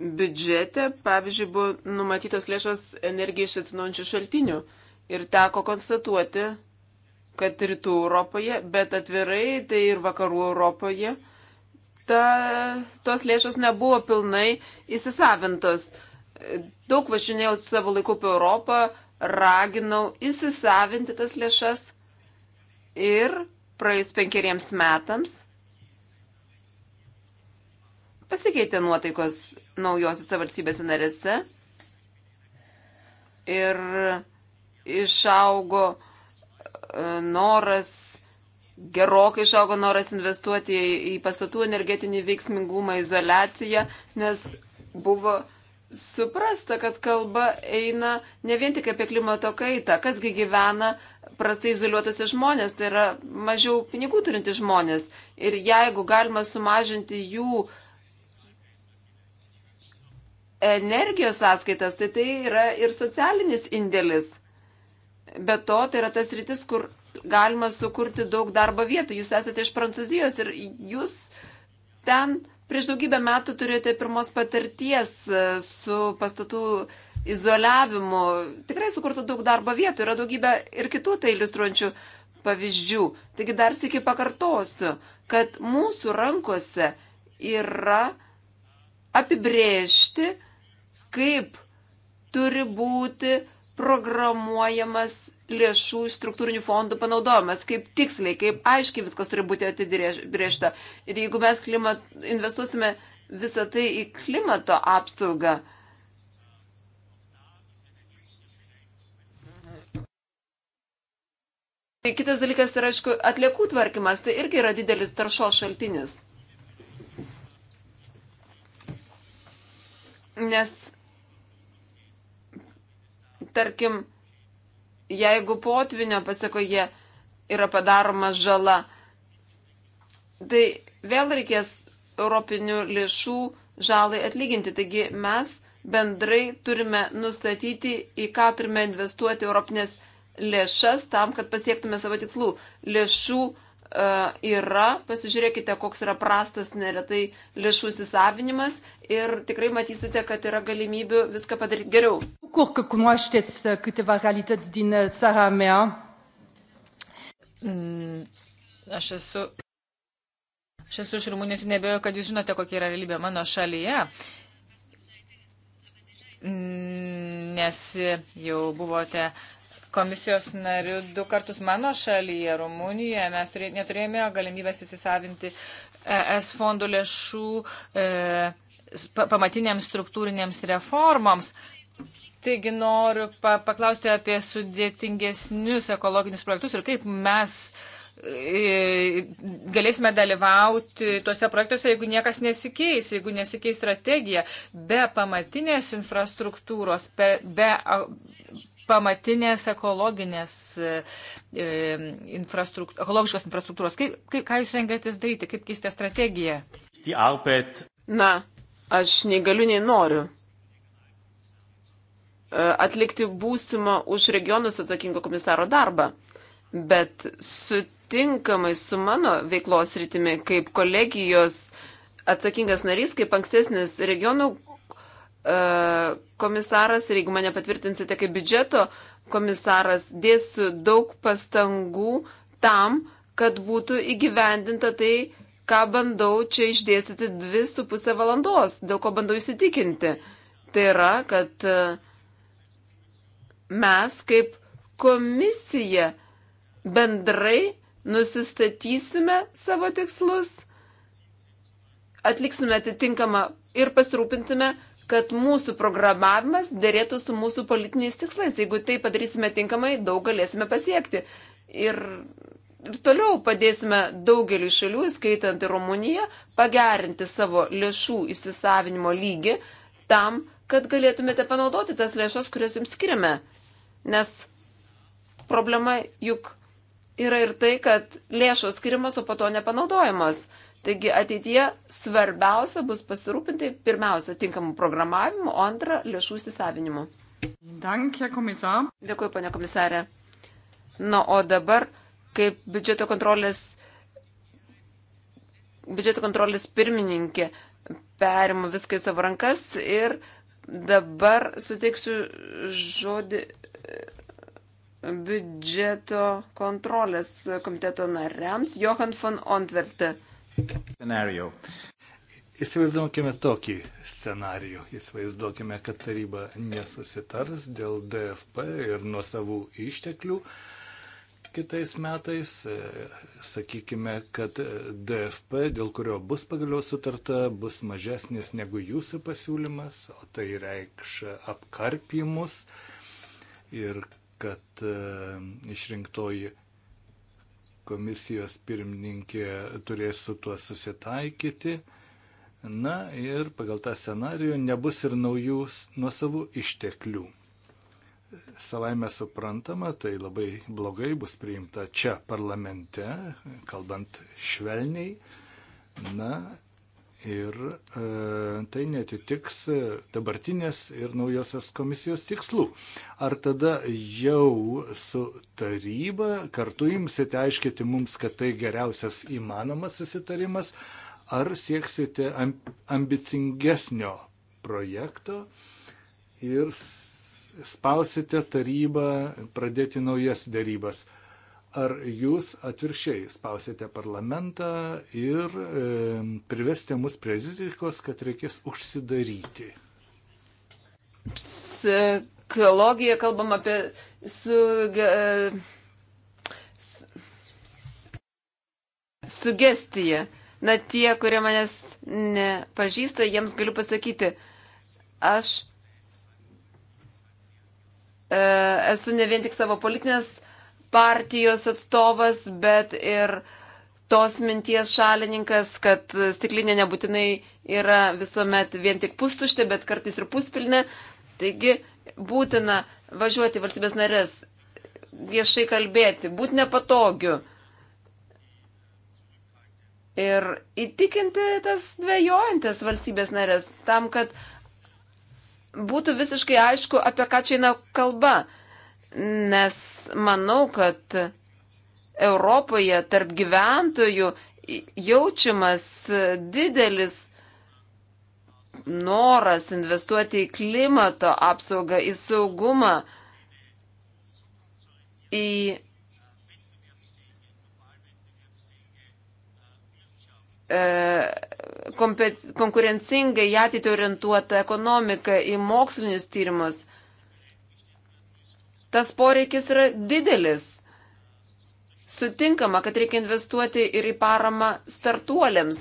biudžete, pavyzdžiui, buvo numatytas lėšas energijai iš atsinaujančių šaltinių ir teko konstatuoti, kad rytų Europoje, bet atvirai tai ir vakarų Europoje ta, tos lėšos nebuvo pilnai įsisavintos. Daug važinėjau savo laiku po Europą, raginau įsisavinti tas lėšas ir praėjus penkeriems metams pasikeitė nuotaikos naujosiuose valstybėse narėse ir išaugo e, noras gerokai išaugo noras investuoti į pastatų energetinį veiksmingumą, izolaciją, nes buvo suprasta, kad kalba eina ne vien tik apie klimato kaitą, kasgi gyvena prastai izoliuotose žmonės, tai yra mažiau pinigų turinti žmonės. Ir jeigu galima sumažinti jų energijos sąskaitas, tai tai yra ir socialinis indėlis. Be to, tai yra tas rytis, kur galima sukurti daug darbo vietų. Jūs esate iš Prancūzijos ir jūs ten prieš daugybę metų turėjote pirmos patirties e, su pastatų izoliavimu. Tikrai sukurtų daug darbo vietų. Yra daugybė ir kitų tai iliustruojančių pavyzdžių. Taigi dar sėki pakartosiu, kad mūsų rankose yra apibrėžti, kaip turi būti programuojamas lėšų iš struktūrinių fondų panaudojimas, kaip tiksliai, kaip aiškiai viskas turi būti atibrėžta. Ir jeigu mes klimat, investuosime visą tai į klimato apsaugą, tai Kitas dalykas yra, aišku, atliekų tvarkymas, tai irgi yra didelis taršos šaltinis. Nes, tarkim, jeigu potvinio pasakoje yra padaroma žala, tai vėl reikės europinių lėšų žalai atlyginti. Taigi mes bendrai turime nustatyti, į ką turime investuoti europinės lėšas tam, kad pasiektume savo tikslų. Lėšų E, yra, pasižiūrėkite, koks yra prastas neretai lėšų įsisavinimas ir tikrai matysite, kad yra galimybių viską padaryti geriau. Kur, kad cunoașteți câteva realități din țara mea? Mm, aš esu, aš esu iš Rumunijos ir nebejoju, kad jūs žinote, kokia yra realybė mano šalyje. Mm, nes jau buvote uh, komisijos nariu du kartus mano šalyje, Rumunijoje, mes turė, neturėjome galimybės įsisavinti e, ES fondų lėšų e, pamatiniams struktūriniams reformoms. Taigi noriu pa paklausti apie sudėtingesnius ekologinius projektus ir kaip mes e, E, galėsime dalyvauti tuose projektuose, jeigu niekas nesikeis, jeigu nesikeis strategija, be pamatinės infrastruktūros, be pamatinės ekologinės e, infrastruktūros, ekologiškos infrastruktūros. Kaip, kaip, ką jūs rengėtės daryti, kaip keistė strategija? Na, aš negaliu, nei noriu e, atlikti būsimą už regionus atsakingo komisaro darbą, bet su tinkamai su mano veiklos rytimi, kaip kolegijos atsakingas narys, kaip ankstesnis regionų e, komisaras ir jeigu mane patvirtinsite kaip biudžeto komisaras, dėsiu daug pastangų tam, kad būtų įgyvendinta tai, ką bandau čia išdėstyti dvi su pusę valandos, dėl ko bandau įsitikinti. Tai yra, kad e, mes kaip komisija bendrai nusistatysime savo tikslus, atliksime atitinkamą ir pasirūpintume, kad mūsų programavimas dėrėtų su mūsų politiniais tikslais. Jeigu tai padarysime tinkamai, daug galėsime pasiekti. Ir, ir toliau padėsime daugeliu šalių, skaitant ir Rumuniją, pagerinti savo lėšų įsisavinimo lygį tam, kad galėtumėte panaudoti tas lėšas, kurias jums skiriame. Nes problema juk yra ir tai, kad lėšos skirimas, o po to nepanaudojamos. Taigi ateityje svarbiausia bus pasirūpinti pirmiausia tinkamų programavimų, o antra lėšų įsisavinimu. Dėkui, pane komisarė. Na, o dabar, kaip biudžeto kontrolės, biudžeto kontrolės pirmininkė, perimu viską į savo rankas ir dabar suteiksiu žodį biudžeto kontrolės komiteto nariams Johan von Ontverte. Scenario. Įsivaizduokime tokį scenarijų. Įsivaizduokime, kad taryba nesusitars dėl DFP ir nuo savų išteklių kitais metais, sakykime, kad DFP, dėl kurio bus pagaliau sutarta, bus mažesnis negu jūsų pasiūlymas, o tai reikš apkarpimus ir kad e, išrinktoji komisijos pirmininkė turės su tuo susitaikyti. Na ir pagal tą scenarijų nebus ir naujų nuosavų išteklių. Savaime suprantama, tai labai blogai bus priimta čia parlamente, kalbant švelniai. Na ir e, tai netitiks dabartinės ir naujosios komisijos tikslų. Ar tada jau su taryba kartu imsite aiškinti mums, kad tai geriausias įmanomas susitarimas, ar sieksite ambicingesnio projekto ir spausite tarybą pradėti naujas darybas? ar jūs atvirkščiai spausite parlamentą ir e, privestė mus prie rizikos, kad reikės užsidaryti? Psichologija kalbam apie su, e, su, sugestiją. Na tie, kurie manęs nepažįsta, jiems galiu pasakyti, aš e, esu ne vien tik savo politinės partijos atstovas, bet ir tos minties šalininkas, kad stiklinė nebūtinai yra visuomet vien tik pustuštė, bet kartais ir puspilnė. Taigi būtina važiuoti valstybės narės, viešai kalbėti, būti nepatogiu. Ir įtikinti tas dviejojantis valstybės narės tam, kad būtų visiškai aišku, apie ką čia eina kalba nes manau, kad Europoje tarp gyventojų jaučiamas didelis noras investuoti į klimato apsaugą, į saugumą, į e, konkurencingai ateitį orientuotą ekonomiką, į mokslinius tyrimus – tas poreikis yra didelis. Sutinkama, kad reikia investuoti ir į paramą startuoliams.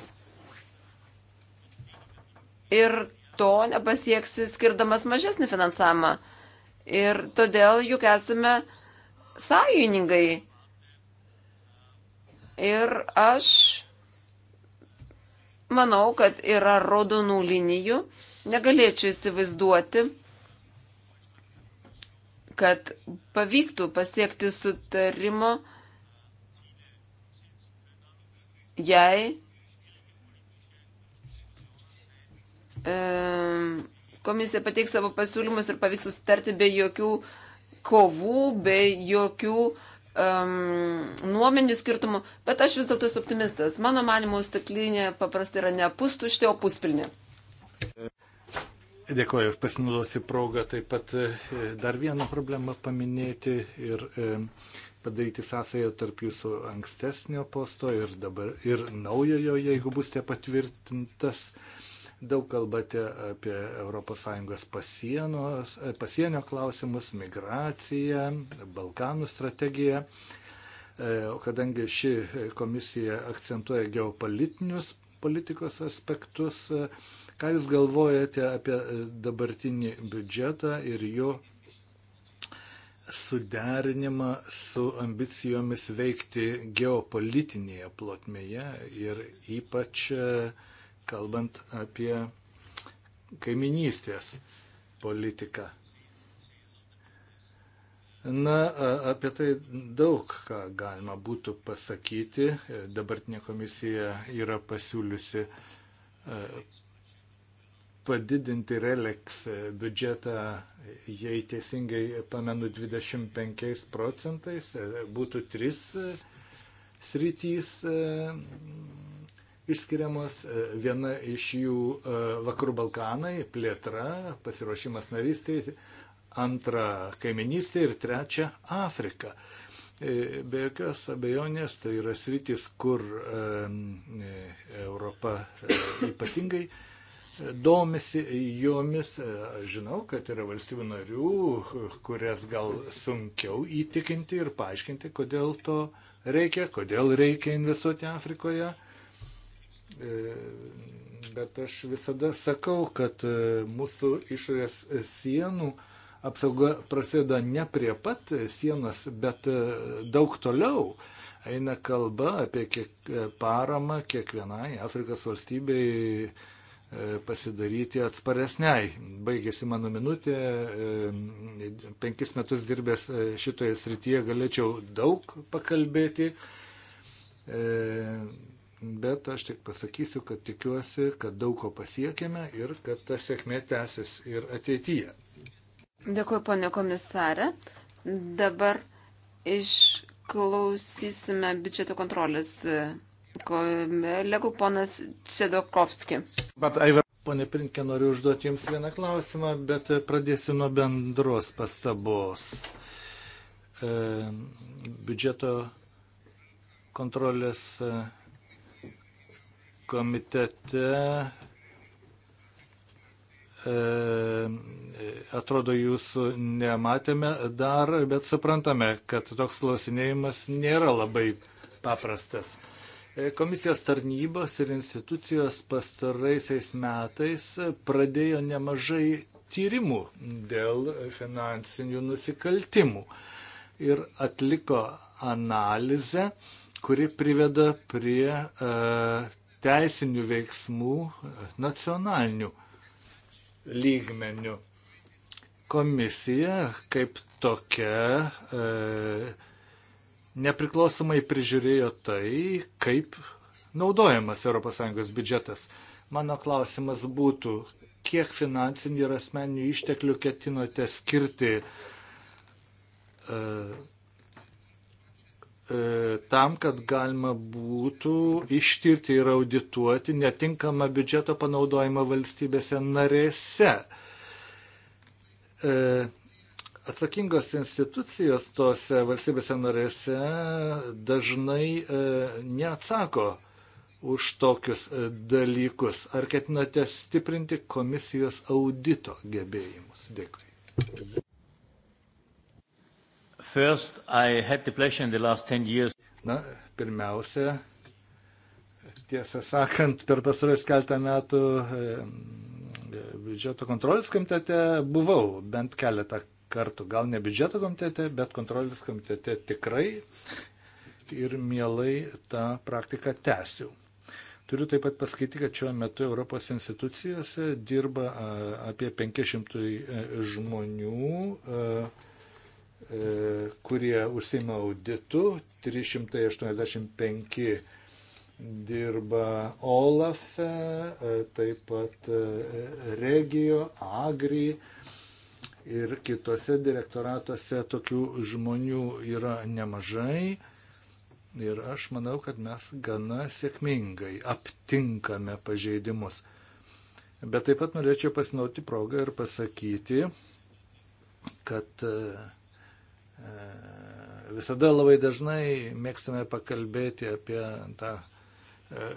Ir to nepasieksi skirdamas mažesnį finansavimą. Ir todėl juk esame sąjungai. Ir aš manau, kad yra raudonų linijų. Negalėčiau įsivaizduoti, kad pavyktų pasiekti sutarimo, jei e, komisija pateiks savo pasiūlymus ir pavyks susitarti be jokių kovų, be jokių um, nuomenių skirtumų, bet aš vis dėlto esu optimistas. Mano manimo, stiklinė paprastai yra ne pustuštė, o puspilnė. Dėkoju, pasinaudosiu progą taip pat e, dar vieną problemą paminėti ir e, padaryti sąsąją tarp jūsų ankstesnio posto ir, dabar, ir naujojo, jeigu būsite patvirtintas. Daug kalbate apie ES pasienos, e, pasienio klausimus, migraciją, Balkanų strategiją. O kadangi ši komisija akcentuoja geopolitinius politikos aspektus, Ką Jūs galvojate apie e, dabartinį biudžetą ir jo suderinimą su ambicijomis veikti geopolitinėje plotmėje ir ypač e, kalbant apie kaiminystės politiką? Na, apie tai daug ką galima būtų pasakyti. E, dabartinė komisija yra pasiūliusi padidinti Relex biudžetą, jei teisingai pamenu, 25 procentais, e, būtų tris e, sritys e, išskiriamos. Viena iš jų Vakarų Balkanai, plėtra, pasiruošimas narystėje, antra kaiminystė ir trečia Afrika. Be jokios abejonės tai yra sritis, kur Europa ypatingai domisi jomis. Aš žinau, kad yra valstybių narių, kurias gal sunkiau įtikinti ir paaiškinti, kodėl to reikia, kodėl reikia investuoti Afrikoje. E, bet aš visada sakau, kad e, mūsų išorės sienų apsauga prasideda ne prie pat sienos, bet e, daug toliau eina kalba apie kiek, paramą kiekvienai Afrikos valstybei pasidaryti atsparesniai. Baigėsi mano minutė, e, penkis metus dirbęs e, šitoje srityje galėčiau daug pakalbėti, e, bet aš tik pasakysiu, kad tikiuosi, kad daug ko pasiekėme ir kad ta sėkmė tęsis ir ateityje. Dėkuoju, ponė komisarė. Dabar išklausysime biudžeto kontrolės kolegų ponas Cedokovski. Pone Prinkė, noriu užduoti Jums vieną klausimą, bet pradėsiu nuo bendros pastabos. E, biudžeto kontrolės e, komitete e, atrodo jūsų nematėme dar, bet suprantame, kad toks klausinėjimas nėra labai paprastas. Komisijos tarnybos ir institucijos pastaraisiais metais pradėjo nemažai tyrimų dėl finansinių nusikaltimų ir atliko analizę, kuri priveda prie e, teisinių veiksmų nacionalinių lygmenių. Komisija kaip tokia e, nepriklausomai prižiūrėjo tai, kaip naudojamas ES biudžetas. Mano klausimas būtų, kiek finansinių ir asmeninių išteklių ketinote skirti uh, tam, kad galima būtų ištirti ir audituoti netinkamą biudžeto panaudojimą valstybėse narėse. Uh, atsakingos institucijos tose valstybėse narėse dažnai e, neatsako už tokius e, dalykus. Ar ketinate stiprinti komisijos audito gebėjimus? Dėkui. First, Na, pirmiausia, tiesą sakant, per pasarojus keltą metų e, biudžeto kontrolės komitete buvau bent keletą kartų, gal ne biudžeto komitete, bet kontrolės komitete tikrai ir mielai tą praktiką tęsiu. Turiu taip pat pasakyti, kad šiuo metu Europos institucijose dirba apie 500 e, žmonių, e, kurie užsima auditu, 385 dirba OLAFE, e, taip pat Regio, Agri, ir kitose direktoratuose tokių žmonių yra nemažai. Ir aš manau, kad mes gana sėkmingai aptinkame pažeidimus. Bet taip pat norėčiau pasinauti progą ir pasakyti, kad e, e, visada labai dažnai mėgstame pakalbėti apie tą e,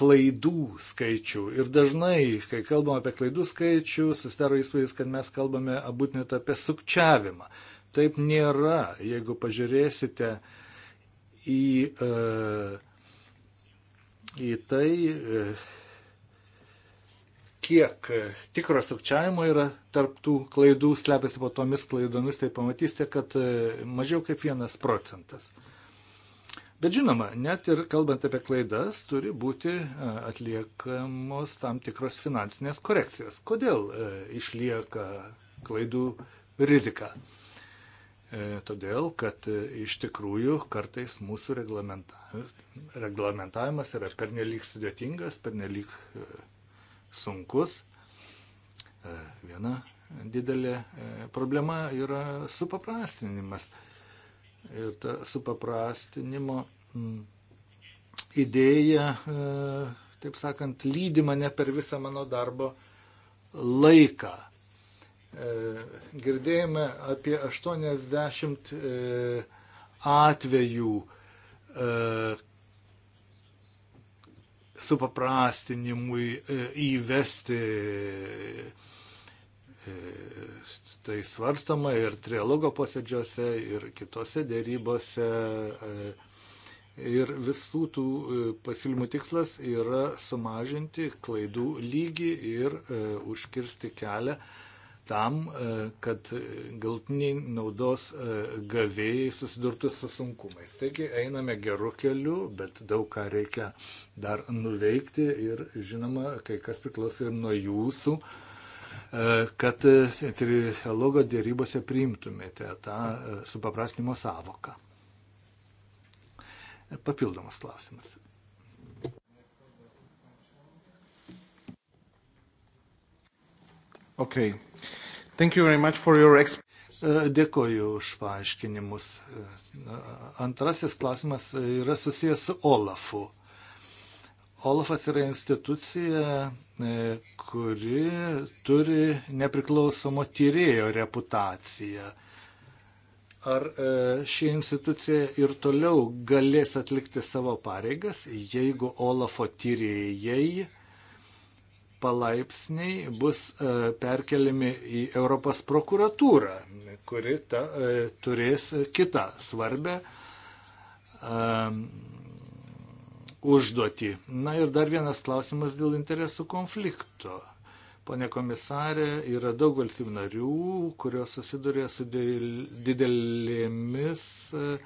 klaidų skaičių. Ir dažnai, kai kalbame apie klaidų skaičių, susidaro įspūdis, kad mes kalbame būtent apie sukčiavimą. Taip nėra. Jeigu pažiūrėsite į, e, į tai, e, kiek tikro sukčiavimo yra tarptų klaidų, slepiasi po tomis klaidomis, tai pamatysite, kad e, mažiau kaip vienas procentas. Bet žinoma, net ir kalbant apie klaidas, turi būti e, atliekamos tam tikros finansinės korekcijas. Kodėl e, išlieka klaidų rizika? E, todėl, kad iš tikrųjų kartais mūsų reglamentavimas yra pernelyg sudėtingas, pernelyg sunkus. Viena didelė problema yra supaprastinimas. Ir ta supaprastinimo mm, idėja, e, taip sakant, lydi mane per visą mano darbo laiką. E, girdėjome apie 80 e, atvejų supaprastinimui įvesti E, tai svarstama ir trialogo posėdžiuose, ir kitose dėrybose. E, ir visų tų e, pasiūlymų tikslas yra sumažinti klaidų lygį ir užkirsti kelią tam, kad galtiniai naudos gavėjai susidurtų su sunkumais. Taigi einame geru keliu, bet daug ką reikia dar nuveikti ir žinoma, kai kas priklauso ir nuo jūsų. Uh, kad trialogo dėrybose priimtumėte tą e, supaprastinimo savoką. Papildomas klausimas. Okay. Thank you very much for your explanation. E, dėkoju už paaiškinimus. E, antrasis klausimas yra susijęs su Olafu. Olafas yra institucija, e, kuri turi nepriklausomo tyrėjo reputaciją. Ar e, ši institucija ir toliau galės atlikti savo pareigas, jeigu Olafo tyrėjai palaipsniai bus e, perkeliami į Europos prokuratūrą, kuri ta, turės kitą svarbę užduotį. Na ir dar vienas klausimas dėl interesų konflikto. Pone komisarė, yra daug valstybių narių, kurios susiduria su didelėmis e,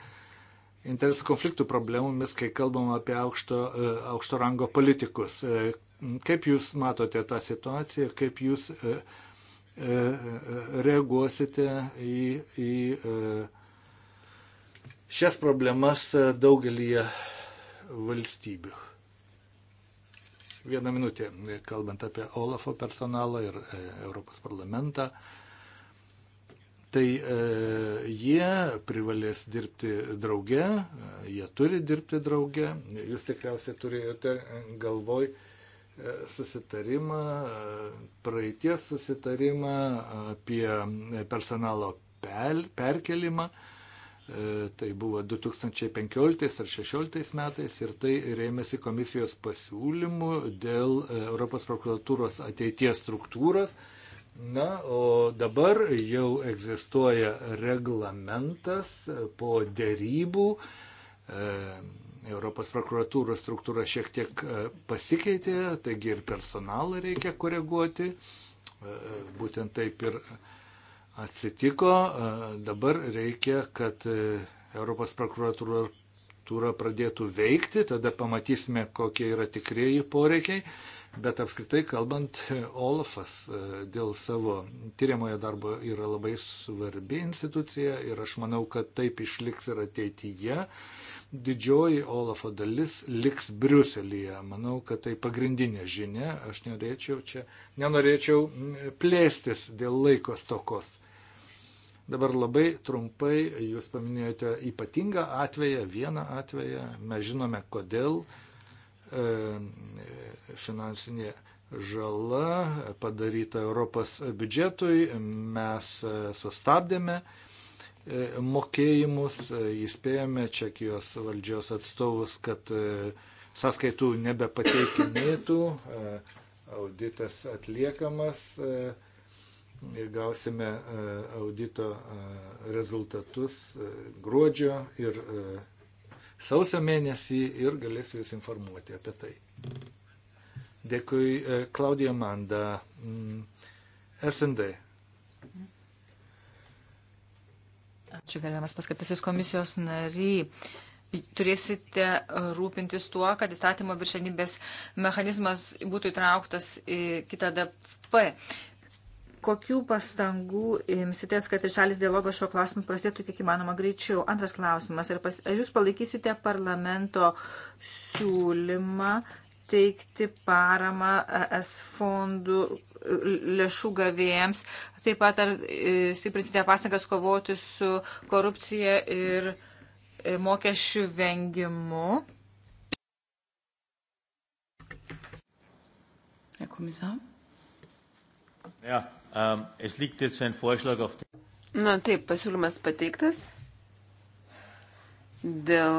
interesų konfliktų problemomis, kai kalbam apie aukšto, e, aukšto rango politikus. E, kaip Jūs matote tą situaciją, kaip Jūs reaguosite į, į šias problemas daugelį valstybių. Vieną minutę, kalbant apie Olafo personalą ir e, Europos parlamentą, tai e, jie privalės dirbti drauge, e, jie turi dirbti drauge, jūs tikriausiai turėjote galvoj, e, susitarimą, praeities susitarimą apie personalo perkelimą. E, tai buvo 2015 ar 2016 metais ir tai rėmėsi komisijos pasiūlymu dėl e, Europos prokuratūros ateities struktūros. Na, o dabar jau egzistuoja reglamentas po dėrybų. E, Europos prokuratūros struktūra šiek tiek pasikeitė, taigi ir personalą reikia koreguoti. Būtent taip ir atsitiko, e, dabar reikia, kad e, Europos prokuratūra pradėtų veikti, tada pamatysime, kokie yra tikrieji poreikiai, bet apskritai kalbant, Olafas e, dėl savo tyriamojo darbo yra labai svarbi institucija ir aš manau, kad taip išliks ir ateityje. Didžioji Olafo dalis liks Briuselyje. Manau, kad tai pagrindinė žinia. Aš norėčiau čia, nenorėčiau plėstis dėl laiko stokos. Dabar labai trumpai, jūs paminėjote ypatingą atveją, vieną atveją, mes žinome, kodėl e, finansinė žala padaryta Europos biudžetui, mes e, sustabdėme e, mokėjimus, įspėjome Čekijos valdžios atstovus, kad sąskaitų nebepateikinėtų, auditas atliekamas, gausime e, audito e, rezultatus e, gruodžio ir sausio mėnesį ir galėsiu Jūs informuoti apie tai. Dėkui, Klaudija Manda, mm, SND. Ačiū, gerbiamas paskaptasis komisijos nariai turėsite rūpintis tuo, kad įstatymo viršenybės mechanizmas būtų įtrauktas į kitą DFP kokių pastangų imsitės, kad šalis dialogas šio klausimu prasėtų kiek įmanoma greičiau? Antras klausimas. Ar, pas, ar jūs palaikysite parlamento siūlymą teikti paramą ES fondų lėšų gavėjams? Taip pat ar e, stiprinsite pastangas kovoti su korupcija ir e, mokesčių vengimu? Herr Kommissar? Ja, Um, es liegt jetzt ein Vorschlag auf dem. Na taip, pasiūlymas pateiktas dėl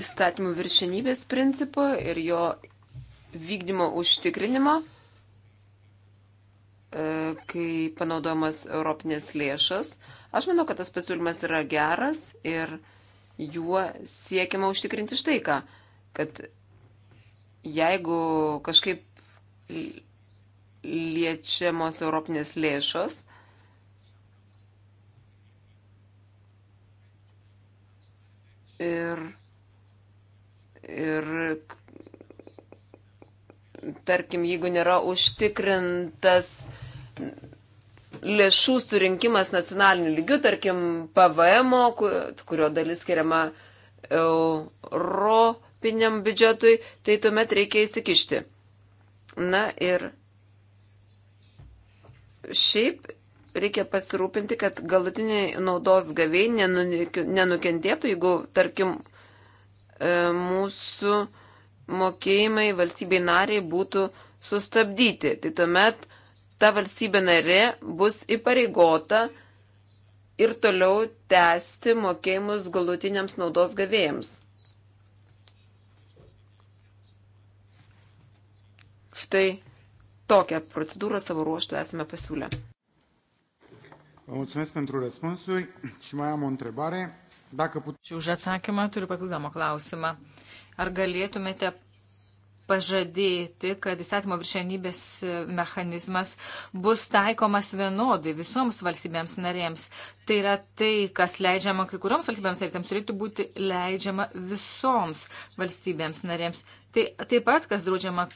įstatymų viršenybės principo ir jo vykdymo užtikrinimo, e, kai panaudojamas europinės lėšas. Aš manau, kad tas pasiūlymas yra geras ir juo siekiama užtikrinti štai ką, kad jeigu kažkaip liečiamos europinės lėšos. Ir, ir tarkim, jeigu nėra užtikrintas lėšų surinkimas nacionaliniu lygiu, tarkim, PVM, kurio dalis skiriama europiniam biudžetui, tai tuomet reikia įsikišti. Na ir šiaip reikia pasirūpinti, kad galutiniai naudos gavėjai nenukentėtų, jeigu, tarkim, e, mūsų mokėjimai valstybei nariai būtų sustabdyti. Tai tuomet ta valstybė narė bus įpareigota ir toliau tęsti mokėjimus galutiniams naudos gavėjams. Štai tokią procedūrą savo ruoštų esame pasiūlę. Mulțumesc pentru răspunsuri și mai am o întrebare. Dacă put... Ačiū už atsakymą, turiu papildomą klausimą. Ar galėtumėte pažadėti, kad įstatymo viršenybės mechanizmas bus taikomas vienodai visoms valstybėms narėms. Tai yra tai, kas leidžiama kai kurioms valstybėms narėms, turėtų būti leidžiama visoms valstybėms narėms. Tai taip pat, kas draudžiama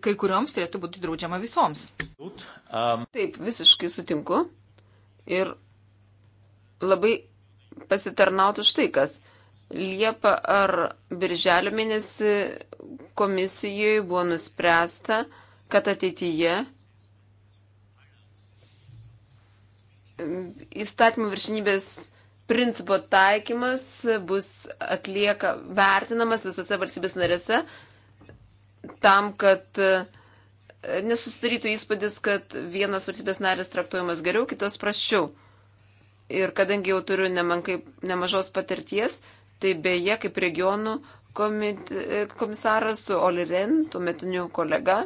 kai kurioms turėtų būti draudžiama visoms. Taip, visiškai sutinku. Ir labai pasitarnautų štai kas. Liepa ar birželio mėnesį komisijoje buvo nuspręsta, kad ateityje įstatymų viršinybės principo taikymas bus atlieka vertinamas visose valstybės narėse tam, kad e, nesusidarytų įspūdis, kad vienas valstybės narės traktuojamas geriau, kitas praščiau. Ir kadangi jau turiu nemankai, nemažos patirties, tai beje, kaip regionų komite, komisaras su Oliren, tuometiniu kolega,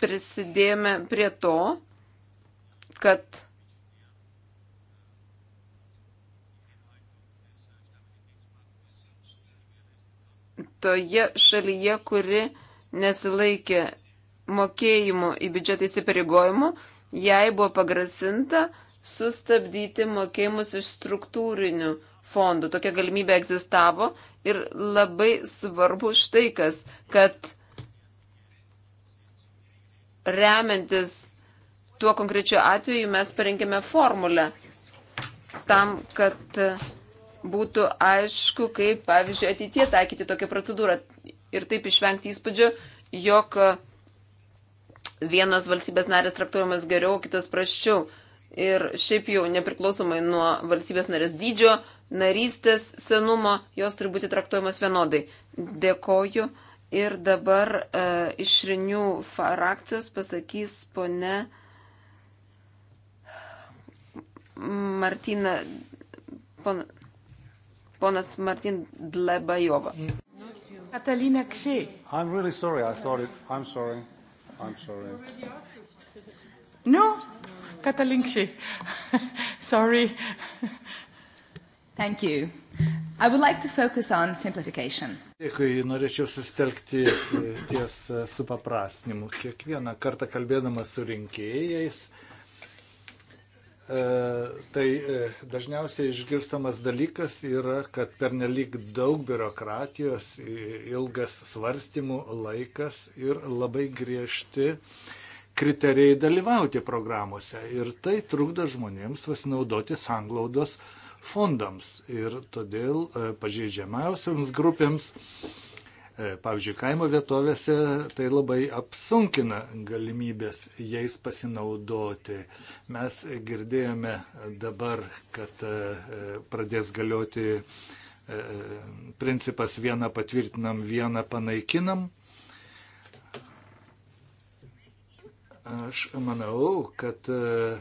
prisidėjome prie to, kad toje šalyje, kuri nesilaikė mokėjimų į biudžetą įsipareigojimų, jai buvo pagrasinta sustabdyti mokėjimus iš struktūrinių fondų. Tokia galimybė egzistavo ir labai svarbu štai kas, kad remiantis tuo konkrečiu atveju mes parinkime formulę tam, kad būtų aišku, kaip, pavyzdžiui, ateitie taikyti tokią procedūrą ir taip išvengti įspūdžio, jog vienos valstybės narės traktuojamas geriau, kitos praščiau. Ir šiaip jau nepriklausomai nuo valstybės narės dydžio, narystės senumo, jos turi būti traktuojamas vienodai. Dėkoju. Ir dabar e, išrinių frakcijos pasakys pone Martina. Pon, Ponas Martin Dlebajova. Katalina Kši. I'm really sorry, I thought it. I'm sorry. I'm sorry. No, Katalin Kši. sorry. Thank you. I would like to focus on simplification. Dėkui, norėčiau sustelkti e, ties e, supaprastinimu. Kiekvieną kartą kalbėdama su rinkėjais, uh, E, tai e, dažniausiai išgirstamas dalykas yra, kad pernelyg daug biurokratijos, ilgas svarstymų laikas ir labai griežti kriterijai dalyvauti programuose. Ir tai trukdo žmonėms pasinaudoti sanglaudos fondams. Ir todėl e, pažeidžiamiausiams grupėms Pavyzdžiui, kaimo vietovėse tai labai apsunkina galimybės jais pasinaudoti. Mes girdėjome dabar, kad e, pradės galioti e, principas vieną patvirtinam, vieną panaikinam. Aš manau, kad e,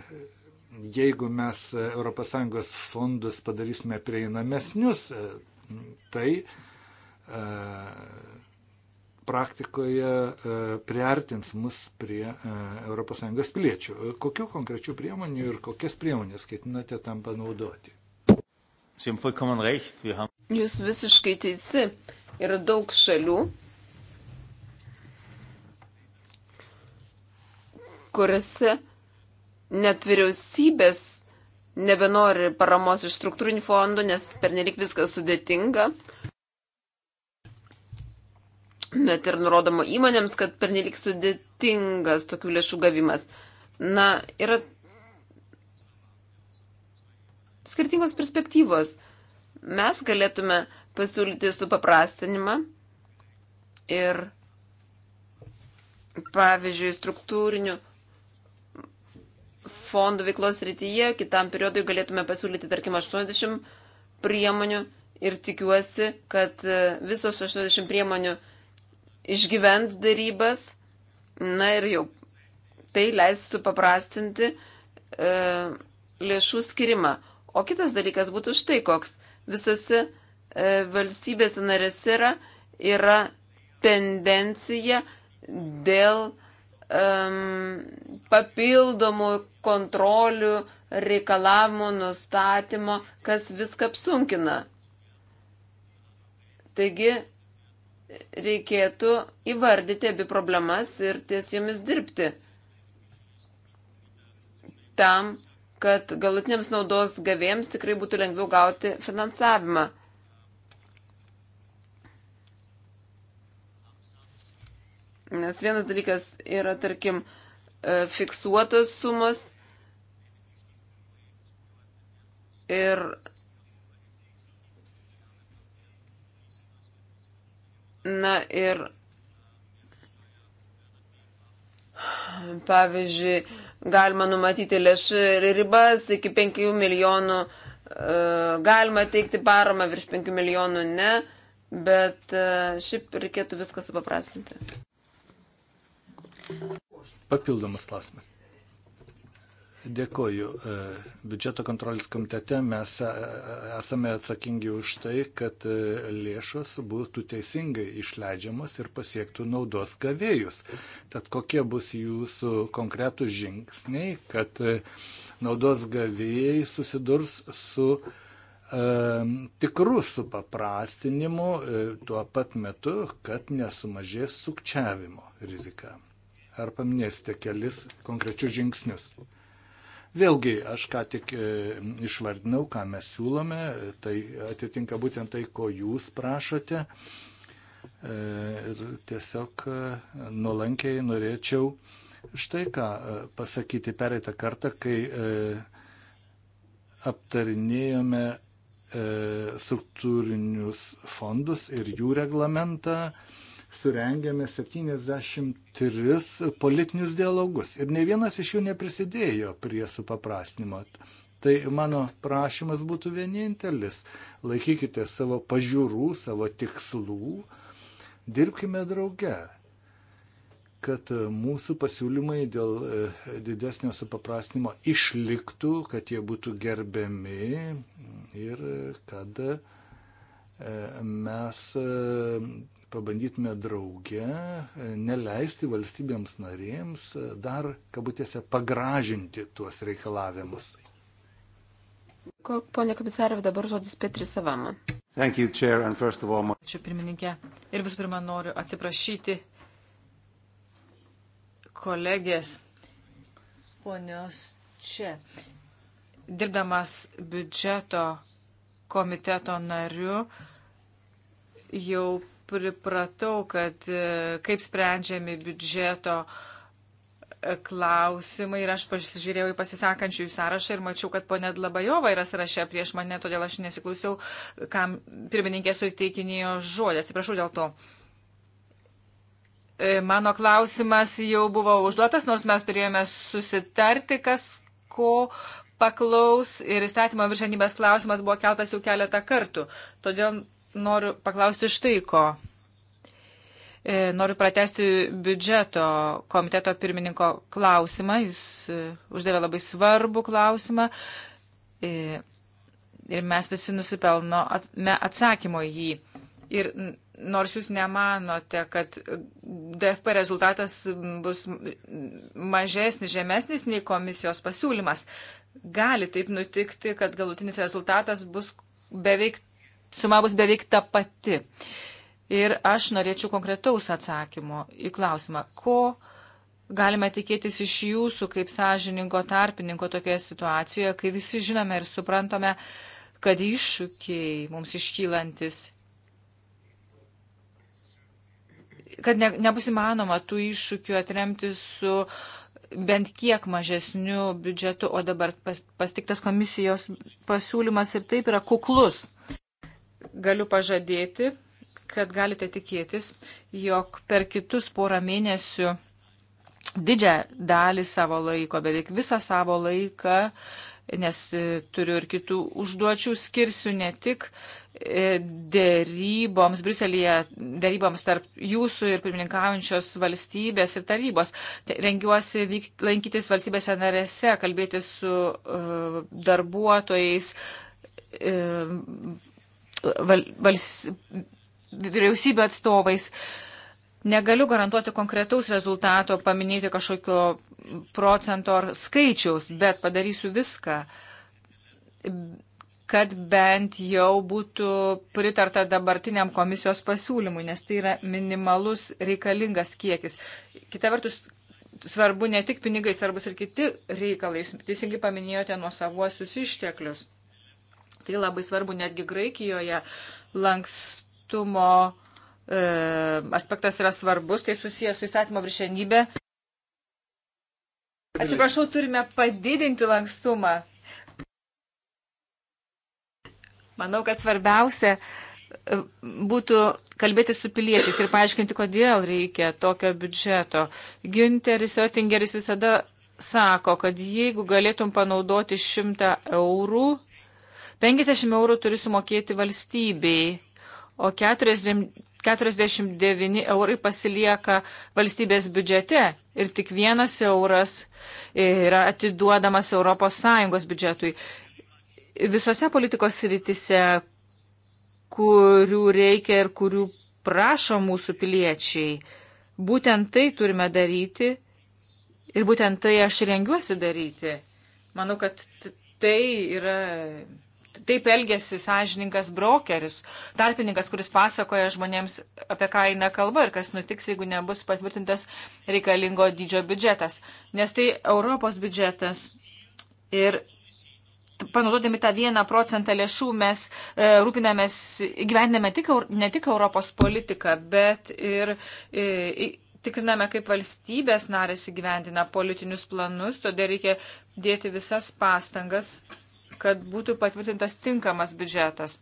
jeigu mes ES fondus padarysime prieinamesnius, tai uh, E, praktikoje e, priartins mus prie ES piliečių. Kokiu konkrečiu priemoniu ir kokias priemonės ketinate tam panaudoti? Jūs visiškai teisi. Yra daug šalių, kuriuose net vyriausybės nebenori paramos iš struktūrinių fondų, nes pernelik viskas sudėtinga net ir nurodoma įmonėms, kad pernelik sudėtingas tokių lėšų gavimas. Na, yra skirtingos perspektyvos. Mes galėtume pasiūlyti supaprastinimą ir, pavyzdžiui, struktūrinių fondų veiklos rytyje kitam periodui galėtume pasiūlyti, tarkim, 80 priemonių ir tikiuosi, kad e, visos 80 priemonių išgyvent darybas, na ir jau tai leis supaprastinti e, lėšų skirimą. O kitas dalykas būtų štai koks. Visose e, valstybėse narėse yra, yra tendencija dėl um, papildomų kontrolių, reikalavimų nustatymo, kas viską apsunkina. Taigi reikėtų įvardyti abi problemas ir ties jomis dirbti. Tam, kad galutiniams naudos gavėjams tikrai būtų lengviau gauti finansavimą. Nes vienas dalykas yra, tarkim, e, fiksuotos sumos ir Na ir, pavyzdžiui, galima numatyti lėšų ir ribas iki 5 milijonų, e, galima teikti paramą virš 5 milijonų, ne, bet e, šiaip reikėtų viską supaprastinti. Papildomas klausimas. Dėkoju. E, biudžeto kontrolės komitete mes e, esame atsakingi už tai, kad e, lėšos būtų teisingai išleidžiamas ir pasiektų naudos gavėjus. Tad kokie bus jūsų konkretų žingsniai, kad naudos gavėjai susidurs su e, tikrų supaprastinimu e, tuo pat metu, kad nesumažės sukčiavimo rizika. Ar paminėsite kelis konkrečius žingsnius? Vėlgi, aš ką tik e, išvardinau, ką mes siūlome, tai atitinka būtent tai, ko jūs prašote. E, ir tiesiog e, nuolankiai norėčiau štai ką pasakyti pereitą kartą, kai aptarinėjome struktūrinius fondus ir jų reglamentą, surengėme 73 politinius dialogus ir ne vienas iš jų neprisidėjo prie supaprastinimo. Tai mano prašymas būtų vienintelis. Laikykite savo pažiūrų, savo tikslų, dirbkime drauge, kad mūsų pasiūlymai dėl e, didesnio supaprastinimo išliktų, kad jie būtų gerbiami ir e, kad E, mes e, pabandytume drauge e, neleisti valstybėms narėms dar, kabutėse, pagražinti tuos reikalavimus. Pone komisarė, dabar žodis Petri Savama. You, chair, all, my... Ačiū pirmininkė. Ir visų pirma noriu atsiprašyti kolegės ponios čia. Dirbdamas biudžeto komiteto nariu jau pripratau, kad e, kaip sprendžiami biudžeto e, klausimai ir aš pasižiūrėjau į pasisakančiųjų sąrašą ir mačiau, kad ponė Dlabajova yra sąraše prieš mane, todėl aš nesiklausiau, kam pirmininkė suteikinėjo žodį. Atsiprašau dėl to. E, mano klausimas jau buvo užduotas, nors mes turėjome susitarti, kas ko paklaus ir įstatymo viršenybės klausimas buvo keltas jau keletą kartų. Todėl noriu paklausti štai ko. E, noriu pratesti biudžeto komiteto pirmininko klausimą. Jis e, uždavė labai svarbų klausimą e, ir mes visi nusipelnome atsakymo į jį. Ir nors jūs nemanote, kad DFP rezultatas bus mažesnis, žemesnis nei komisijos pasiūlymas, gali taip nutikti, kad galutinis rezultatas bus beveik, suma bus beveik ta pati. Ir aš norėčiau konkretaus atsakymo į klausimą, ko galime tikėtis iš jūsų kaip sąžininko tarpininko tokioje situacijoje, kai visi žinome ir suprantame, kad iššūkiai mums iškylantis kad ne, nebus įmanoma tų iššūkių atremti su bent kiek mažesniu biudžetu, o dabar pas, pastiktas komisijos pasiūlymas ir taip yra kuklus. Galiu pažadėti, kad galite tikėtis, jog per kitus porą mėnesių didžią dalį savo laiko, beveik visą savo laiką nes e, turiu ir kitų užduočių, skirsiu ne tik e, dėryboms Briuselėje, dėryboms tarp jūsų ir pirmininkaujančios valstybės ir tarybos. Rengiuosi vyk, lankytis valstybėse narėse, kalbėti su uh, darbuotojais, uh, val, vals, vyriausybių atstovais. Uh, Negaliu garantuoti konkretaus rezultato, paminėti kažkokio procento ar skaičiaus, bet padarysiu viską, kad bent jau būtų pritarta dabartiniam komisijos pasiūlymui, nes tai yra minimalus reikalingas kiekis. Kita vertus, svarbu ne tik pinigai, svarbus ir kiti reikalai. Jūs teisingai paminėjote nuo savuosius išteklius. Tai labai svarbu netgi Graikijoje lankstumo E, aspektas yra svarbus, tai susijęs su įstatymo viršenybė. Atsiprašau, turime padidinti lankstumą. Manau, kad svarbiausia e, būtų kalbėti su piliečiais ir paaiškinti, kodėl reikia tokio biudžeto. Günteris Oettingeris visada sako, kad jeigu galėtum panaudoti 100 eurų, 50 eurų turi sumokėti valstybei o 40, 49 eurai pasilieka valstybės biudžete ir tik vienas euras yra atiduodamas ES biudžetui. Visose politikos rytise, kurių reikia ir kurių prašo mūsų piliečiai, būtent tai turime daryti ir būtent tai aš rengiuosi daryti. Manau, kad tai yra Taip elgesi sąžininkas brokeris, tarpininkas, kuris pasakoja žmonėms, apie ką eina kalba ir kas nutiks, jeigu nebus patvirtintas reikalingo dydžio biudžetas. Nes tai Europos biudžetas. Ir panaudodami tą vieną procentą lėšų mes e, rūpinamės, gyvename tik, ne tik Europos politiką, bet ir e, tikriname, kaip valstybės narės įgyvendina politinius planus, todėl reikia dėti visas pastangas kad būtų patvirtintas tinkamas biudžetas.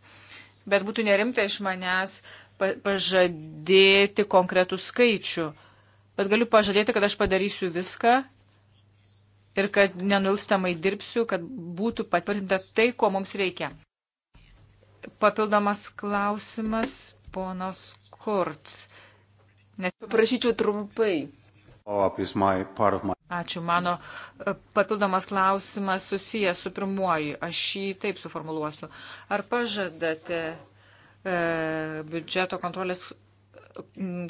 Bet būtų nerimta iš manęs pažadėti konkretų skaičių. Bet galiu pažadėti, kad aš padarysiu viską ir kad nenulstamai dirbsiu, kad būtų patvirtinta tai, ko mums reikia. Papildomas klausimas, ponos Kurts. Nes paprašyčiau trumpai. Ačiū. Mano e, papildomas klausimas susijęs su pirmuoju. Aš jį taip suformuluosiu. Ar pažadate e, biudžeto kontrolės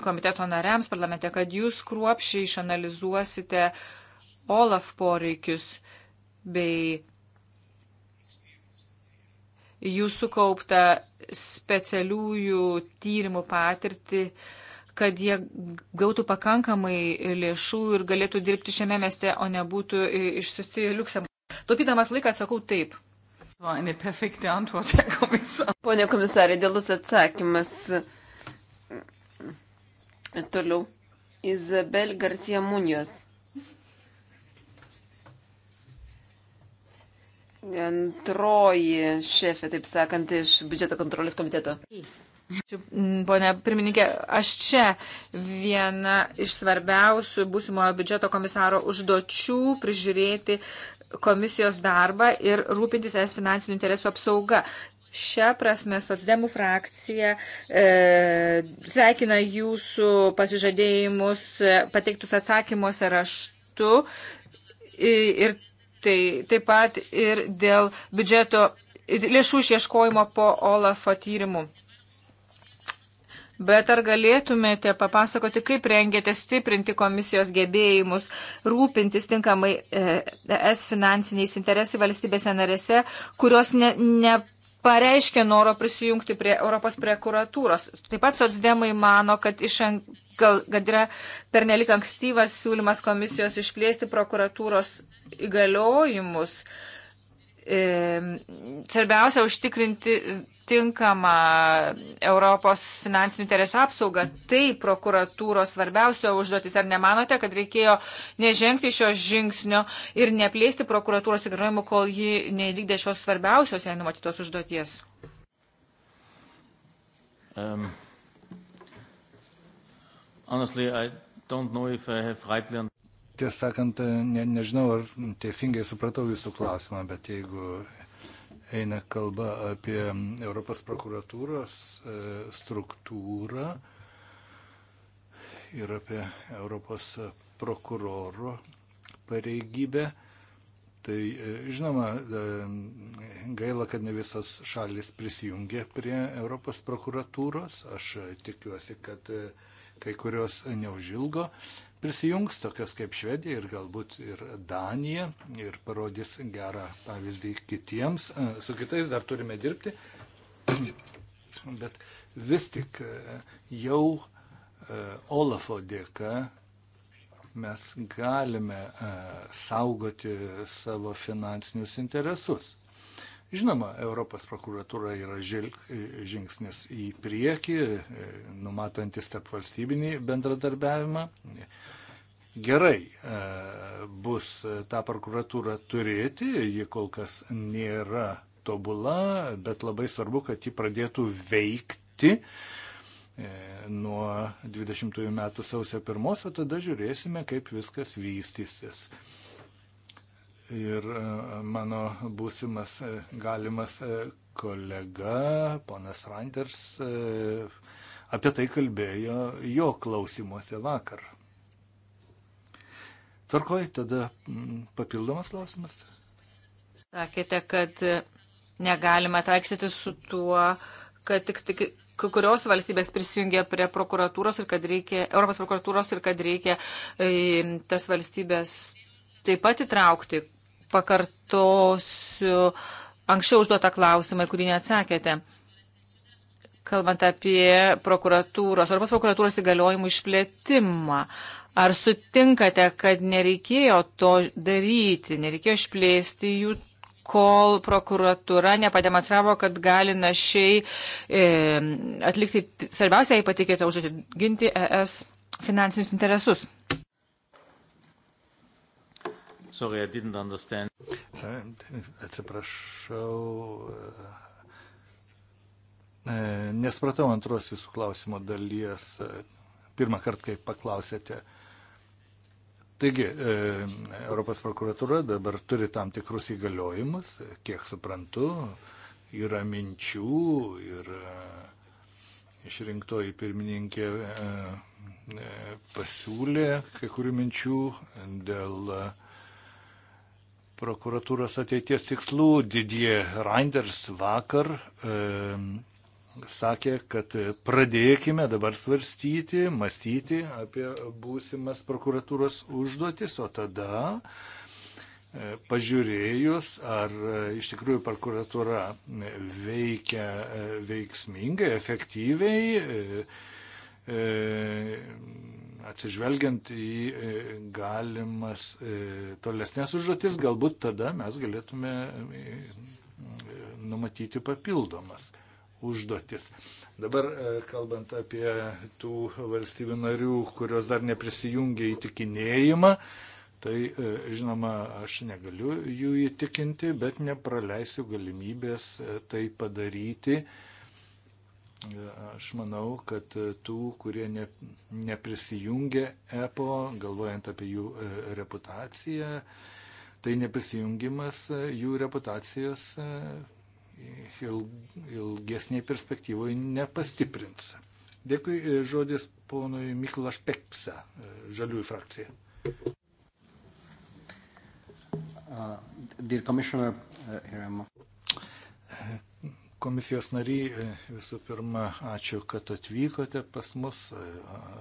komiteto nariams parlamente, kad jūs kruopšiai išanalizuosite OLAF poreikius bei jūsų kauptą specialiųjų tyrimų patirtį? E, kad jie gautų pakankamai lėšų ir galėtų dirbti šiame mieste, o nebūtų e, išsiusti į Liuksemburgą. Taupydamas laiką atsakau taip. Pone komisarė, dėlus atsakymas. Toliau. Izabel Garcia Munoz. Antroji šefė, taip sakant, iš biudžeto kontrolės komiteto. Į. Pone pirmininkė, aš čia viena iš svarbiausių būsimojo biudžeto komisaro užduočių prižiūrėti komisijos darbą ir rūpintis es finansinių interesų apsauga. Šią prasme socdemų frakcija e, sveikina jūsų pasižadėjimus e, pateiktus atsakymuose raštu ir tai, taip pat ir dėl biudžeto lėšų išieškojimo po Olafo tyrimų bet ar galėtumėte papasakoti, kaip rengėte stiprinti komisijos gebėjimus, rūpintis tinkamai e, es finansiniais interesai valstybėse narėse, kurios ne. ne pareiškė noro prisijungti prie Europos prokuratūros. Taip pat socdemai mano, kad iš gal, kad yra pernelik ankstyvas siūlymas komisijos išplėsti prokuratūros įgaliojimus. Uh, E, svarbiausia užtikrinti tinkamą Europos finansinių interesų apsaugą. Tai prokuratūros svarbiausia užduotis. Ar nemanote, kad reikėjo nežengti šio žingsnio ir neplėsti prokuratūros įgaliojimų, kol ji neįvykdė šios svarbiausios jai numatytos užduoties? Um, honestly, I don't know if I have rightly understood. Tiesą sakant, ne, nežinau, ar teisingai supratau jūsų klausimą, bet jeigu eina kalba apie Europos prokuratūros e, struktūrą ir apie Europos prokuroro pareigybę, tai e, žinoma, e, gaila, kad ne visas šalis prisijungė prie Europos prokuratūros. Aš tikiuosi, kad kai kurios neužilgo prisijungs tokios kaip Švedija ir galbūt ir Danija ir parodys gerą pavyzdį kitiems. Su kitais dar turime dirbti, bet vis tik jau Olafo dėka mes galime saugoti savo finansinius interesus. Žinoma, Europos prokuratūra yra žilk, žingsnis į priekį, numatantis tarp valstybinį bendradarbiavimą. Gerai e, bus tą prokuratūrą turėti, ji kol kas nėra tobula, bet labai svarbu, kad ji pradėtų veikti e, nuo 20 metų sausio 1, o tada žiūrėsime, kaip viskas vystysis ir e, mano būsimas e, galimas e, kolega, ponas Reinders, apie tai kalbėjo jo klausimuose vakar. Tvarkoj, tada papildomas klausimas. Sakėte, kad negalima taiksyti su tuo, kad tik, tik kai kurios valstybės prisijungia prie prokuratūros ir kad reikia, Europos prokuratūros ir kad reikia e, tas valstybės taip pat įtraukti pakartosiu anksčiau užduotą klausimą, kurį neatsakėte. Kalbant apie prokuratūros, Europos prokuratūros įgaliojimų išplėtimą, ar sutinkate, kad nereikėjo to daryti, nereikėjo išplėsti jų kol prokuratūra nepademonstravo, kad gali našiai e, atlikti svarbiausią įpatikėtą užduotį - ginti ES finansinius interesus. Sorry, I didn't understand. Atsiprašau. E, nespratau antros jūsų klausimo dalies. E, pirmą kartą, kai paklausėte. Taigi, e, Europos prokuratura dabar turi tam tikrus įgaliojimus, kiek suprantu, yra minčių ir išrinktoji pirmininkė pasiūlė kai kurių minčių dėl uh, prokuratūros ateities tikslų. Didie Reinders vakar e, sakė, kad pradėkime dabar svarstyti, mąstyti apie būsimas prokuratūros užduotis, o tada e, pažiūrėjus, ar e, iš tikrųjų prokuratūra veikia e, veiksmingai, efektyviai, atsižvelgiant į e, galimas e, tolesnės užduotis, galbūt tada mes galėtume e, numatyti papildomas užduotis. Dabar kalbant apie tų valstybių narių, kurios dar neprisijungia įtikinėjimą, tai žinoma, aš negaliu jų įtikinti, bet nepraleisiu galimybės tai padaryti Aš manau, kad e, tų, kurie ne, neprisijungia EPO, galvojant apie jų e, reputaciją, tai neprisijungimas e, jų reputacijos ilgesniai perspektyvoje nepastiprins. Dėkui žodis ponui Mikulaš Peksa, Žaliųjų frakcija. Uh, Komisijos nariai, visų pirma, ačiū, kad atvykote pas mus e,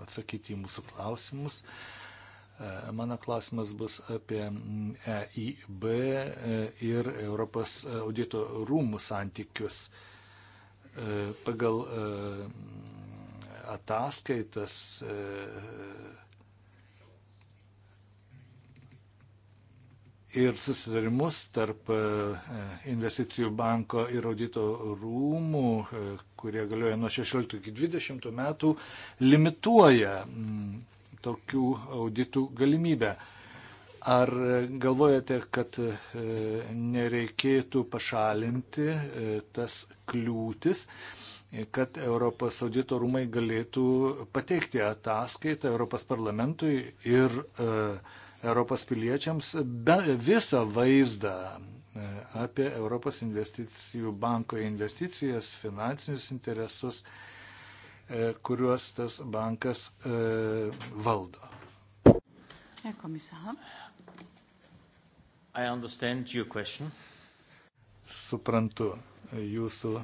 atsakyti į mūsų klausimus. E, mano klausimas bus apie EIB e, ir Europos audito rūmų santykius. Pagal ataskaitas ir susidarimus tarp e, investicijų banko ir audito rūmų, e, kurie galioja nuo 16 iki 20 metų, limituoja mm, tokių auditų galimybę. Ar galvojate, kad e, nereikėtų pašalinti tas kliūtis? kad Europos audito rūmai galėtų pateikti ataskaitą Europos parlamentui ir uh, Europos piliečiams be, visą vaizdą e, apie Europos investicijų banko investicijas, finansinius interesus, e, kuriuos tas bankas e, valdo. Herr Kommissar. I understand your question. Suprantu jūsų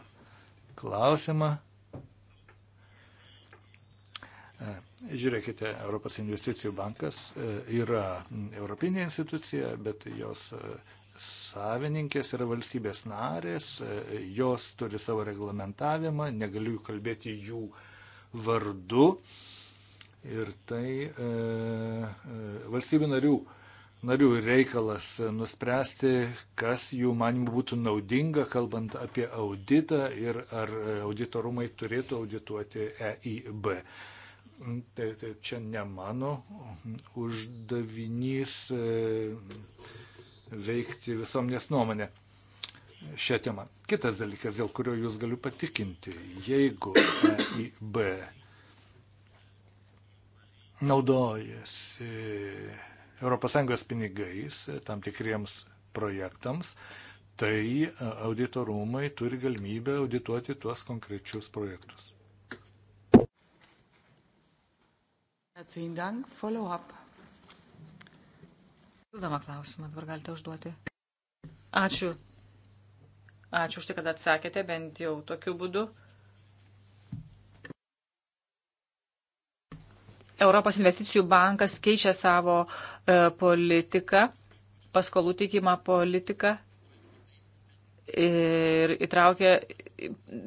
klausimą. Žiūrėkite, Europos investicijų bankas e, yra europinė institucija, bet jos e, savininkės yra valstybės narės, e, jos turi savo reglamentavimą, negaliu kalbėti jų vardu. Ir tai e, valstybių narių, narių reikalas nuspręsti, kas jų manimų būtų naudinga, kalbant apie auditą ir ar auditorumai turėtų audituoti EIB tai, tai čia ne mano uždavinys e, veikti visuomenės nuomonę šią temą. Kitas dalykas, dėl kurio jūs galiu patikinti, jeigu EIB naudojasi ES pinigais tam tikriems projektams, tai auditorumai turi galimybę audituoti tuos konkrečius projektus. Atsijin dank, follow up. Pildomą klausimą dabar galite užduoti. Ačiū. Ačiū už tai, kad atsakėte bent jau tokiu būdu. Europos investicijų bankas keičia savo e, politiką, paskolų teikimą politiką ir įtraukia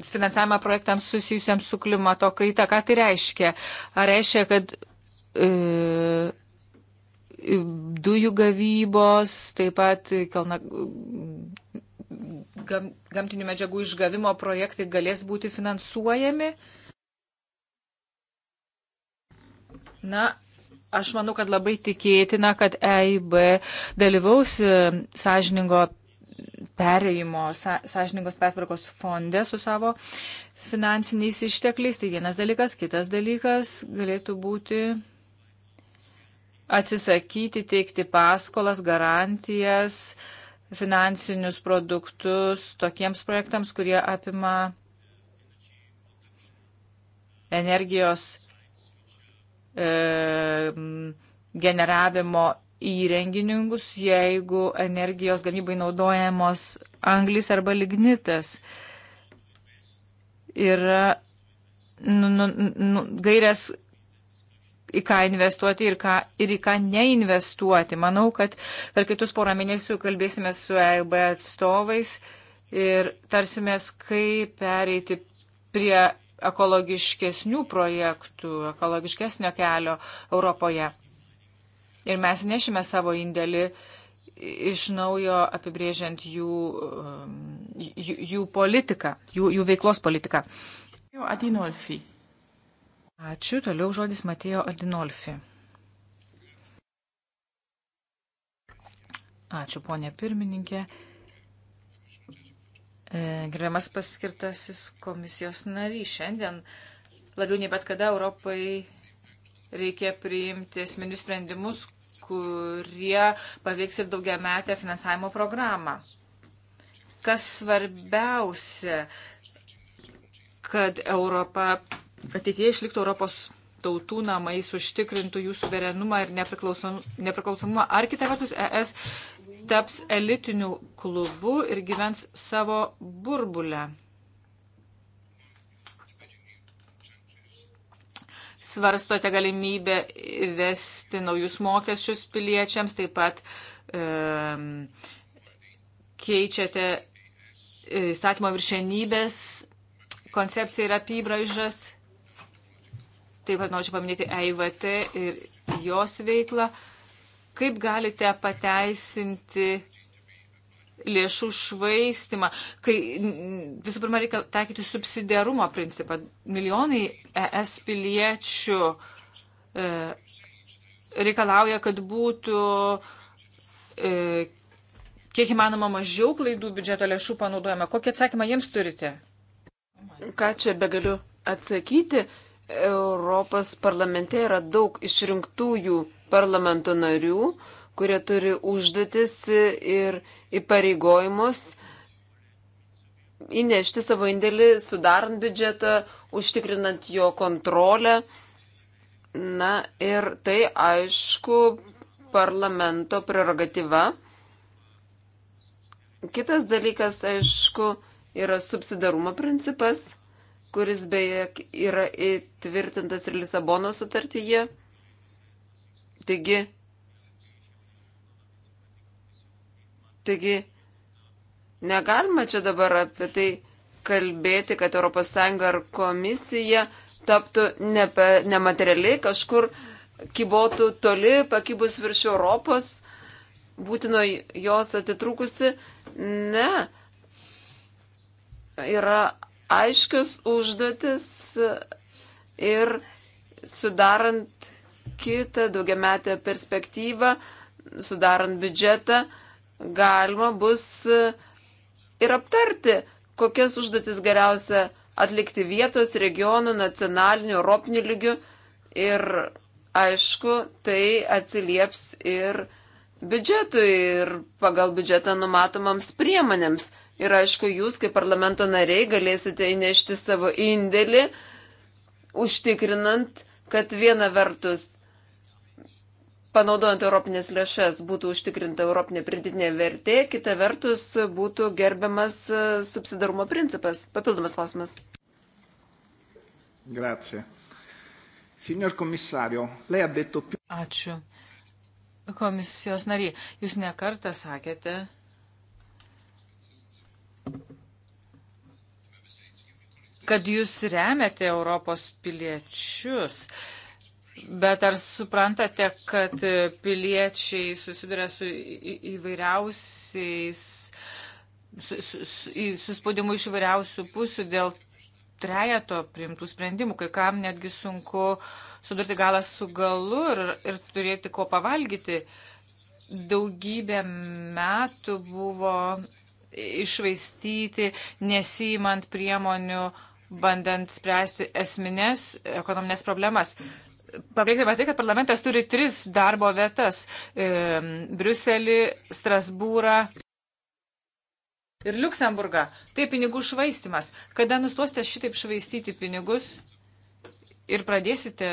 finansavimą projektams susijusiams su klimato kaita. Ką tai reiškia? Ar reiškia, kad E, dujų gavybos, taip pat kalna, gam, gamtinių medžiagų išgavimo projektai galės būti finansuojami. Na, aš manau, kad labai tikėtina, kad EIB dalyvaus e, sąžiningo perėjimo, sąžiningos pertvarkos fonde su savo finansiniais ištekliais. Tai vienas dalykas, kitas dalykas galėtų būti atsisakyti teikti paskolas, garantijas, finansinius produktus tokiems projektams, kurie apima energijos e, generavimo įrengininkus, jeigu energijos gamybai naudojamos anglis arba lignitas. Yra nu, nu, nu, nu gairės į ką investuoti ir, ką, ir į ką neinvestuoti. Manau, kad per kitus porą mėnesių kalbėsime su EIB atstovais ir tarsimės, kaip pereiti prie ekologiškesnių projektų, ekologiškesnio kelio Europoje. Ir mes nešime savo indėlį iš naujo apibrėžiant jų, um, jų, jų politiką, jų, jų veiklos politiką. Adinolfi. Ačiū. Toliau žodis Matėjo Aldinolfi. Ačiū, ponė pirmininkė. E, gerbiamas paskirtasis komisijos narys. Šiandien labiau nei bet kada Europai reikia priimti esminius sprendimus, kurie paveiks ir daugiametę finansavimo programą. Kas svarbiausia, kad Europa ateitie išliktų Europos tautų namais, užtikrintų jų suverenumą ir nepriklausomumą. Ar kita vertus ES taps elitiniu klubu ir gyvens savo burbulę? Svarstote galimybę įvesti naujus mokesčius piliečiams, taip pat e, keičiate įstatymo viršenybės koncepciją ir apybražas Taip pat noriu paminėti EIVT ir jos veiklą. Kaip galite pateisinti lėšų švaistimą, kai visų pirma reikia taikyti subsidiarumo principą. Milijonai ES piliečių e, reikalauja, kad būtų e, kiek įmanoma mažiau klaidų biudžeto lėšų panaudojama. Kokį atsakymą jiems turite? Ką čia begaliu atsakyti? Europos parlamente yra daug išrinktųjų parlamento narių, kurie turi užduotis ir įpareigojimus įnešti savo indėlį, sudarant biudžetą, užtikrinant jo kontrolę. Na ir tai aišku parlamento prerogatyva. Kitas dalykas, aišku, yra subsidarumo principas kuris beje yra įtvirtintas ir Lisabono sutartyje. Taigi, taigi, negalima čia dabar apie tai kalbėti, kad ES ar komisija taptų nepe, nematerialiai kažkur kibotų toli, pakibus virš Europos, būtino jos atitrūkusi. Ne. Yra aiškius užduotis ir sudarant kitą daugiametę perspektyvą, sudarant biudžetą, galima bus ir aptarti, kokias užduotis geriausia atlikti vietos, regionų, nacionalinių, europinių lygių. Ir aišku, tai atsilieps ir biudžetui ir pagal biudžetą numatomams priemonėms. Ir aišku, jūs kaip parlamento nariai galėsite įnešti savo indėlį, užtikrinant, kad viena vertus, panaudojant europinės lėšas, būtų užtikrinta europinė pridėtinė vertė, kita vertus būtų gerbiamas e, subsidarumo principas. Papildomas klausimas. Grazie. Signor commissario, lei ha detto più. Ačiū. Komisijos nariai, jūs nekartą sakėte, kad jūs remiate Europos piliečius. Bet ar suprantate, kad piliečiai susiduria su įvairiausiais, su, su, su, su spaudimu iš įvairiausių pusių dėl trejato priimtų sprendimų, kai kam netgi sunku sudurti galą su galu ir, ir turėti ko pavalgyti. Daugybė metų buvo išvaistyti, nesijimant priemonių uh, bandant spręsti esminės ekonominės problemas. Pabrėžkime tai, kad parlamentas turi tris darbo vietas e, - Briuselį, Strasbūrą ir Luksemburgą. Tai pinigų švaistimas. Kada nustosite šitaip švaistyti pinigus ir pradėsite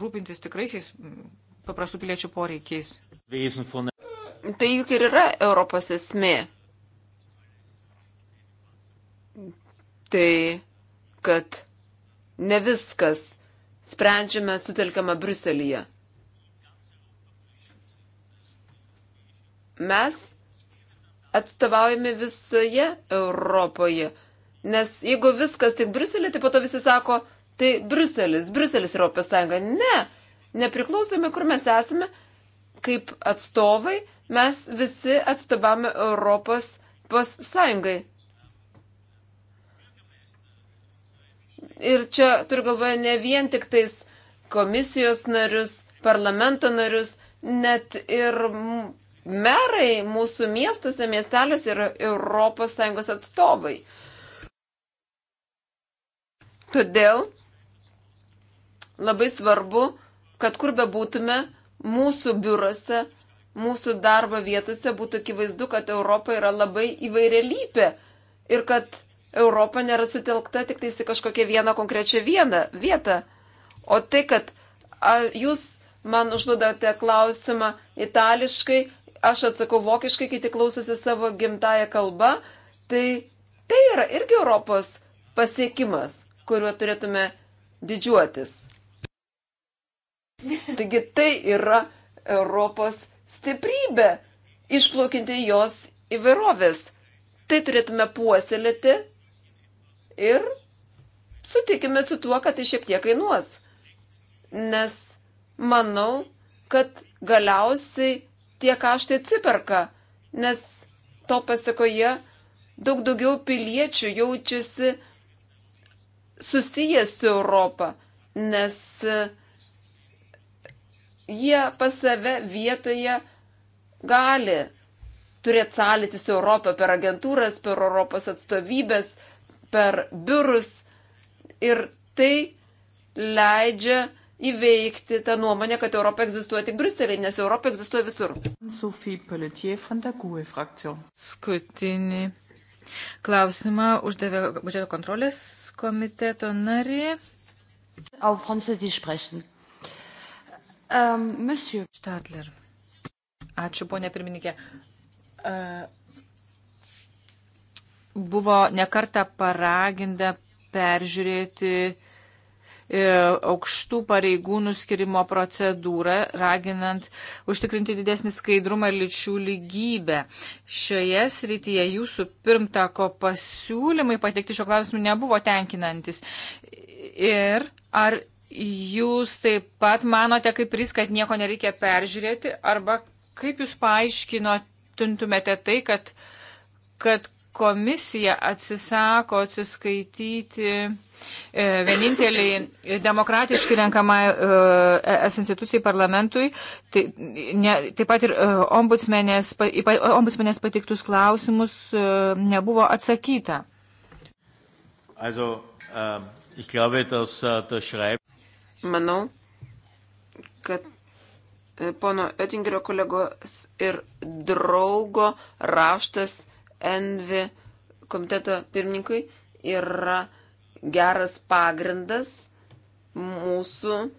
rūpintis tikraisiais paprastų piliečių poreikiais? Tai juk ir yra Europos esmė. Tai kad ne viskas sprendžiame sutelkiama Bruselėje. Mes atstovaujame visoje Europoje, nes jeigu viskas tik Bruselė, tai po to visi sako, tai Bruselis, Bruselis Europos Sąjunga. Ne, nepriklausomai, kur mes esame, kaip atstovai, mes visi atstovame Europos Sąjungai. Ir čia turiu galvoje ne vien tik tais komisijos narius, parlamento narius, net ir merai mūsų miestuose, miesteliuose yra ES atstovai. Todėl labai svarbu, kad kur be būtume, mūsų biurose, mūsų darbo vietose būtų akivaizdu, kad Europa yra labai įvairialypė ir kad Europa nėra sutelkta tik tai į kažkokią vieną konkrečią vieną vietą. O tai, kad a, jūs man užduodate klausimą itališkai, aš atsakau vokiškai, kiti klausosi savo gimtają kalbą, tai tai yra irgi Europos pasiekimas, kuriuo turėtume didžiuotis. Taigi tai yra Europos stiprybė, išplaukinti jos įvairovės. Tai turėtume puoselėti ir sutikime su tuo, kad tai šiek tiek kainuos. Nes manau, kad galiausiai tie kaštai atsiperka, nes to pasakoje daug daugiau piliečių jaučiasi susijęs su Europą, nes jie pas save vietoje gali turėti sąlytis Europą per agentūras, per Europos atstovybės, per biurus ir tai leidžia įveikti tą nuomonę, kad Europa egzistuoja tik Briuselėje, nes Europa egzistuoja visur. Sofija Pelletier, Fantagūė frakcija. Skutinį klausimą uždavė biudžeto kontrolės komiteto narį. Auf Französisch sprechen. Um, monsieur. Stadler. Ačiū, ponė pirmininkė. Uh, buvo nekarta paraginta peržiūrėti e, aukštų pareigūnų skirimo procedūrą, raginant užtikrinti didesnį skaidrumą ir lyčių lygybę. Šioje srityje jūsų pirmtako pasiūlymai pateikti šio klausimu nebuvo tenkinantis. Ir ar jūs taip pat manote kaip ris, kad nieko nereikia peržiūrėti, arba kaip jūs paaiškinotumėte tai, kad, kad komisija atsisako atsiskaityti e, vieninteliai demokratiškai renkamai e, es institucijai parlamentui, tai, ne, taip pat ir e, ombudsmenės, ombudsmenės patiktus klausimus nebuvo atsakyta. Also, ähm, glaube, dass, äh, das schreib... Manau, kad pono Oettingerio kolegos ir draugo raštas Envi komiteto pirmininkui yra geras pagrindas mūsų um,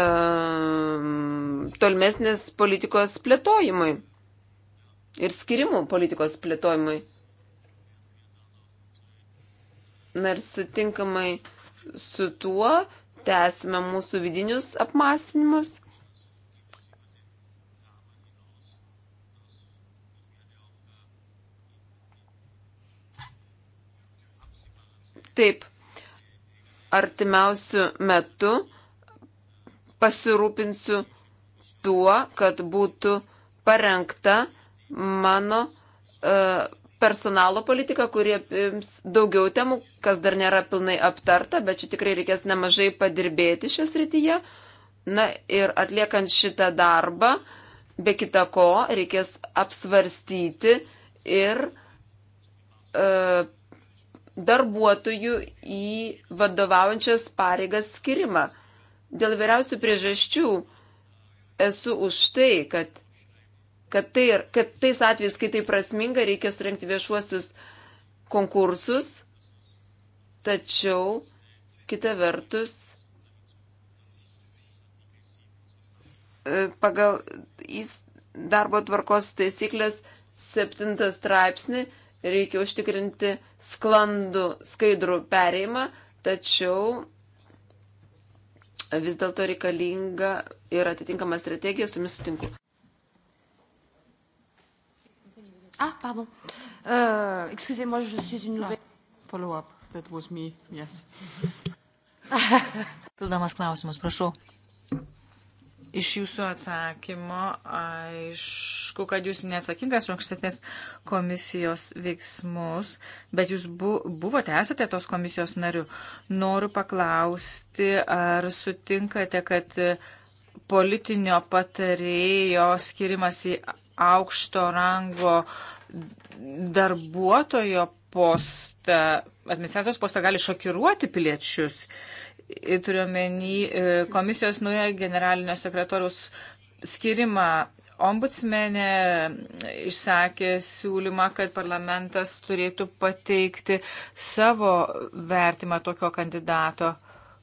ehm, tolmesnės politikos plėtojimui ir skirimų politikos plėtojimui. Na ir sutinkamai su tuo tęsime mūsų vidinius apmąstymus Taip, artimiausių metų pasirūpinsiu tuo, kad būtų parengta mano uh, personalo politika, kurie apims daugiau temų, kas dar nėra pilnai aptarta, bet čia tikrai reikės nemažai padirbėti šią srityje. Na ir atliekant šitą darbą, be kita ko, reikės apsvarstyti ir e, darbuotojų į vadovaujančias pareigas skirimą. Dėl vyriausių priežasčių esu už tai, kad, kad, tai, kad tais atvejais, kai tai prasminga, reikia surinkti viešuosius konkursus, tačiau kita vertus e, pagal darbo tvarkos taisyklės septintas straipsnį reikia užtikrinti sklandų, skaidrų pereimą, tačiau vis dėlto reikalinga ir atitinkama strategija, su jumis sutinku. Ah, pardon. Uh, Excusez-moi, je suis une nouvelle. Follow-up, that was me, yes. Pildomas klausimas, prašau. Iš jūsų atsakymo aišku, kad jūs neatsakingas už ankstesnės komisijos veiksmus, bet jūs bu, buvote, esate tos komisijos nariu. Noriu paklausti, ar sutinkate, kad politinio patarėjo skirimas į aukšto rango darbuotojo postą, administracijos postą gali šokiruoti piliečius. Uh, turiuomenį e, komisijos nuoja generalinio sekretoriaus skirimą. Ombudsmenė išsakė siūlymą, kad parlamentas turėtų pateikti savo vertimą tokio kandidato.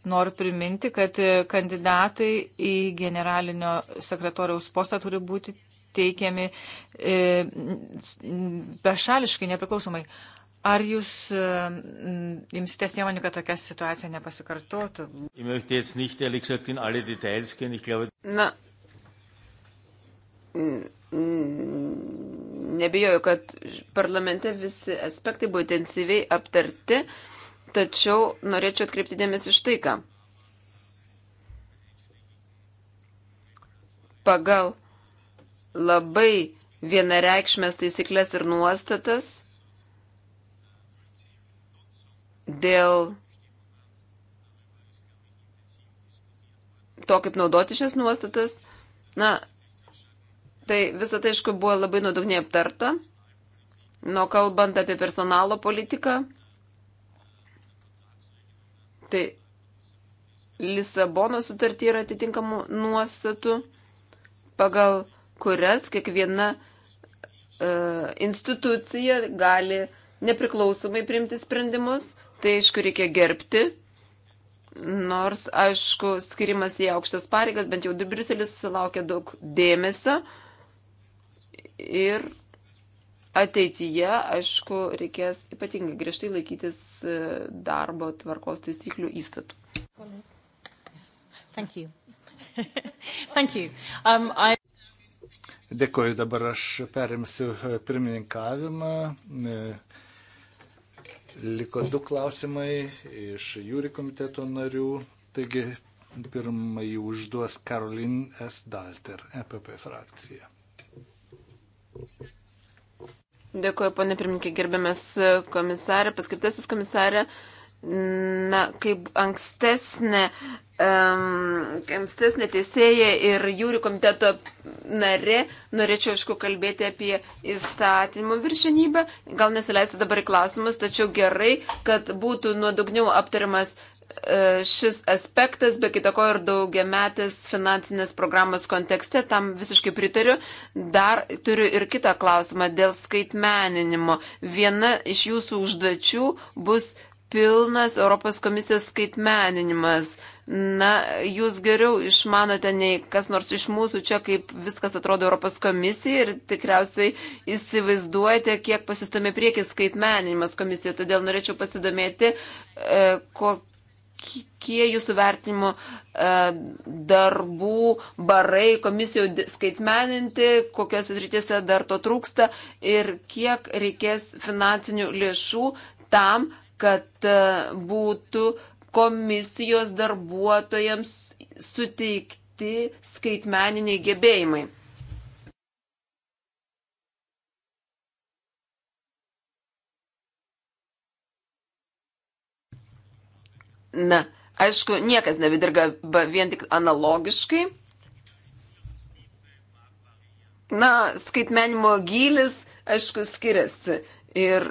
Noriu priminti, kad kandidatai į generalinio sekretoriaus postą turi būti teikiami e, bešališkai, nepriklausomai. E, Ar jūs e, imsitės priemonių, kad tokia situacija nepasikartotų? Na, nebijoju, kad parlamente visi aspektai buvo intensyviai aptarti, tačiau norėčiau atkreipti dėmesį iš tai, ką. Pagal labai vienareikšmės taisyklės ir nuostatas dėl to, kaip naudoti šias nuostatas, na, tai visą tai, aišku, buvo labai nuodugniai aptarta. Nuo kalbant apie personalo politiką, tai Lisabono sutartį yra atitinkamų nuostatų, pagal kurias kiekviena e, institucija gali nepriklausomai priimti sprendimus tai aišku reikia gerbti. Nors, aišku, skirimas į aukštas pareigas, bent jau Briuselis susilaukia daug dėmesio. Ir ateityje, aišku, reikės ypatingai griežtai laikytis e, darbo tvarkos taisyklių įstatų. Thank you. Thank you. Um, I... Dėkoju, dabar aš perimsiu e, pirmininkavimą. E, Liko du klausimai iš jūri komiteto narių. Taigi pirmąjį užduos Karolin S. Dalter, EPP frakcija. Dėkuoju, ponė pirmininkė, gerbiamas komisarė, paskirtasis komisarė. Na, kaip ankstesnė ankstesnė teisėja ir jūrių komiteto narė, norėčiau aišku kalbėti apie įstatymų viršenybę, gal nesileisiu dabar į klausimus, tačiau gerai, kad būtų nuodugniau aptariamas e, šis aspektas, be kitako ir daugiametės finansinės programos kontekste, tam visiškai pritariu. Dar turiu ir kitą klausimą dėl skaitmeninimo. Viena iš jūsų užduočių bus pilnas Europos komisijos skaitmeninimas. Uh, Na, jūs geriau išmanote nei kas nors iš mūsų čia, kaip viskas atrodo Europos komisija ir tikriausiai įsivaizduojate, kiek pasistumė prieki skaitmeninimas komisija. Todėl norėčiau pasidomėti, e, kokie jūsų vertinimo e, darbų barai komisijų skaitmeninti, kokiuose srityse dar to trūksta ir kiek reikės finansinių lėšų tam, kad e, būtų uh, komisijos darbuotojams suteikti skaitmeniniai gebėjimai. Na, aišku, niekas nebedirba vien tik analogiškai. Na, skaitmenimo gylis, aišku, skiriasi ir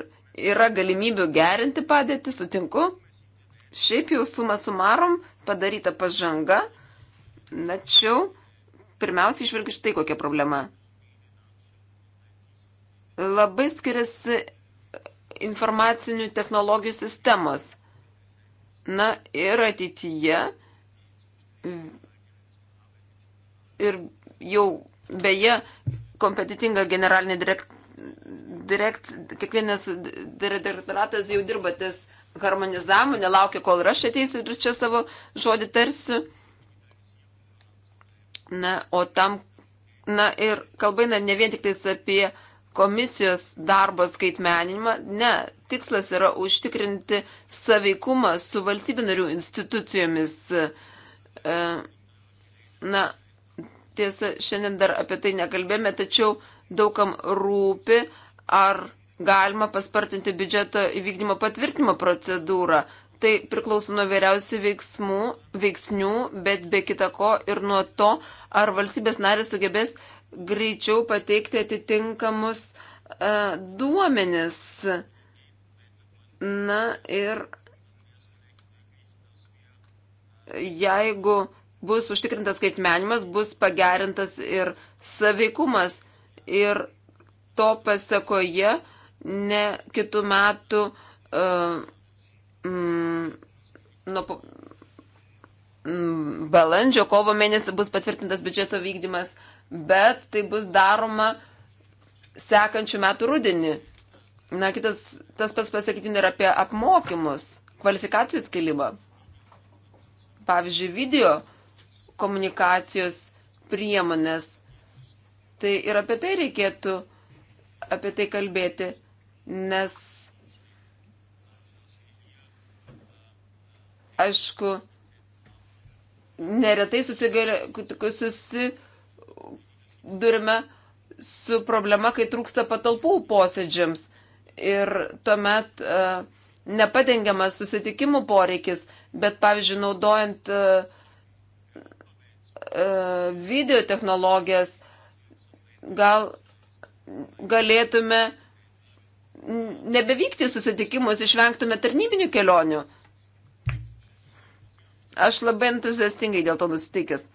yra galimybių gerinti padėtį, sutinku. Šiaip jau suma sumarom padaryta pažanga, tačiau pirmiausia išvelgiu štai kokią problemą. Labai skiriasi informacinių technologijų sistemos. Na ir ateityje ir jau beje kompetitinga generalinė direkt, direkt kiekvienas direktoratas jau dirba ties harmonizavimo, nelaukia, kol ir aš ateisiu ir čia savo žodį tarsiu. Na, o tam, na ir kalba eina ne vien tik tais apie komisijos darbo skaitmeninimą, ne, tikslas yra užtikrinti saveikumą su valstybinarių institucijomis. E, na, tiesa, šiandien dar apie tai nekalbėjome, tačiau daugam rūpi, ar galima paspartinti biudžeto įvykdymo patvirtimo procedūrą. Tai priklauso nuo vyriausių veiksmų, veiksnių, bet be kita ko ir nuo to, ar valstybės narės sugebės greičiau pateikti atitinkamus uh, duomenis. Na ir jeigu bus užtikrintas skaitmenimas, bus pagerintas ir saveikumas. Ir to pasakoje uh, ne kitų metų uh, mm, nuo, mm, balandžio, kovo mėnesį bus patvirtintas biudžeto vykdymas, bet tai bus daroma sekančių metų rudenį. Na, kitas tas pats pasakytin ir apie apmokymus, kvalifikacijos kelimą. Pavyzdžiui, video komunikacijos priemonės. Tai ir apie tai reikėtų apie tai kalbėti nes aišku, neretai susidurime su problema, kai trūksta patalpų posėdžiams ir tuomet uh, nepadengiamas susitikimų poreikis, bet pavyzdžiui, naudojant uh, uh, video technologijas, gal galėtume uh, nebevykti susitikimus, išvengtume tarnybinių kelionių. Aš labai entuziastingai dėl to nusiteikęs.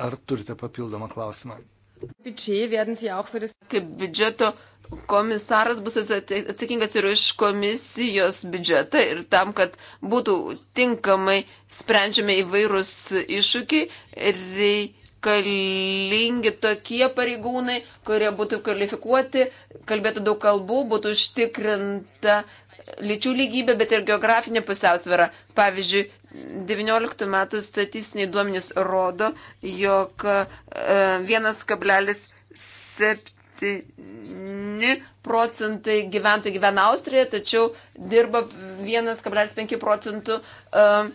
Ar turite papildomą klausimą? Kaip biudžeto komisaras bus atsakingas ir už komisijos biudžetą ir tam, kad būtų tinkamai sprendžiami įvairūs iššūkiai, reikia reikalingi tokie pareigūnai, kurie būtų kvalifikuoti, kalbėtų daug kalbų, būtų užtikrinta lyčių lygybė, bet ir geografinė pusiausvėra. Pavyzdžiui, 19 metų statistiniai duomenys rodo, jog 1,7 e, procentai gyventojų gyvena Austrijoje, tačiau dirba 1,5 procentų uh,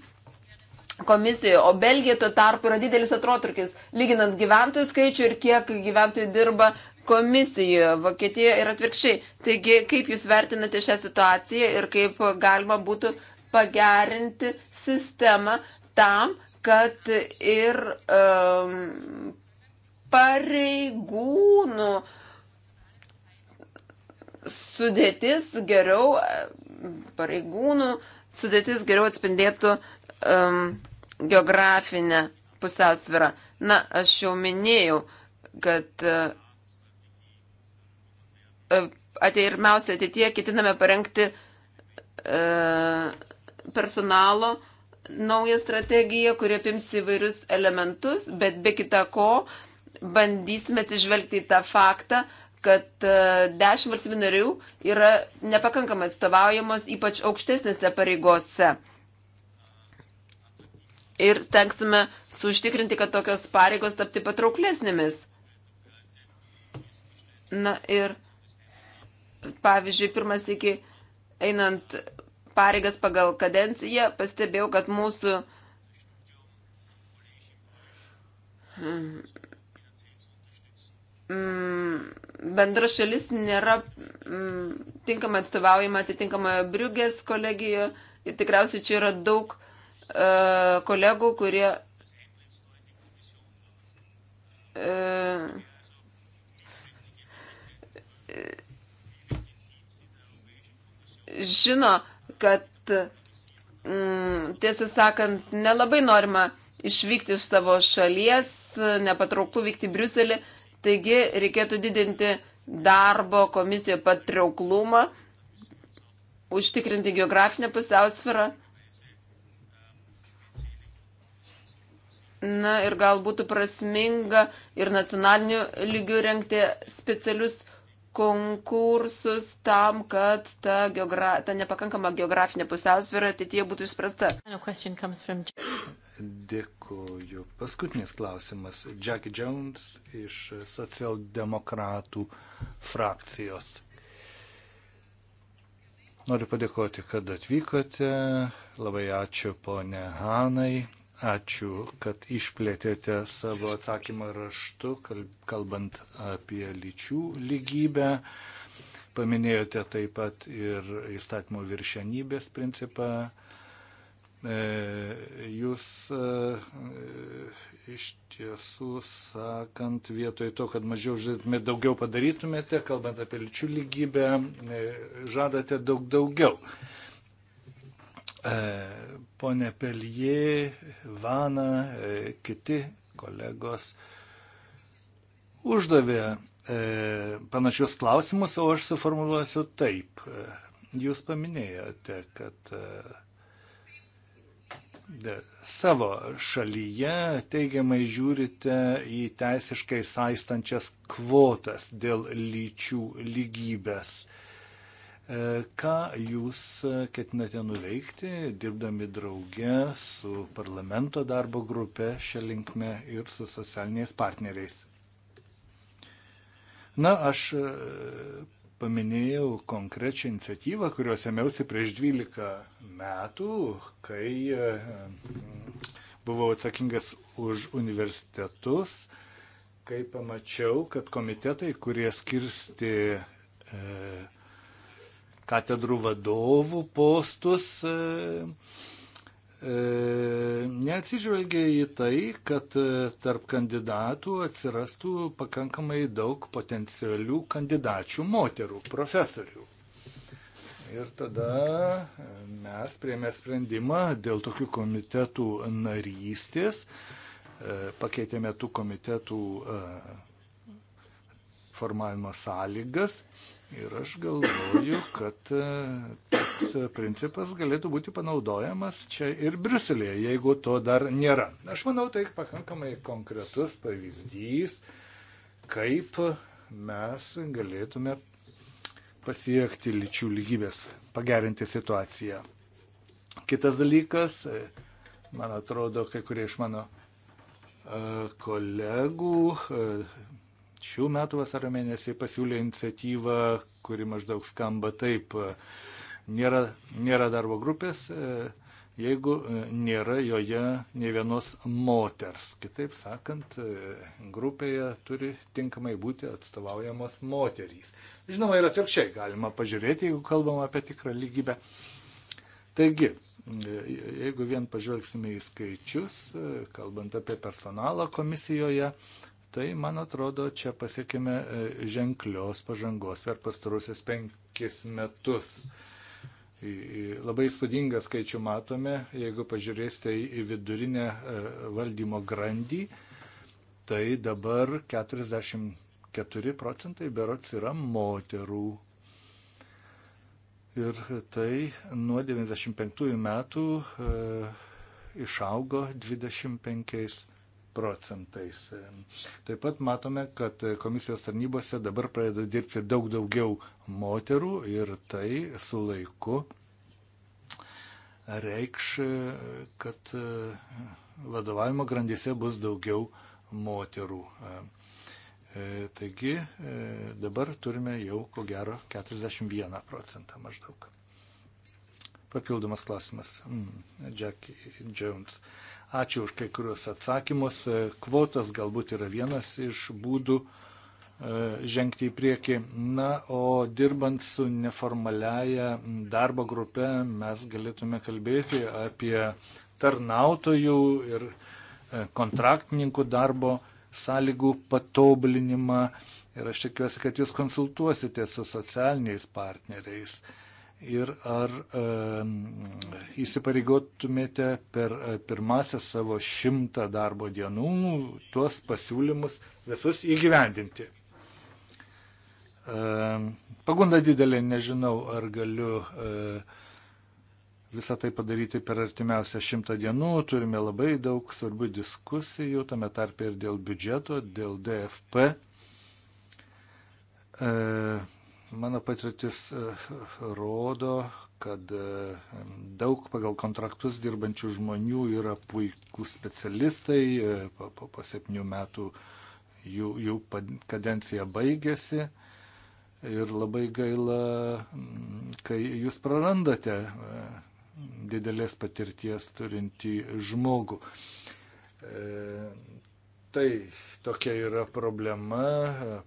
komisijoje, o Belgija tuo tarpu yra didelis atrotrukis, lyginant gyventojų skaičių ir kiek gyventojų dirba komisijoje, Vokietijoje ir atvirkščiai. Taigi, kaip Jūs vertinate šią situaciją ir kaip galima būtų pagerinti sistemą tam, kad ir um, pareigūnų sudėtis geriau pareigūnų uh, sudėtis geriau atspindėtų um, geografinę pusiausvyrą. Na, aš jau minėjau, kad uh, uh ateirmiausia ateitie ketiname parengti uh, personalo naują strategiją, kurie apims įvairius elementus, bet be kita ko bandysime atsižvelgti į tą faktą, kad e, dešimt valstybių narių yra nepakankamai atstovaujamos, ypač aukštesnėse pareigose. Ir stengsime sužtikrinti, kad tokios pareigos tapti patrauklesnėmis. Na ir, pavyzdžiui, pirmas iki einant pareigas pagal kadenciją, pastebėjau, kad mūsų mm, bendra šalis nėra mm, tinkamai atstovaujama atitinkamoje Briugės kolegijoje ir tikriausiai čia yra daug e, kolegų, kurie. E, žino, kad mm, tiesą sakant, nelabai norima išvykti iš savo šalies, nepatrauklu vykti Briuselį, Taigi reikėtų didinti darbo komisijoje patrauklumą, užtikrinti geografinę pusiausvyrą. Na ir gal būtų prasminga ir nacionaliniu lygiu renkti specialius konkursus tam, kad ta, geogra ta nepakankama geografinė pusiausvyrą ateityje būtų išspręsta. Dėkuoju. Paskutinis klausimas. Jackie Jones iš socialdemokratų frakcijos. Noriu padėkoti, kad atvykote. Labai ačiū ponė Hanai. Ačiū, kad išplėtėte savo atsakymą raštu, kalbant apie lyčių lygybę. Paminėjote taip pat ir įstatymų viršenybės principą E, jūs e, e, iš tiesų sakant, vietoj to, kad mažiau uždirbtumėte, daugiau padarytumėte, kalbant apie lyčių lygybę, žadate daug daugiau. Pone Pelie, Vana, kiti kolegos uždavė panašius klausimus, o aš suformuluosiu taip. Jūs paminėjote, kad savo šalyje teigiamai žiūrite į teisiškai saistančias kvotas dėl lyčių lygybės. E, ką jūs ketinate nuveikti, dirbdami drauge su parlamento darbo grupe šią linkmę ir su socialiniais partneriais? Na, aš paminėjau konkrečią iniciatyvą, kurios ėmiausi prieš 12 metų, kai e, buvau atsakingas už universitetus, kai pamačiau, kad komitetai, kurie skirsti e, katedrų vadovų postus, e, E, neatsižvelgia į tai, kad e, tarp kandidatų atsirastų pakankamai daug potencialių kandidačių moterų, profesorių. Ir tada e, mes prieėmė sprendimą dėl tokių komitetų narystės, pakeitėme tų komitetų formavimo sąlygas Ir aš galvoju, kad e, toks e, principas galėtų būti panaudojamas čia ir Briuselėje, jeigu to dar nėra. Aš manau, tai pakankamai konkretus pavyzdys, kaip mes galėtume pasiekti lyčių lygybės, pagerinti situaciją. Kitas dalykas, e, man atrodo, kai kurie iš mano kolegų šių metų vasaro mėnesį pasiūlė iniciatyvą, kuri maždaug skamba taip. Nėra, nėra darbo grupės, jeigu nėra joje ne vienos moters. Kitaip sakant, grupėje turi tinkamai būti atstovaujamos moterys. Žinoma, ir atvirkščiai galima pažiūrėti, jeigu kalbam apie tikrą lygybę. Taigi, jeigu vien pažvelgsime į skaičius, kalbant apie personalą komisijoje, tai, man atrodo, čia pasiekime e, ženklios pažangos per pastarusius penkis metus. Labai spūdingą skaičių matome, jeigu pažiūrėsite į vidurinę e, valdymo grandį, tai dabar 44 procentai berots yra moterų. Ir tai nuo 95 metų e, išaugo 25 procentai procentais. Taip pat matome, kad komisijos tarnybose dabar pradeda dirbti daug daugiau moterų ir tai su laiku reikš, kad vadovavimo grandise bus daugiau moterų. Taigi dabar turime jau ko gero 41 procentą maždaug. Papildomas klausimas. Hmm, Jackie Jones. Uh, Ačiū už kai kuriuos atsakymus. E, Kvotas galbūt yra vienas iš būdų e, žengti į priekį. Na, o dirbant su neformaliaja darbo grupe mes galėtume kalbėti apie tarnautojų ir e, kontraktininkų darbo sąlygų patobulinimą. Ir aš tikiuosi, kad jūs konsultuosite su socialiniais partneriais ir ar įsipareigotumėte per e, pirmąsią savo šimtą darbo dienų tuos pasiūlymus visus įgyvendinti. Pagunda didelė, nežinau, ar galiu e, visą tai padaryti per artimiausią šimtą dienų. Turime labai daug svarbių diskusijų, tame tarpe ir dėl biudžeto, dėl DFP. E, Mano patirtis e, rodo, kad e, daug pagal kontraktus dirbančių žmonių yra puikų specialistai, e, po, po septynių metų jų, jų kadencija baigėsi ir labai gaila, kai jūs prarandate didelės patirties turinti žmogų. Tai tokia yra problema,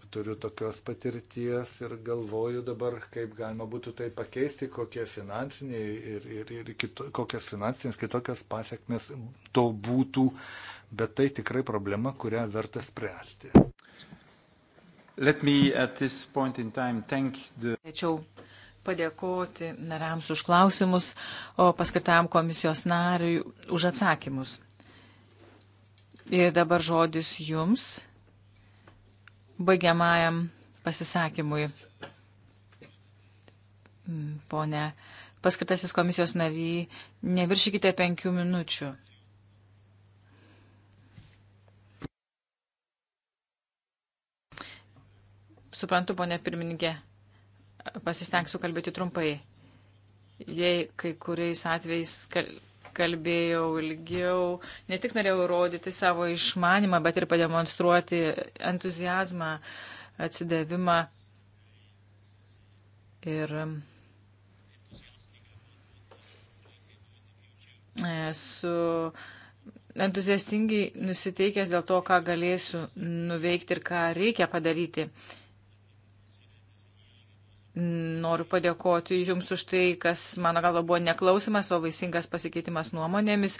turiu tokios patirties ir galvoju dabar, kaip galima būtų tai pakeisti, kokie finansiniai ir, ir, ir kito, kokios finansinės kitokios pasiekmes to būtų, bet tai tikrai problema, kurią verta spręsti. Tačiau the... padėkoti nariams už klausimus, o paskirtam komisijos nariui už atsakymus. Ir dabar žodis jums, baigiamajam pasisakymui. Mm, pone, paskirtasis komisijos nary, neviršykite penkių minučių. Suprantu, ponė pirmininkė, pasistengsiu kalbėti trumpai. Jei kai kuriais atvejais kalbėjau ilgiau. Ne tik norėjau įrodyti savo išmanimą, bet ir pademonstruoti entuzijazmą, atsidavimą. Ir um, esu entuziastingai nusiteikęs dėl to, ką galėsiu nuveikti ir ką reikia padaryti. Uh, Noriu padėkoti Jums už tai, kas, mano galva, buvo neklausimas, o vaisingas pasikeitimas nuomonėmis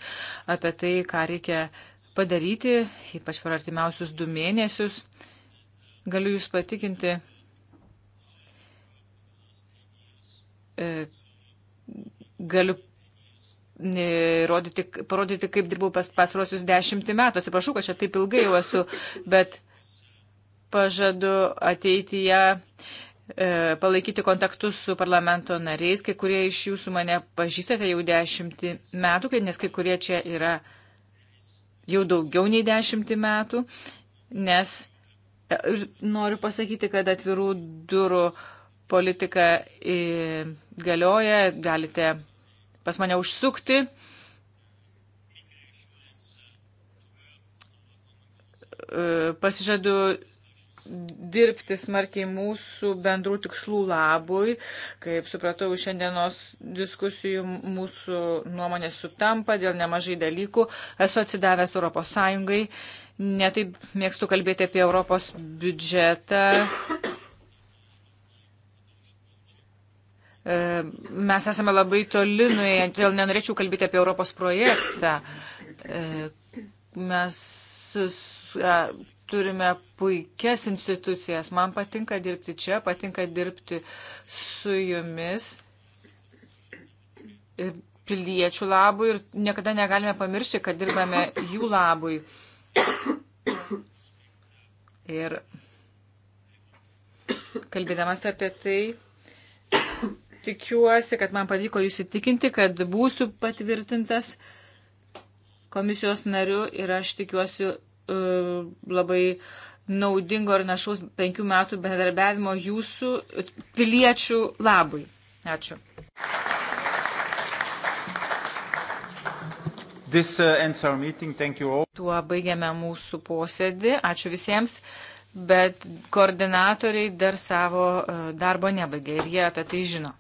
apie tai, ką reikia padaryti, ypač per artimiausius du mėnesius. Galiu Jūs patikinti, e, galiu rodyti, parodyti, kaip dirbau pas pasruosius dešimtį metų. Atsiprašau, kad čia taip ilgai jau esu, bet pažadu ateityje E, palaikyti kontaktus su parlamento nariais. Kai kurie iš jūsų mane pažįstate jau dešimtį metų, nes kai kurie čia yra jau daugiau nei dešimtį metų, nes e, noriu pasakyti, kad atvirų durų politika e, galioja, galite pas mane užsukti. Pasižadu dirbti smarkiai mūsų bendrų tikslų labui. Kaip supratau, šiandienos diskusijų mūsų nuomonės sutampa dėl nemažai dalykų. Esu atsidavęs Europos Sąjungai. Netaip mėgstu kalbėti apie Europos biudžetą. E, mes esame labai toli nuėję, todėl nenorėčiau kalbėti apie Europos projektą. E, mes e, turime puikias institucijas. Man patinka dirbti čia, patinka dirbti su jumis e, piliečių labui ir niekada negalime pamiršti, kad dirbame jų labui. Ir kalbėdamas apie tai, tikiuosi, kad man pavyko jūs įtikinti, kad būsiu patvirtintas komisijos nariu ir aš tikiuosi E, labai naudingo ir našaus penkių metų bendarbiavimo jūsų piliečių labui. Ačiū. This, uh, meeting, Tuo baigiame mūsų posėdį. Ačiū visiems, bet koordinatoriai dar savo e, darbo nebaigė ir jie apie tai žino.